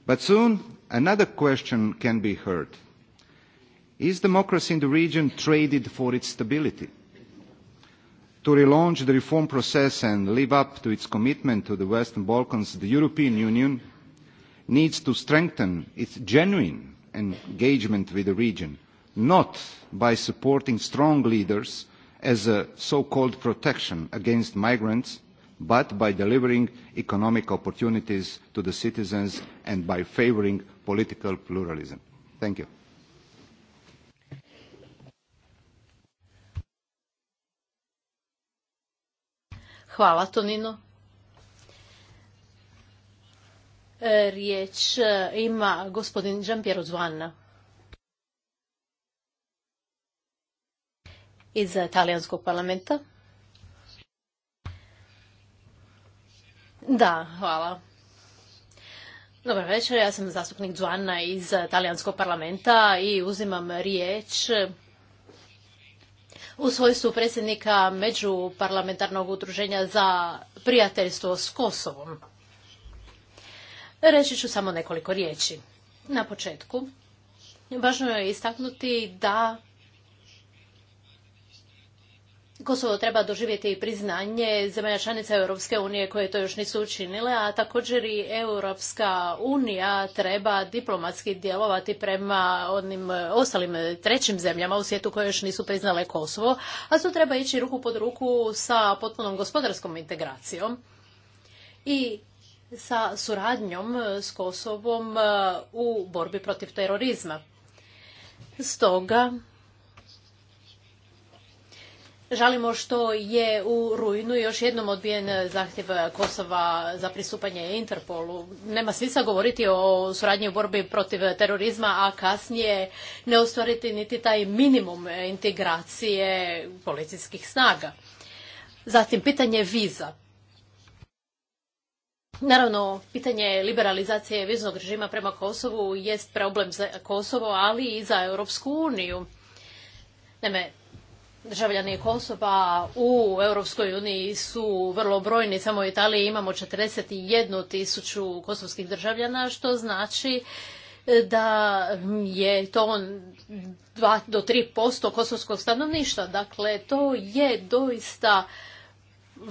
But soon, another question can be heard. Is democracy in the region traded for its stability? To relaunch the reform process and live up to its commitment to the Western Balkans, the European Union needs to strengthen its genuine engagement with the region, not by supporting strong leaders as a so-called protection against migrants, but by delivering economic opportunities to the citizens and by favouring political pluralism. Thank you.
Hvala Tonino. E, riječ e, ima gospodin Jean-Pierre iz talijanskog parlamenta. Da, hvala. Dobar večer, ja sam zastupnik Zvana iz talijanskog parlamenta i uzimam riječ u svojstvu predsjednika Međuparlamentarnog udruženja za prijateljstvo s Kosovom. Reći ću samo nekoliko riječi. Na početku, važno je istaknuti da Kosovo treba doživjeti priznanje zemalja članica Europske unije koje to još nisu učinile, a također i Europska unija treba diplomatski djelovati prema onim ostalim trećim zemljama u svijetu koje još nisu priznale Kosovo, a tu treba ići ruku pod ruku sa potpunom gospodarskom integracijom. I sa suradnjom s Kosovom e, u borbi protiv terorizma. Stoga žalimo što je u rujnu još jednom odbijen zahtjev Kosova za pristupanje Interpolu. Nema smisla govoriti o suradnji u borbi protiv terorizma, a kasnije ne ostvariti niti taj minimum integracije policijskih snaga. Zatim, pitanje viza. Naravno, pitanje liberalizacije viznog režima prema Kosovu jest problem za Kosovo, ali i za Europsku uniju. Naime, državljani Kosova u Europskoj uniji su vrlo brojni, samo u Italiji imamo 41 tisuću kosovskih državljana, što znači e, da je to
2
do 3% kosovskog stanovništva. Dakle, to je doista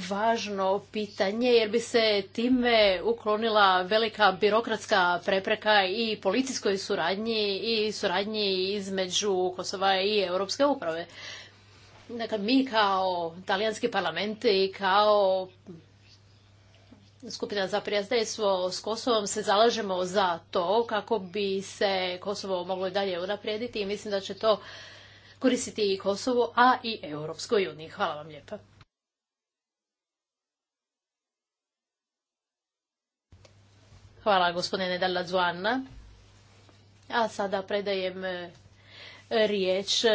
važno pitanje jer bi se time uklonila velika birokratska prepreka i policijskoj suradnji i suradnji između Kosova i Europske uprave. Dakle, mi kao talijanski parlament i kao skupina za prijateljstvo s Kosovom se zalažemo za to kako bi se Kosovo moglo dalje unaprijediti i mislim da će to koristiti i Kosovo, a i Europskoj uniji. Hvala vam lijepa. Hvala gospodine Zuanna. A sada predajem e, riječ e,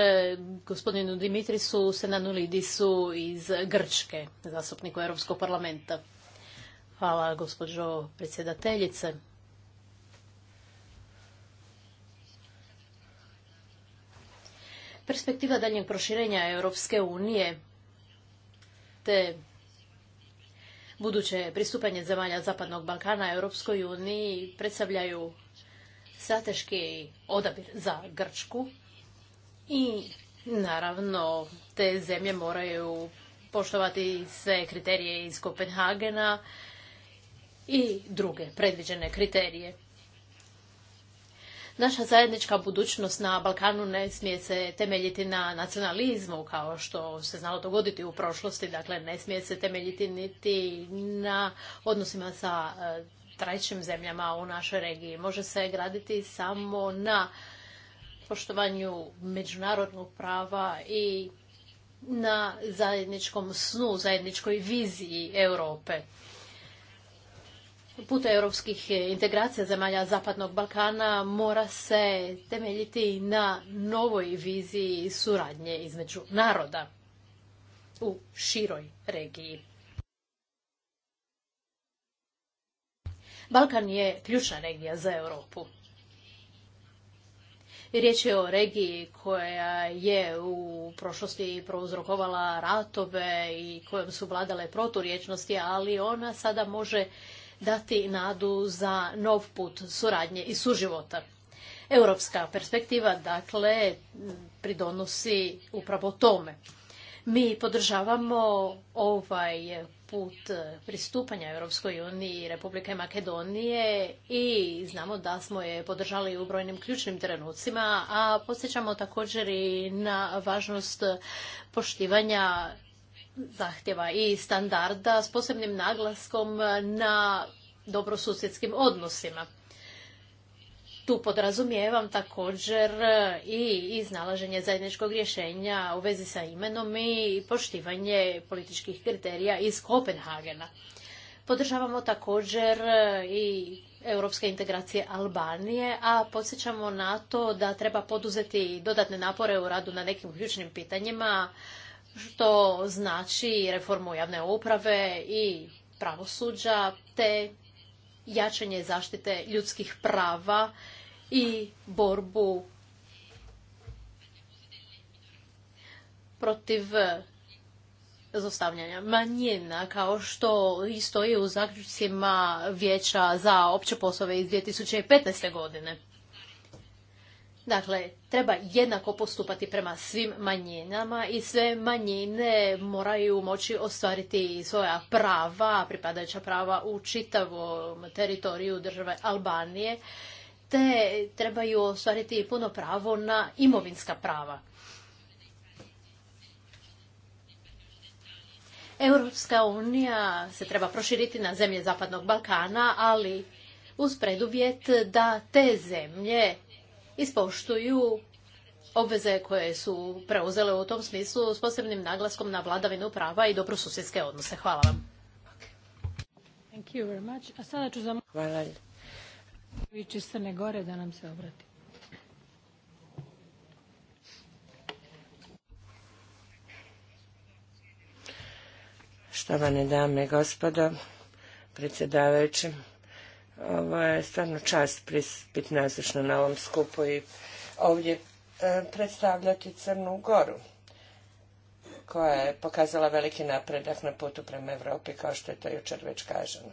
gospodinu Dimitrisu Senanulidisu iz Grčke, zastupniku Europskog parlamenta. Hvala gospođo predsjedateljice. Perspektiva daljnjeg proširenja Europske unije te buduće pristupanje zemalja Zapadnog Balkana Europskoj uniji predstavljaju strateški odabir za Grčku i naravno te zemlje moraju poštovati sve kriterije iz Kopenhagena i druge predviđene kriterije. Naša zajednička budućnost na Balkanu ne smije se temeljiti na nacionalizmu kao što se znalo dogoditi u prošlosti, dakle ne smije se temeljiti niti na odnosima sa e, trećim zemljama u našoj regiji. Može se graditi samo na poštovanju međunarodnog prava i na zajedničkom snu, zajedničkoj viziji Europe puta europskih integracija zemalja Zapadnog Balkana mora se temeljiti na novoj viziji suradnje između naroda u široj regiji. Balkan je ključna regija za Europu. Riječ je o regiji koja je u prošlosti prouzrokovala ratove i kojom su vladale proturječnosti, ali ona sada može dati nadu za nov put suradnje i suživota. Europska perspektiva, dakle, pridonosi upravo tome. Mi podržavamo ovaj put pristupanja Europskoj uniji Republike Makedonije i znamo da smo je podržali u brojnim ključnim trenucima, a posjećamo također i na važnost poštivanja zahtjeva i standarda s posebnim naglaskom na dobrosusjedskim odnosima. Tu podrazumijevam također i iznalaženje zajedničkog rješenja u vezi sa imenom i poštivanje političkih kriterija iz Kopenhagena. Podržavamo također i europske integracije Albanije, a podsjećamo na to da treba poduzeti dodatne napore u radu na nekim ključnim pitanjima, što znači reformu javne uprave i pravosuđa, te jačanje zaštite ljudskih prava i borbu protiv zostavljanja manjina, kao što i stoji u zaključcima Vijeća za opće poslove iz 2015. godine. Dakle, treba jednako postupati prema svim manjinama i sve manjine moraju moći ostvariti svoja prava, pripadajuća prava u čitavom teritoriju države Albanije, te trebaju ostvariti puno pravo na imovinska prava. Europska unija se treba proširiti na zemlje Zapadnog Balkana, ali uz preduvjet da te zemlje ispoštuju obveze koje su preuzele u tom smislu s posebnim naglaskom na vladavinu prava i dobro dobrosusjedske odnose. Hvala vam. Thank you very much. Hvala.
Crne Gore da nam se obrati.
Štovane dame i gospodo, predsjedavajući, je stvarno čast biti nazočno na ovom skupu i ovdje e, predstavljati Crnu Goru koja je pokazala veliki napredak na putu prema Europi kao što je to jučer već kaženo.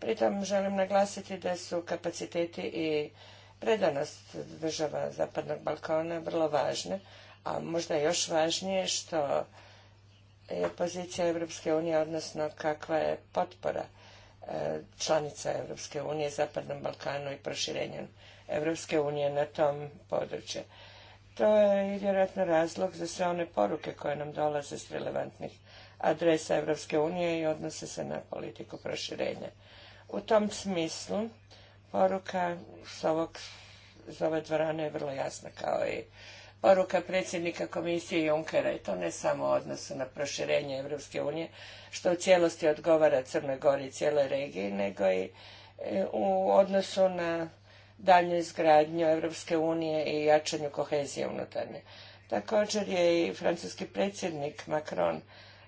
Pritom želim naglasiti da su kapaciteti i predanost država Zapadnog Balkana vrlo važne, a možda još važnije što je pozicija Europske unije, odnosno kakva je potpora E, članica Europske unije, Zapadnom Balkanu i proširenjem Europske unije na tom području. To je vjerojatno razlog za sve one poruke koje nam dolaze s relevantnih adresa Europske unije i odnose se na politiku proširenja. U tom smislu poruka s ovog, ove dvorane je vrlo jasna kao i poruka predsjednika komisije Junckera i to ne samo u odnosu na proširenje Europske unije, što u cijelosti odgovara Crnoj Gori i cijeloj regiji, nego i e, u odnosu na daljnju izgradnju Europske unije i jačanju kohezije unutarnje. Također je i francuski predsjednik Macron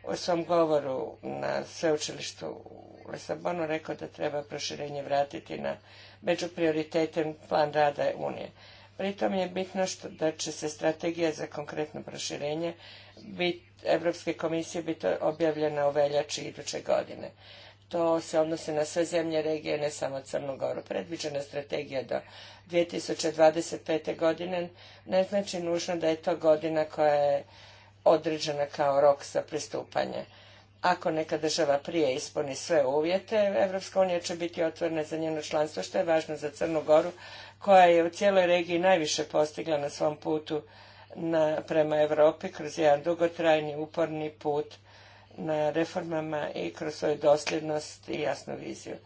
u svom govoru na sveučilištu u Lisabonu rekao da treba proširenje vratiti na među prioritetem plan rada Unije. Pritom je bitno što, da će se strategija za konkretno proširenje bit, Evropske komisije biti objavljena u veljači iduće godine. To se odnosi na sve zemlje regije, ne samo Crnu Goru. Predviđena strategija do 2025. godine ne znači nužno da je to godina koja je određena kao rok za pristupanje. Ako neka država prije ispuni sve uvjete, Evropska unija će biti otvorena za njeno članstvo, što je važno za Crnu Goru, koja je u cijeloj regiji najviše postigla na svom putu prema Europi kroz jedan dugotrajni, uporni put na reformama i kroz svoju dosljednost i jasnu viziju.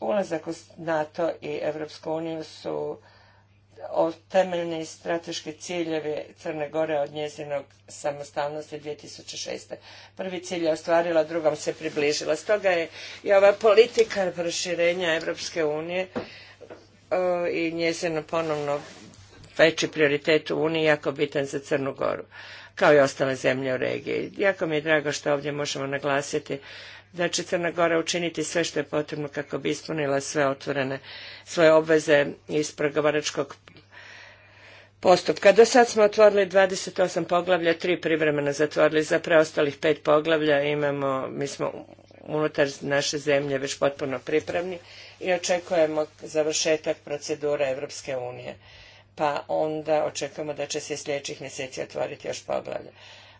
Ulazak u NATO i Europsku uniju su temeljni strateški ciljevi Crne Gore od njezinog samostalnosti 2006. Prvi cilj je ostvarila, drugom se približila. Stoga je i ova politika proširenja Europske unije E, i njezino ponovno veći prioritet u Uniji jako bitan za Crnu Goru, kao i ostale zemlje u regiji. Jako mi je drago što ovdje možemo naglasiti da će Crna Gora učiniti sve što je potrebno kako bi ispunila sve otvorene svoje obveze iz pregovaračkog postupka. Do sad smo otvorili 28 poglavlja, tri privremeno zatvorili, za preostalih pet poglavlja imamo, mi smo unutar naše zemlje već potpuno pripravni i očekujemo završetak procedure Europske unije. Pa onda očekujemo da će se sljedećih mjeseci otvoriti još poglavlje.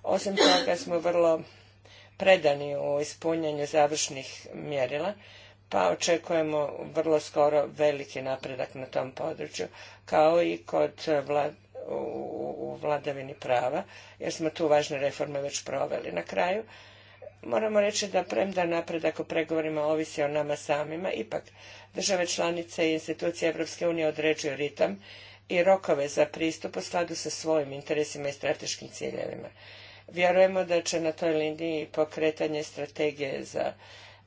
Osim toga smo vrlo predani u ispunjanju završnih mjerila, pa očekujemo vrlo skoro veliki napredak na tom području, kao i kod u vladavini prava, jer smo tu važne reforme već proveli. Na kraju, Moramo reći da premda napredak ako pregovorima ovisi o nama samima, ipak države članice i institucije Europske unije određuju ritam i rokove za pristup u skladu sa svojim interesima i strateškim ciljevima. Vjerujemo da će na toj liniji pokretanje strategije za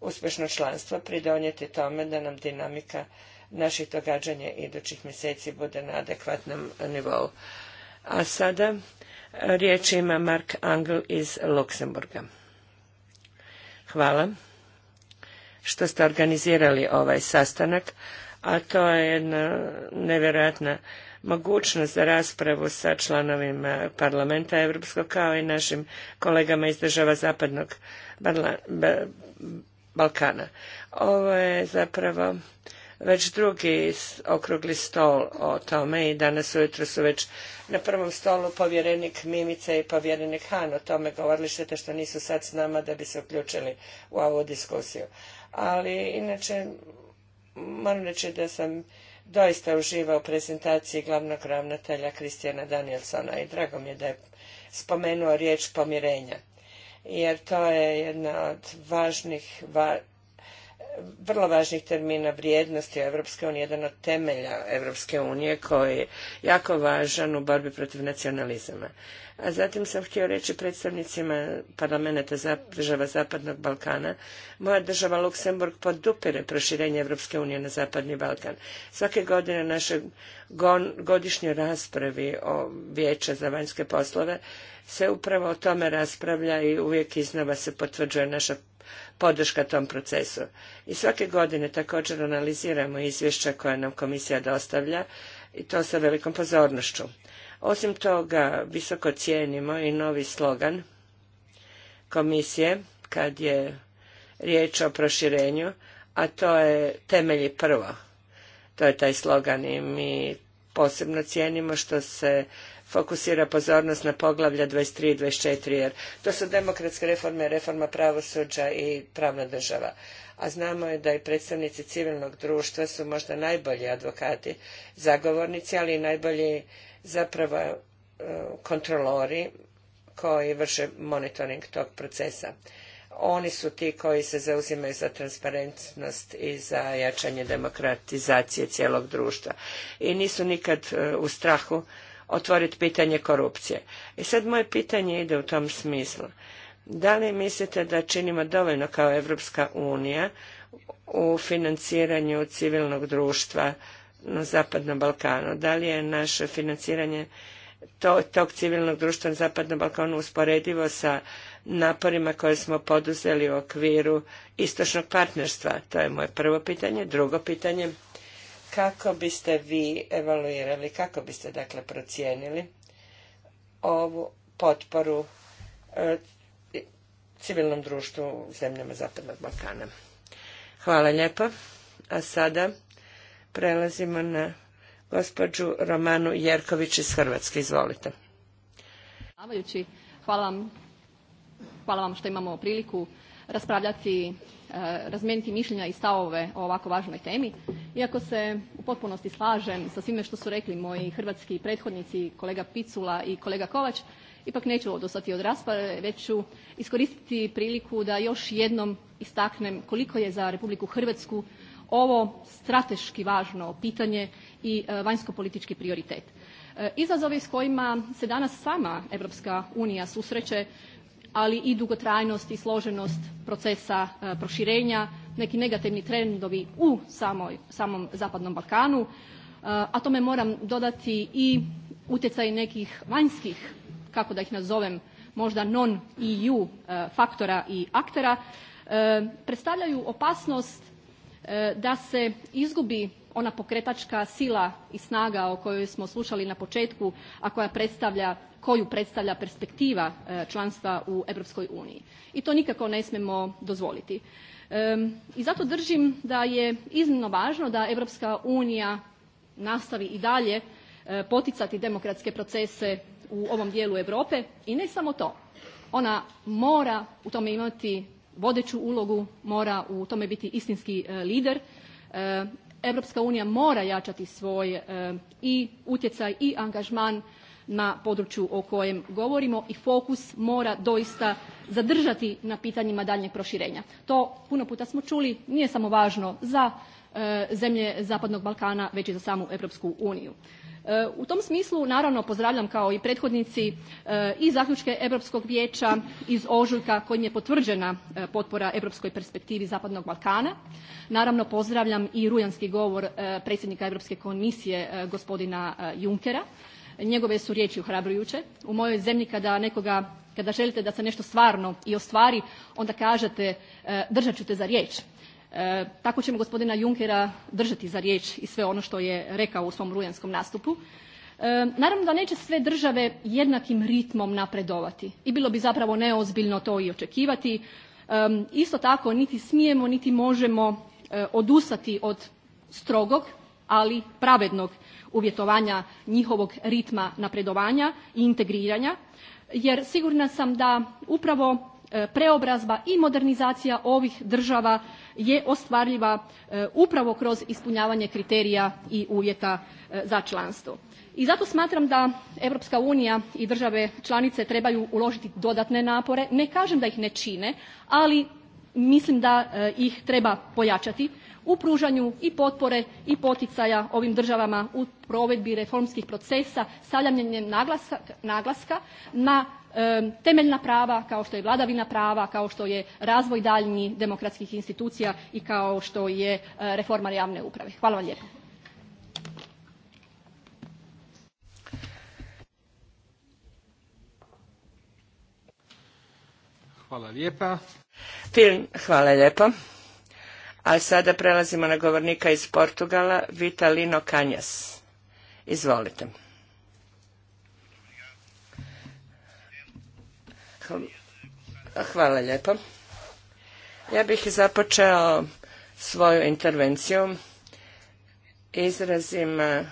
uspješno članstvo pridonijeti tome da nam dinamika naših događanja idućih mjeseci bude na adekvatnom nivou. A sada riječ ima Mark Angel iz Luksemburga. Hvala što ste organizirali ovaj sastanak, a to je jedna nevjerojatna mogućnost za raspravu sa članovima parlamenta Europskog kao i našim kolegama iz država Zapadnog Balkana. Ovo je zapravo već drugi okrugli stol o tome i danas ujutro su već na prvom stolu povjerenik Mimica i povjerenik Han o tome govorili šteta što nisu sad s nama da bi se uključili u ovu diskusiju. Ali inače moram reći da sam doista uživao u prezentaciji glavnog ravnatelja Kristijana Danielsona i drago mi je da je spomenuo riječ pomirenja jer to je jedna od važnih vrlo važnih termina vrijednosti Evropske unije, jedan od temelja Evropske unije koji je jako važan u borbi protiv nacionalizama. A zatim sam htio reći predstavnicima parlamenta država Zapadnog Balkana, moja država Luksemburg podupire proširenje Evropske unije na Zapadni Balkan. Svake godine naše godišnjoj raspravi o vijeća za vanjske poslove se upravo o tome raspravlja i uvijek iznova se potvrđuje naša podrška tom procesu. I svake godine također analiziramo izvješća koja nam komisija dostavlja i to sa velikom pozornošću. Osim toga, visoko cijenimo i novi slogan komisije kad je riječ o proširenju, a to je temelji prvo. To je taj slogan i mi posebno cijenimo što se fokusira pozornost na poglavlja 23 i 24 jer to su demokratske reforme, reforma pravosuđa i pravna država. A znamo je da i predstavnici civilnog društva su možda najbolji advokati, zagovornici, ali i najbolji zapravo e, kontrolori koji vrše monitoring tog procesa. Oni su ti koji se zauzimaju za transparentnost i za jačanje demokratizacije cijelog društva. I nisu nikad e, u strahu otvoriti pitanje korupcije. I sad moje pitanje ide u tom smislu. Da li mislite da činimo dovoljno kao Evropska unija u financiranju civilnog društva na Zapadnom Balkanu? Da li je naše financiranje tog civilnog društva na Zapadnom Balkanu usporedivo sa naporima koje smo poduzeli u okviru istočnog partnerstva? To je moje prvo pitanje. Drugo pitanje, kako biste vi evaluirali, kako biste dakle procijenili ovu potporu e, civilnom društvu u zemljama Zapadnog Balkana? Hvala lijepo. A sada prelazimo na gospođu Romanu Jerković iz Hrvatske. Izvolite.
hvala vam što imamo priliku raspravljati E, razmijeniti mišljenja i stavove o ovako važnoj temi. Iako se u potpunosti slažem sa svime što su rekli moji hrvatski prethodnici, kolega Picula i kolega Kovač, ipak neću odustati od rasprave, već ću iskoristiti priliku da još jednom istaknem koliko je za Republiku Hrvatsku ovo strateški važno pitanje i e, vanjskopolitički prioritet. E, izazovi s kojima se danas sama Europska unija susreće ali i dugotrajnost i složenost procesa e, proširenja, neki negativni trendovi u samom Zapadnom Balkanu, e, a tome moram dodati i utjecaj nekih vanjskih, kako da ih nazovem, možda non-EU e, faktora i aktera, predstavljaju opasnost da se izgubi ona pokretačka sila i snaga o kojoj smo slušali na početku, a koja predstavlja koju predstavlja perspektiva e, članstva u Europskoj uniji. I to nikako ne smijemo dozvoliti. I zato držim da je iznimno važno da Europska unija nastavi i dalje e, poticati demokratske procese u ovom dijelu Europe i ne samo to. Ona mora u tome imati vodeću ulogu, mora u tome biti istinski e, lider. Europska unija mora jačati svoj i utjecaj i angažman na području o kojem govorimo i fokus mora doista zadržati na pitanjima daljnjeg proširenja. To puno puta smo čuli, nije samo važno za e, zemlje Zapadnog Balkana već i za samu Europsku uniju. E, u tom smislu naravno pozdravljam kao i prethodnici e, i zaključke Europskog vijeća iz ožujka kojim je potvrđena potpora europskoj perspektivi Zapadnog Balkana. Naravno pozdravljam i rujanski govor predsjednika Europske komisije gospodina Junckera njegove su riječi ohrabrujuće. U mojoj zemlji kada nekoga, kada želite da se nešto stvarno i ostvari, onda kažete e, držat ću te za riječ. E, tako ćemo gospodina Junkera držati za riječ i sve ono što je rekao u svom rujanskom nastupu. E, naravno da neće sve države jednakim ritmom napredovati i bilo bi zapravo neozbiljno to i očekivati. isto tako niti smijemo niti možemo odustati od strogog ali pravednog uvjetovanja njihovog ritma napredovanja i integriranja jer sigurna sam da upravo e, preobrazba i modernizacija ovih država je ostvarljiva e, upravo kroz ispunjavanje kriterija i uvjeta e, za članstvo. I zato smatram da Europska unija i države članice trebaju uložiti dodatne napore, ne kažem da ih ne čine, ali mislim da ih treba pojačati u pružanju i potpore i poticaja ovim državama u provedbi reformskih procesa stavljanjem naglaska na temeljna prava kao što je vladavina prava, kao što je razvoj daljnjih demokratskih institucija i kao što je e, reforma javne uprave. Hvala vam lijepo.
A sada prelazimo na govornika iz Portugala, Vitalino Canjas. Izvolite. Hvala lijepo. Ja bih započeo svoju intervenciju izrazim eh,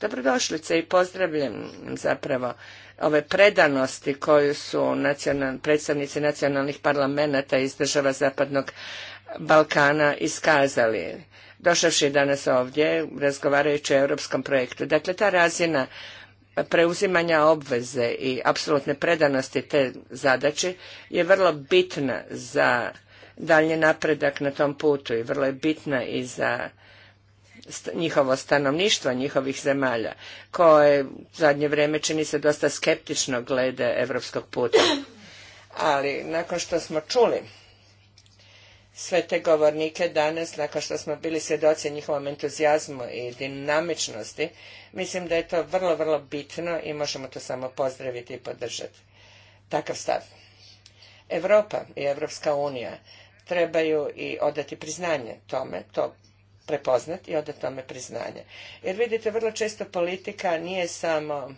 dobrodošlice i pozdravljam zapravo ove predanosti koju su nacional, predstavnici nacionalnih parlamenta iz država Zapadnog Balkana iskazali, došavši danas ovdje, razgovarajući o europskom projektu. Dakle, ta razina preuzimanja obveze i apsolutne predanosti te zadaće je vrlo bitna za dalje napredak na tom putu i vrlo je bitna i za njihovo stanovništvo njihovih zemalja koje zadnje vrijeme čini se dosta skeptično glede europskog puta. Ali nakon što smo čuli sve te govornike danas, nakon što smo bili svjedoci njihovom entuzijazmu i dinamičnosti, mislim da je to vrlo, vrlo bitno i možemo to samo pozdraviti i podržati. Takav stav. Europa i Evropska unija trebaju i odati priznanje tome, to prepoznati i odati tome priznanje. Jer vidite, vrlo često politika nije samo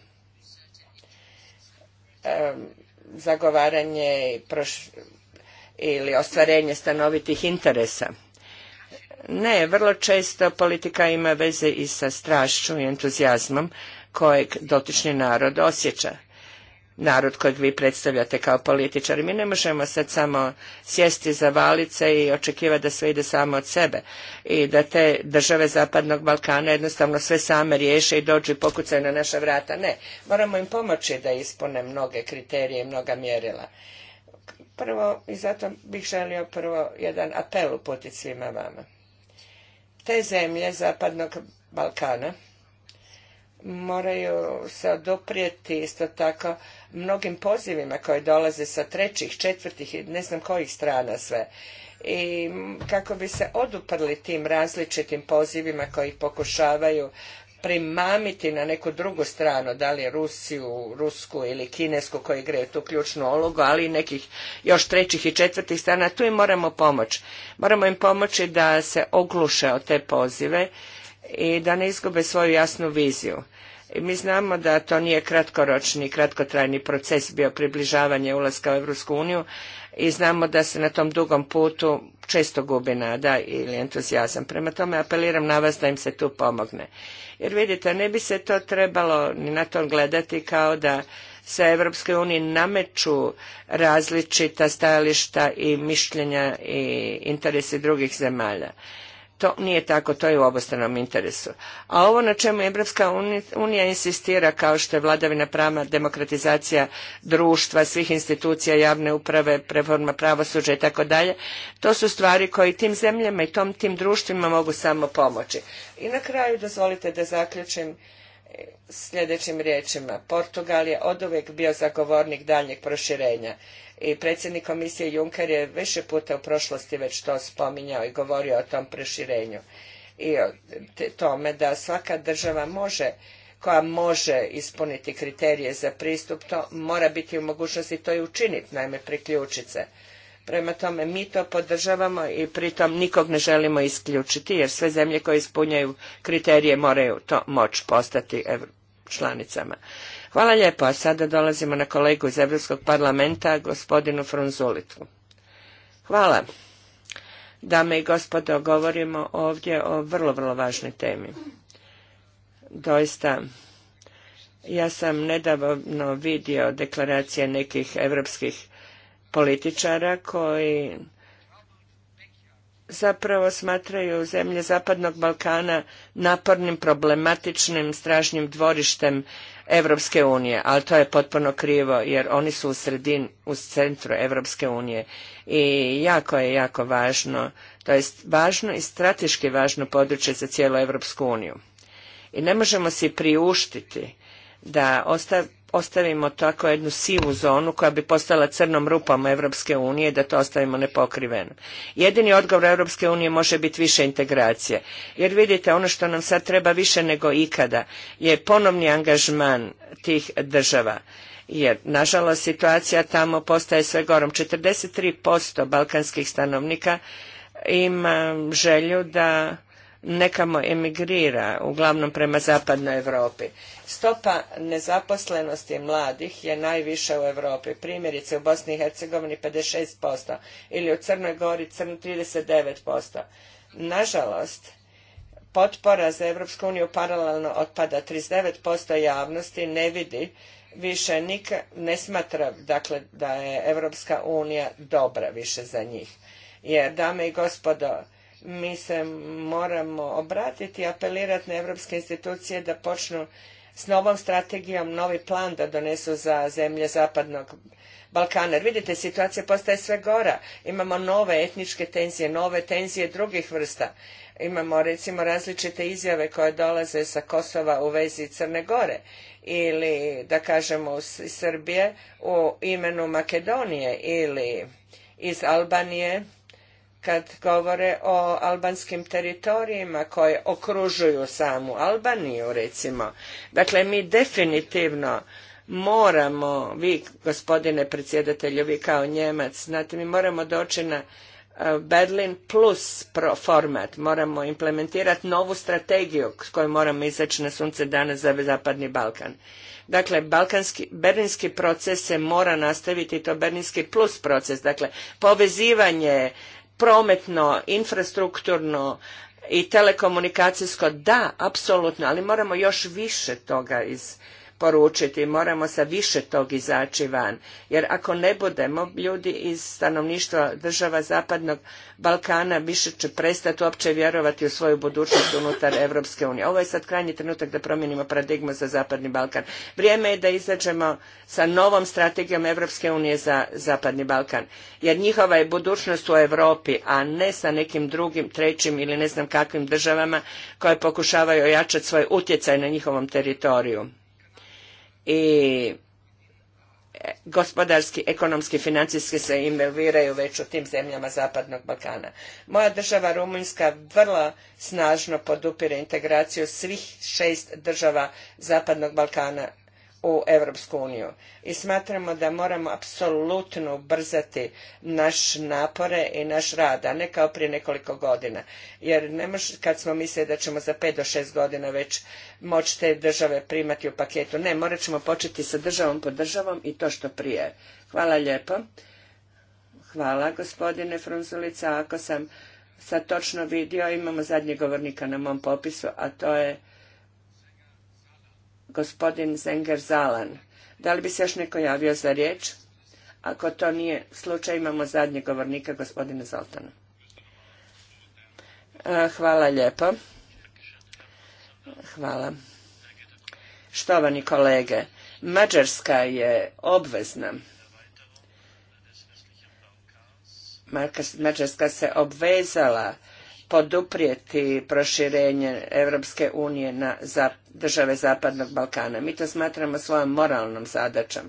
zagovaranje i ili ostvarenje stanovitih interesa. Ne, vrlo često politika ima veze i sa strašću i entuzijazmom kojeg dotični narod osjeća. Narod kojeg vi predstavljate kao političari. Mi ne možemo sad samo sjesti za valice i očekivati da sve ide samo od sebe i da te države Zapadnog Balkana jednostavno sve same riješe i dođu i pokucaju na naša vrata. Ne, moramo im pomoći da ispune mnoge kriterije i mnoga mjerila prvo, i zato bih želio prvo jedan apel uputiti svima vama. Te zemlje Zapadnog Balkana moraju se oduprijeti isto tako mnogim pozivima koji dolaze sa trećih, četvrtih i ne znam kojih strana sve. I kako bi se oduprli tim različitim pozivima koji pokušavaju primamiti na neku drugu stranu, da li Rusiju, Rusku ili Kinesku koji igraju tu ključnu ulogu, ali i nekih još trećih i četvrtih strana, tu im moramo pomoći. Moramo im pomoći da se ogluše od te pozive i da ne izgube svoju jasnu viziju. mi znamo da to nije kratkoročni, kratkotrajni proces bio približavanje ulaska u Europsku uniju, i znamo da se na tom dugom putu često gubi nada ili entuzijazam. Prema tome apeliram na vas da im se tu pomogne. Jer vidite, ne bi se to trebalo ni na to gledati kao da se Evropske unije nameću različita stajališta i mišljenja i interesi drugih zemalja. To nije tako, to je u obostranom interesu. A ovo na čemu Evropska unija insistira kao što je vladavina prava, demokratizacija društva, svih institucija javne uprave, reforma pravosuđa i tako dalje, to su stvari koje tim zemljama i tom tim društvima mogu samo pomoći. I na kraju dozvolite da zaključim sljedećim riječima. Portugal je oduvijek bio zagovornik daljnjeg proširenja i predsjednik komisije Juncker je više puta u prošlosti već to spominjao i govorio o tom proširenju i o tome da svaka država može koja može ispuniti kriterije za pristup, to mora biti u mogućnosti to i učiniti, naime priključiti se. Prema tome, mi to podržavamo i pritom nikog ne želimo isključiti, jer sve zemlje koje ispunjaju kriterije moraju to moć postati članicama. Hvala lijepo, a sada dolazimo na kolegu iz Europskog parlamenta, gospodinu Frunzulitku. Hvala. Dame i gospodo, govorimo ovdje o vrlo, vrlo važnoj temi. Doista, ja sam nedavno vidio deklaracije nekih evropskih političara koji zapravo smatraju zemlje Zapadnog Balkana napornim, problematičnim, stražnjim dvorištem Evropske unije, ali to je potpuno krivo jer oni su u sredin, u centru Evropske unije i jako je, jako važno, to je važno i strateški važno područje za cijelu Evropsku uniju. I ne možemo si priuštiti da ostav, ostavimo tako jednu sivu zonu koja bi postala crnom rupom Europske unije da to ostavimo nepokriveno. Jedini odgovor Europske unije može biti više integracije. Jer vidite, ono što nam sad treba više nego ikada je ponovni angažman tih država. Jer, nažalost, situacija tamo postaje sve gorom. 43% balkanskih stanovnika ima želju da nekamo emigrira, uglavnom prema zapadnoj Europi. Stopa nezaposlenosti mladih je najviša u Europi. Primjerice u Bosni i Hercegovini 56% ili u Crnoj Gori Crn 39%. Nažalost, potpora za Europsku uniju paralelno otpada 39% javnosti ne vidi više nik ne smatra dakle da je Europska unija dobra više za njih. Jer dame i gospodo mi se moramo obratiti i apelirati na europske institucije da počnu s novom strategijom novi plan da donesu za zemlje zapadnog Balkana. Jer vidite, situacija postaje sve gora. Imamo nove etničke tenzije, nove tenzije drugih vrsta. Imamo recimo različite izjave koje dolaze sa Kosova u vezi Crne Gore ili da kažemo iz Srbije u imenu Makedonije ili iz Albanije kad govore o albanskim teritorijima koje okružuju samu Albaniju recimo. Dakle, mi definitivno moramo, vi gospodine predsjedatelju, vi kao Njemac, znate, mi moramo doći na e, Berlin plus format. Moramo implementirati novu strategiju s kojom moramo izaći na sunce danas za Zapadni Balkan. Dakle, berlinski proces se mora nastaviti, to berlinski plus proces, dakle, povezivanje prometno, infrastrukturno i telekomunikacijsko, da, apsolutno, ali moramo još više toga iz poručiti, moramo sa više tog izaći van. Jer ako ne budemo, ljudi iz stanovništva država Zapadnog Balkana više će prestati uopće vjerovati u svoju budućnost unutar Evropske unije. Ovo je sad krajnji trenutak da promijenimo paradigmu za Zapadni Balkan. Vrijeme je da izađemo sa novom strategijom Evropske unije za Zapadni Balkan. Jer njihova je budućnost u Europi, a ne sa nekim drugim, trećim ili ne znam kakvim državama koje pokušavaju ojačati svoj utjecaj na njihovom teritoriju i e, gospodarski, ekonomski, financijski se involviraju već u tim zemljama Zapadnog Balkana. Moja država Rumunjska vrlo snažno podupire integraciju svih šest država Zapadnog Balkana u Europsku uniju. I smatramo da moramo apsolutno ubrzati naš napore i naš rad, a ne kao prije nekoliko godina. Jer ne može kad smo mislili da ćemo za pet do šest godina već moći te države primati u paketu. Ne, morat ćemo početi sa državom po državom i to što prije. Hvala lijepo. Hvala gospodine Frunzulica. Ako sam sad točno vidio, imamo zadnjeg govornika na mom popisu, a to je gospodin Zenger Zalan. Da li bi se još neko javio za riječ? Ako to nije slučaj, imamo zadnje govornika, gospodine Zoltana. E, hvala lijepo. Hvala. Štovani kolege, Mađarska je obvezna. Mađarska se obvezala poduprijeti proširenje Europske unije na države Zapadnog Balkana. Mi to smatramo svojom moralnom zadaćom.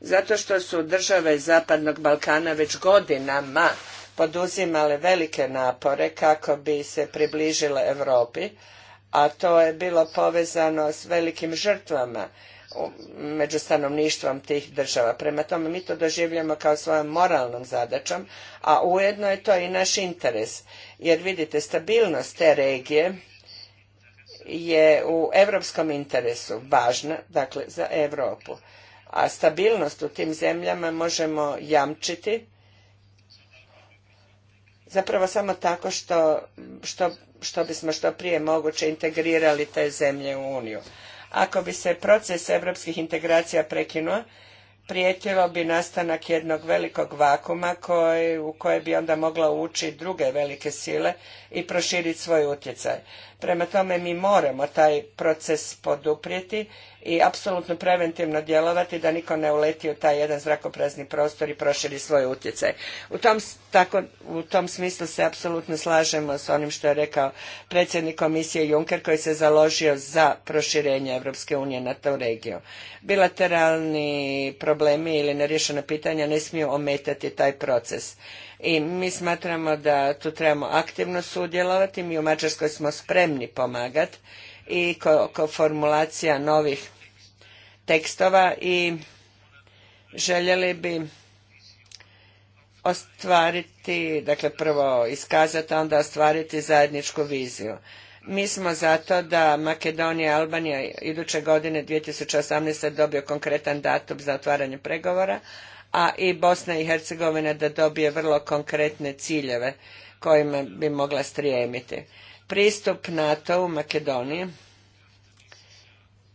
Zato što su države Zapadnog Balkana već godinama poduzimale velike napore kako bi se približile Europi, a to je bilo povezano s velikim žrtvama među stanovništvom tih država. Prema tome mi to doživljamo kao svojom moralnom zadaćom, a ujedno je to i naš interes jer vidite stabilnost te regije je u europskom interesu važna, dakle za Europu. A stabilnost u tim zemljama možemo jamčiti zapravo samo tako što, što, što bismo što prije moguće integrirali te zemlje u Uniju. Ako bi se proces europskih integracija prekinuo, prijetilo bi nastanak jednog velikog vakuma u koje bi onda mogla ući druge velike sile i proširiti svoj utjecaj. Prema tome mi moramo taj proces poduprijeti i apsolutno preventivno djelovati da niko ne uleti u taj jedan zrakoprazni prostor i proširi svoj utjecaj. U tom, tako, u tom smislu se apsolutno slažemo s onim što je rekao predsjednik komisije Juncker koji se založio za proširenje Europske unije na tu regiju. Bilateralni problemi ili neriješena pitanja ne smiju ometati taj proces i mi smatramo da tu trebamo aktivno sudjelovati. Mi u Mađarskoj smo spremni pomagati i ko formulacija novih tekstova i željeli bi ostvariti, dakle prvo iskazati, a onda ostvariti zajedničku viziju. Mi smo zato da Makedonija i Albanija iduće godine 2018. dobio konkretan datum za otvaranje pregovora, a i Bosna i Hercegovina da dobije vrlo konkretne ciljeve kojima bi mogla strijemiti. Pristup NATO u Makedoniji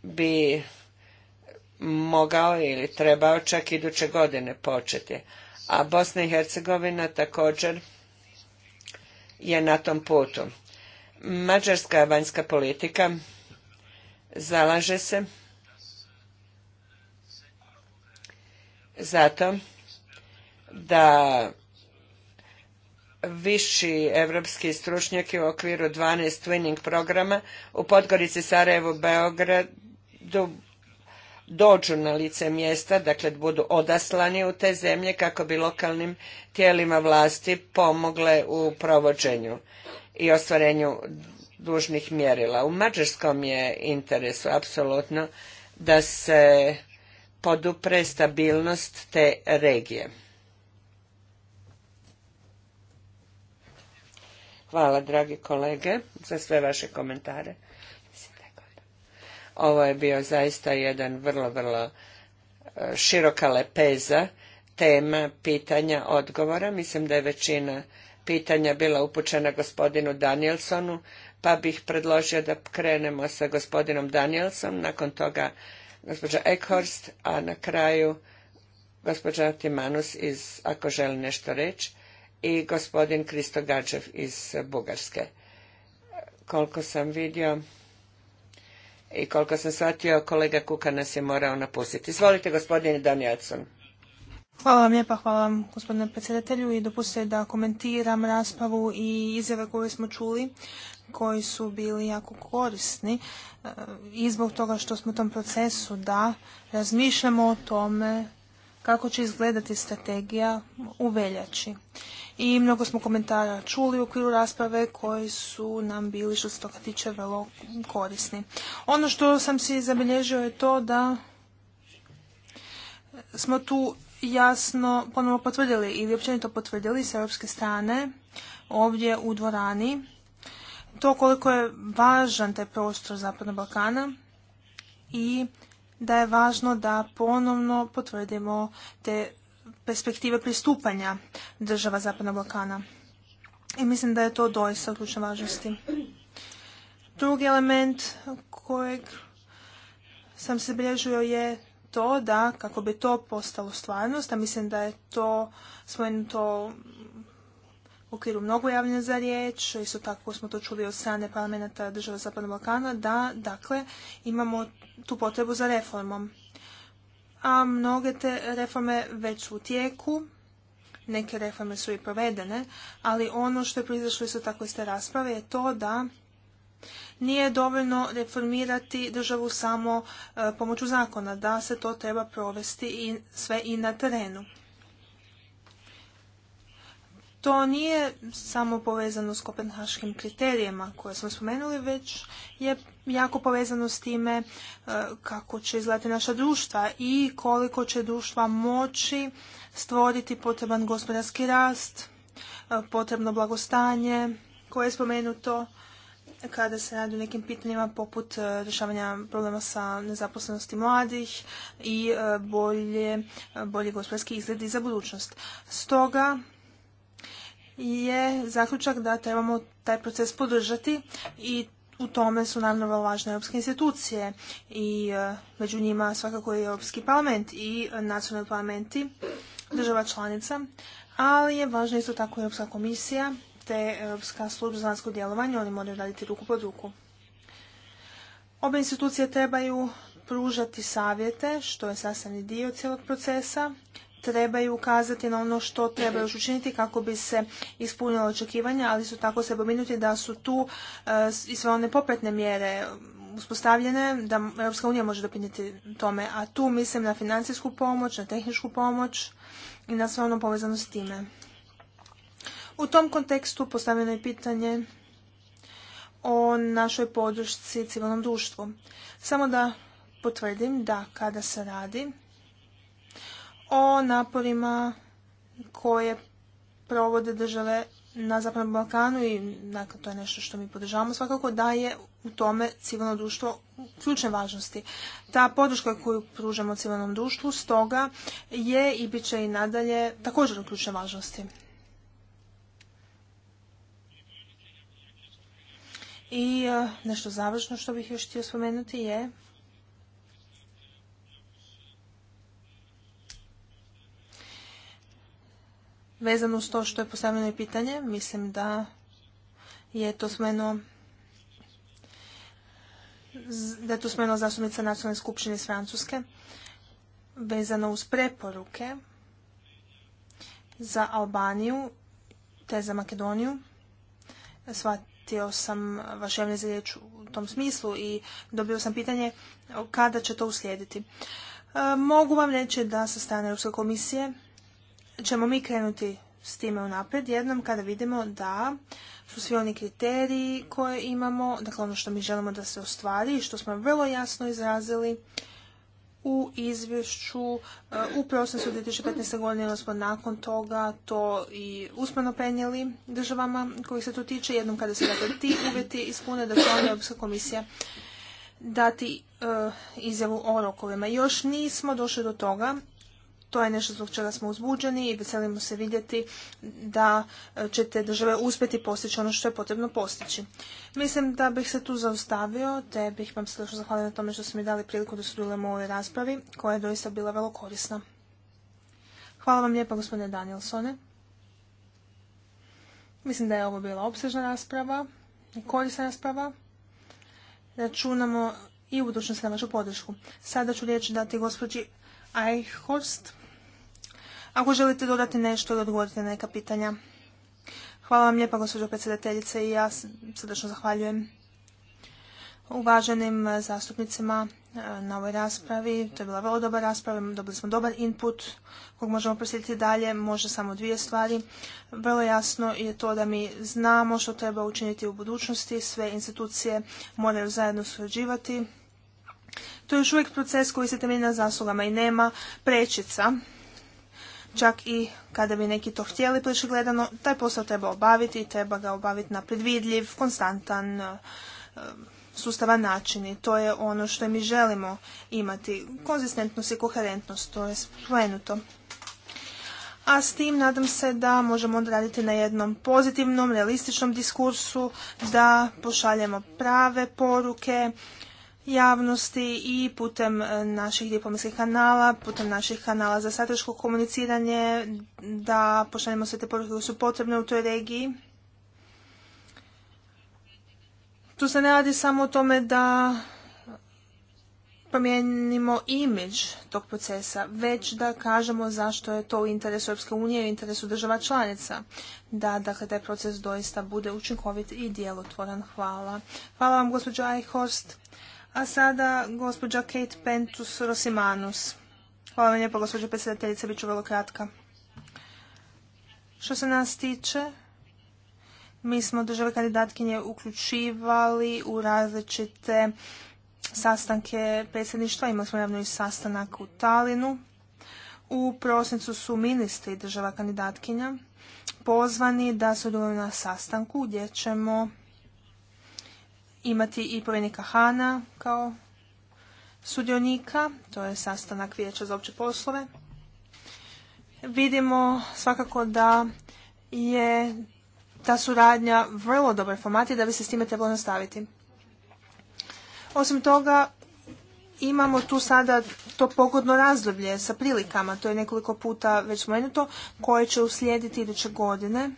bi mogao ili trebao čak iduće godine početi. A Bosna i Hercegovina također je na tom putu. Mađarska vanjska politika zalaže se zato da viši evropski stručnjaki u okviru 12 twinning programa u Podgorici, Sarajevu, Beogradu dođu na lice mjesta, dakle budu odaslani u te zemlje kako bi lokalnim tijelima vlasti pomogle u provođenju i ostvarenju dužnih mjerila. U Mađarskom je interesu apsolutno da se podupre stabilnost te regije. Hvala, dragi kolege, za sve vaše komentare. Ovo je bio zaista jedan vrlo, vrlo e, široka lepeza tema, pitanja, odgovora. Mislim da je većina pitanja bila upućena gospodinu Danielsonu, pa bih predložio da krenemo sa gospodinom Danielsom, nakon toga gospođa Eckhorst, a na kraju gospođa Timanus iz, ako želi nešto reći, i gospodin Kristo Gačev iz Bugarske. Koliko sam vidio i koliko sam shvatio, kolega Kuka nas je morao napustiti. Izvolite, gospodine
Danielson. Hvala vam lijepa, hvala vam gospodine predsjedatelju i dopustite da komentiram raspravu i izjave koje smo čuli koji su bili jako korisni e, i zbog toga što smo u tom procesu da razmišljamo o tome kako će izgledati strategija u veljači. I mnogo smo komentara čuli u okviru rasprave koji su nam bili što se toga tiče vrlo korisni. Ono što sam si zabilježio je to da smo tu jasno ponovno potvrdili ili općenito potvrdili s europske strane ovdje u dvorani to koliko je važan taj prostor Zapadnog Balkana i da je važno da ponovno potvrdimo te perspektive pristupanja država Zapadnog Balkana. I mislim da je to doista od ključne važnosti. Drugi element kojeg sam se bilježio je to da kako bi to postalo stvarnost, a mislim da je to to okviru mnogo javljanja za riječ, isto tako smo to čuli od strane parlamenta država Zapadnog Balkana, da dakle imamo tu potrebu za reformom. A mnoge te reforme već su u tijeku, neke reforme su i provedene, ali ono što je proizašlo isto tako iz te rasprave je to da nije dovoljno reformirati državu samo e, pomoću zakona, da se to treba provesti i sve i na terenu to nije samo povezano s kopenhaškim kriterijima koje smo spomenuli, već je jako povezano s time e, kako će izgledati naša društva i koliko će društva moći stvoriti potreban gospodarski rast, e, potrebno blagostanje koje je spomenuto kada se radi o nekim pitanjima poput e, rješavanja problema sa nezaposlenosti mladih i bolje, bolje gospodarski izgledi za budućnost. Stoga je zaključak da trebamo taj proces podržati i u tome su naravno vrlo važne europske institucije i e, među njima svakako je Europski parlament i nacionalni parlamenti država članica, ali je važna isto tako i Europska komisija te Europska služba za vanjsko djelovanje, oni moraju raditi ruku pod ruku. Obe institucije trebaju pružati savjete, što je sastavni dio cijelog procesa, trebaju ukazati na ono što treba učiniti kako bi se ispunilo očekivanja, ali su tako se pominuti da su tu e, i sve one popretne mjere uspostavljene, da Europska unija može doprinijeti tome, a tu mislim na financijsku pomoć, na tehničku pomoć i na sve ono povezano s time. U tom kontekstu postavljeno je pitanje o našoj podršci civilnom društvu. Samo da potvrdim da kada se radi o naporima koje provode države na Zapadnom Balkanu i dakle, to je nešto što mi podržavamo svakako da je u tome civilno društvo ključne važnosti. Ta podrška koju pružamo civilnom društvu stoga je i bit će i nadalje također u ključne važnosti. I e, nešto završno što bih još htio spomenuti je Vezano s to što je postavljeno i pitanje, mislim da je to smeno da je to smeno zastupnica Nacionalne skupštine iz Francuske vezano uz preporuke za Albaniju te za Makedoniju. Shvatio sam vaš javni riječ u tom smislu i dobio sam pitanje kada će to uslijediti. E, mogu vam reći da sa strane Europske komisije ćemo mi krenuti s time unaprijed jednom kada vidimo da su svi oni kriteriji koje imamo, dakle ono što mi želimo da se ostvari i što smo vrlo jasno izrazili u izvješću e, u prosincu 2015. godine, smo nakon toga to i usmeno penjeli državama koji se to tiče. Jednom kada se dakle, ti uvjeti ispune da će Europska komisija dati e, izjavu o rokovima. Još nismo došli do toga to je nešto zbog čega smo uzbuđeni i veselimo se vidjeti da e, će te države uspjeti postići ono što je potrebno postići. Mislim da bih se tu zaustavio, te bih vam se još zahvalila na tome što ste mi dali priliku da sudjelujemo u ovoj raspravi, koja je doista bila vrlo korisna. Hvala vam lijepa gospodine Danielsone. Mislim da je ovo bila opsežna rasprava i korisna rasprava. Računamo i u budućnosti na vašu podršku. Sada ću riječ dati gospođi Eichhorst ako želite dodati nešto da odgovorite na neka pitanja. Hvala vam lijepa, gospođo predsjedateljice, i ja srdečno zahvaljujem uvaženim zastupnicima e, na ovoj raspravi. To je bila vrlo dobra rasprava, dobili smo dobar input kog možemo proslijediti dalje. Može samo dvije stvari. Vrlo jasno je to da mi znamo što treba učiniti u budućnosti. Sve institucije moraju zajedno surađivati. To je još uvijek proces koji se temelji na zaslugama i nema prečica čak i kada bi neki to htjeli priče gledano, taj posao treba obaviti i treba ga obaviti na predvidljiv, konstantan, eh, sustavan način i to je ono što mi želimo imati, konzistentnost i koherentnost, to je spomenuto. A s tim nadam se da možemo onda raditi na jednom pozitivnom, realističnom diskursu, da pošaljemo prave poruke, javnosti i putem e, naših diplomatskih kanala, putem naših kanala za strateško komuniciranje, da pošaljemo sve te poruke koje su potrebne u toj regiji. Tu se ne radi samo o tome da promijenimo imidž tog procesa, već da kažemo zašto je to u interesu Europske unije i u interesu država članica. Da, dakle, taj proces doista bude učinkovit i djelotvoran. Hvala. Hvala vam, gospođo Eichhorst. A sada gospođa Kate Pentus Rosimanus. Hvala vam lijepo gospođo predsjedateljice, bit ću vrlo kratka. Što se nas tiče, mi smo države kandidatkinje uključivali u različite sastanke predsjedništva. Imali smo javno i sastanak u Talinu. U prosincu su ministri država kandidatkinja pozvani da se sudjeluju na sastanku gdje ćemo imati i povjenika Hana kao sudionika, to je sastanak vijeća za opće poslove. Vidimo svakako da je ta suradnja vrlo dobar format i da bi se s time trebalo nastaviti. Osim toga, imamo tu sada to pogodno razdoblje sa prilikama, to je nekoliko puta već spomenuto, koje će uslijediti iduće godine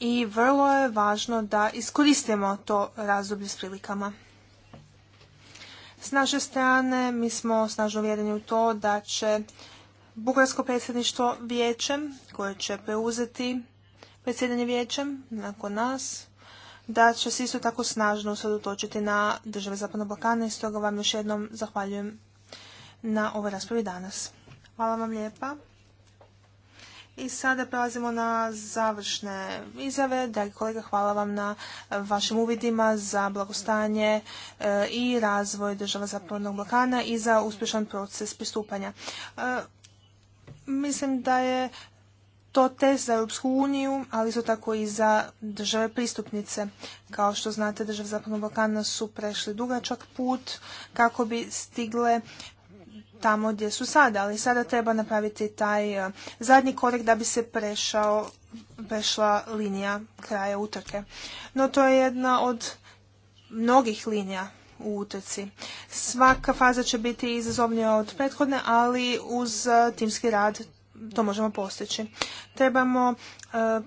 i vrlo je važno da iskoristimo to razdoblje s prilikama. S naše strane mi smo snažno uvjereni u to da će Bugarsko predsjedništvo vijećem koje će preuzeti predsjedanje vijećem nakon nas da će se isto tako snažno usredotočiti na države Zapadnog Balkana i stoga vam još jednom zahvaljujem na ovoj raspravi danas. Hvala vam lijepa. I sada prelazimo na završne izjave. Dragi kolega, hvala vam na vašim uvidima za blagostanje e, i razvoj država Zapadnog Balkana i za uspješan proces pristupanja. E, mislim da je to test za Europsku uniju, ali isto tako i za države pristupnice. Kao što znate, države Zapadnog Balkana su prešli dugačak put kako bi stigle tamo gdje su sada, ali sada treba napraviti taj eh, zadnji korek da bi se prešao, prešla linija kraja utrke. No to je jedna od mnogih linija u utrci. Svaka faza će biti izazovnija od prethodne, ali uz eh, timski rad to možemo postići. Trebamo eh,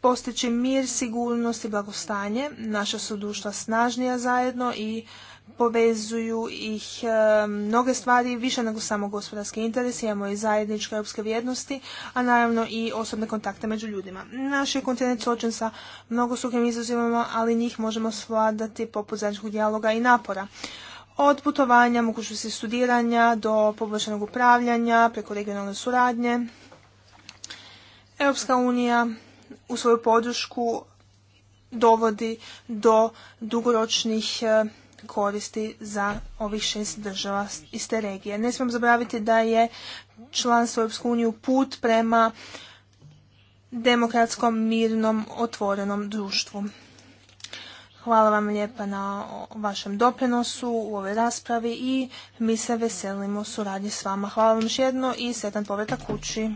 postići mir, sigurnost i blagostanje. Naša su društva snažnija zajedno i povezuju ih e, mnoge stvari, više nego samo gospodarski interes, imamo i zajedničke europske vrijednosti, a naravno i osobne kontakte među ljudima. Naš je kontinent sočen sa mnogo sukim izazovima, ali njih možemo svladati poput zajedničkog dijaloga i napora. Od putovanja, mogućnosti studiranja do poboljšanog upravljanja, preko regionalne suradnje. Europska unija u svoju podršku dovodi do dugoročnih e, koristi za ovih šest država iz te regije. Ne smijemo zaboraviti da je članstvo Europsku uniju put prema demokratskom, mirnom, otvorenom društvu. Hvala vam lijepa na vašem doprinosu u ovoj raspravi i mi se veselimo suradnji s vama. Hvala vam još jedno i sretan povratak kući.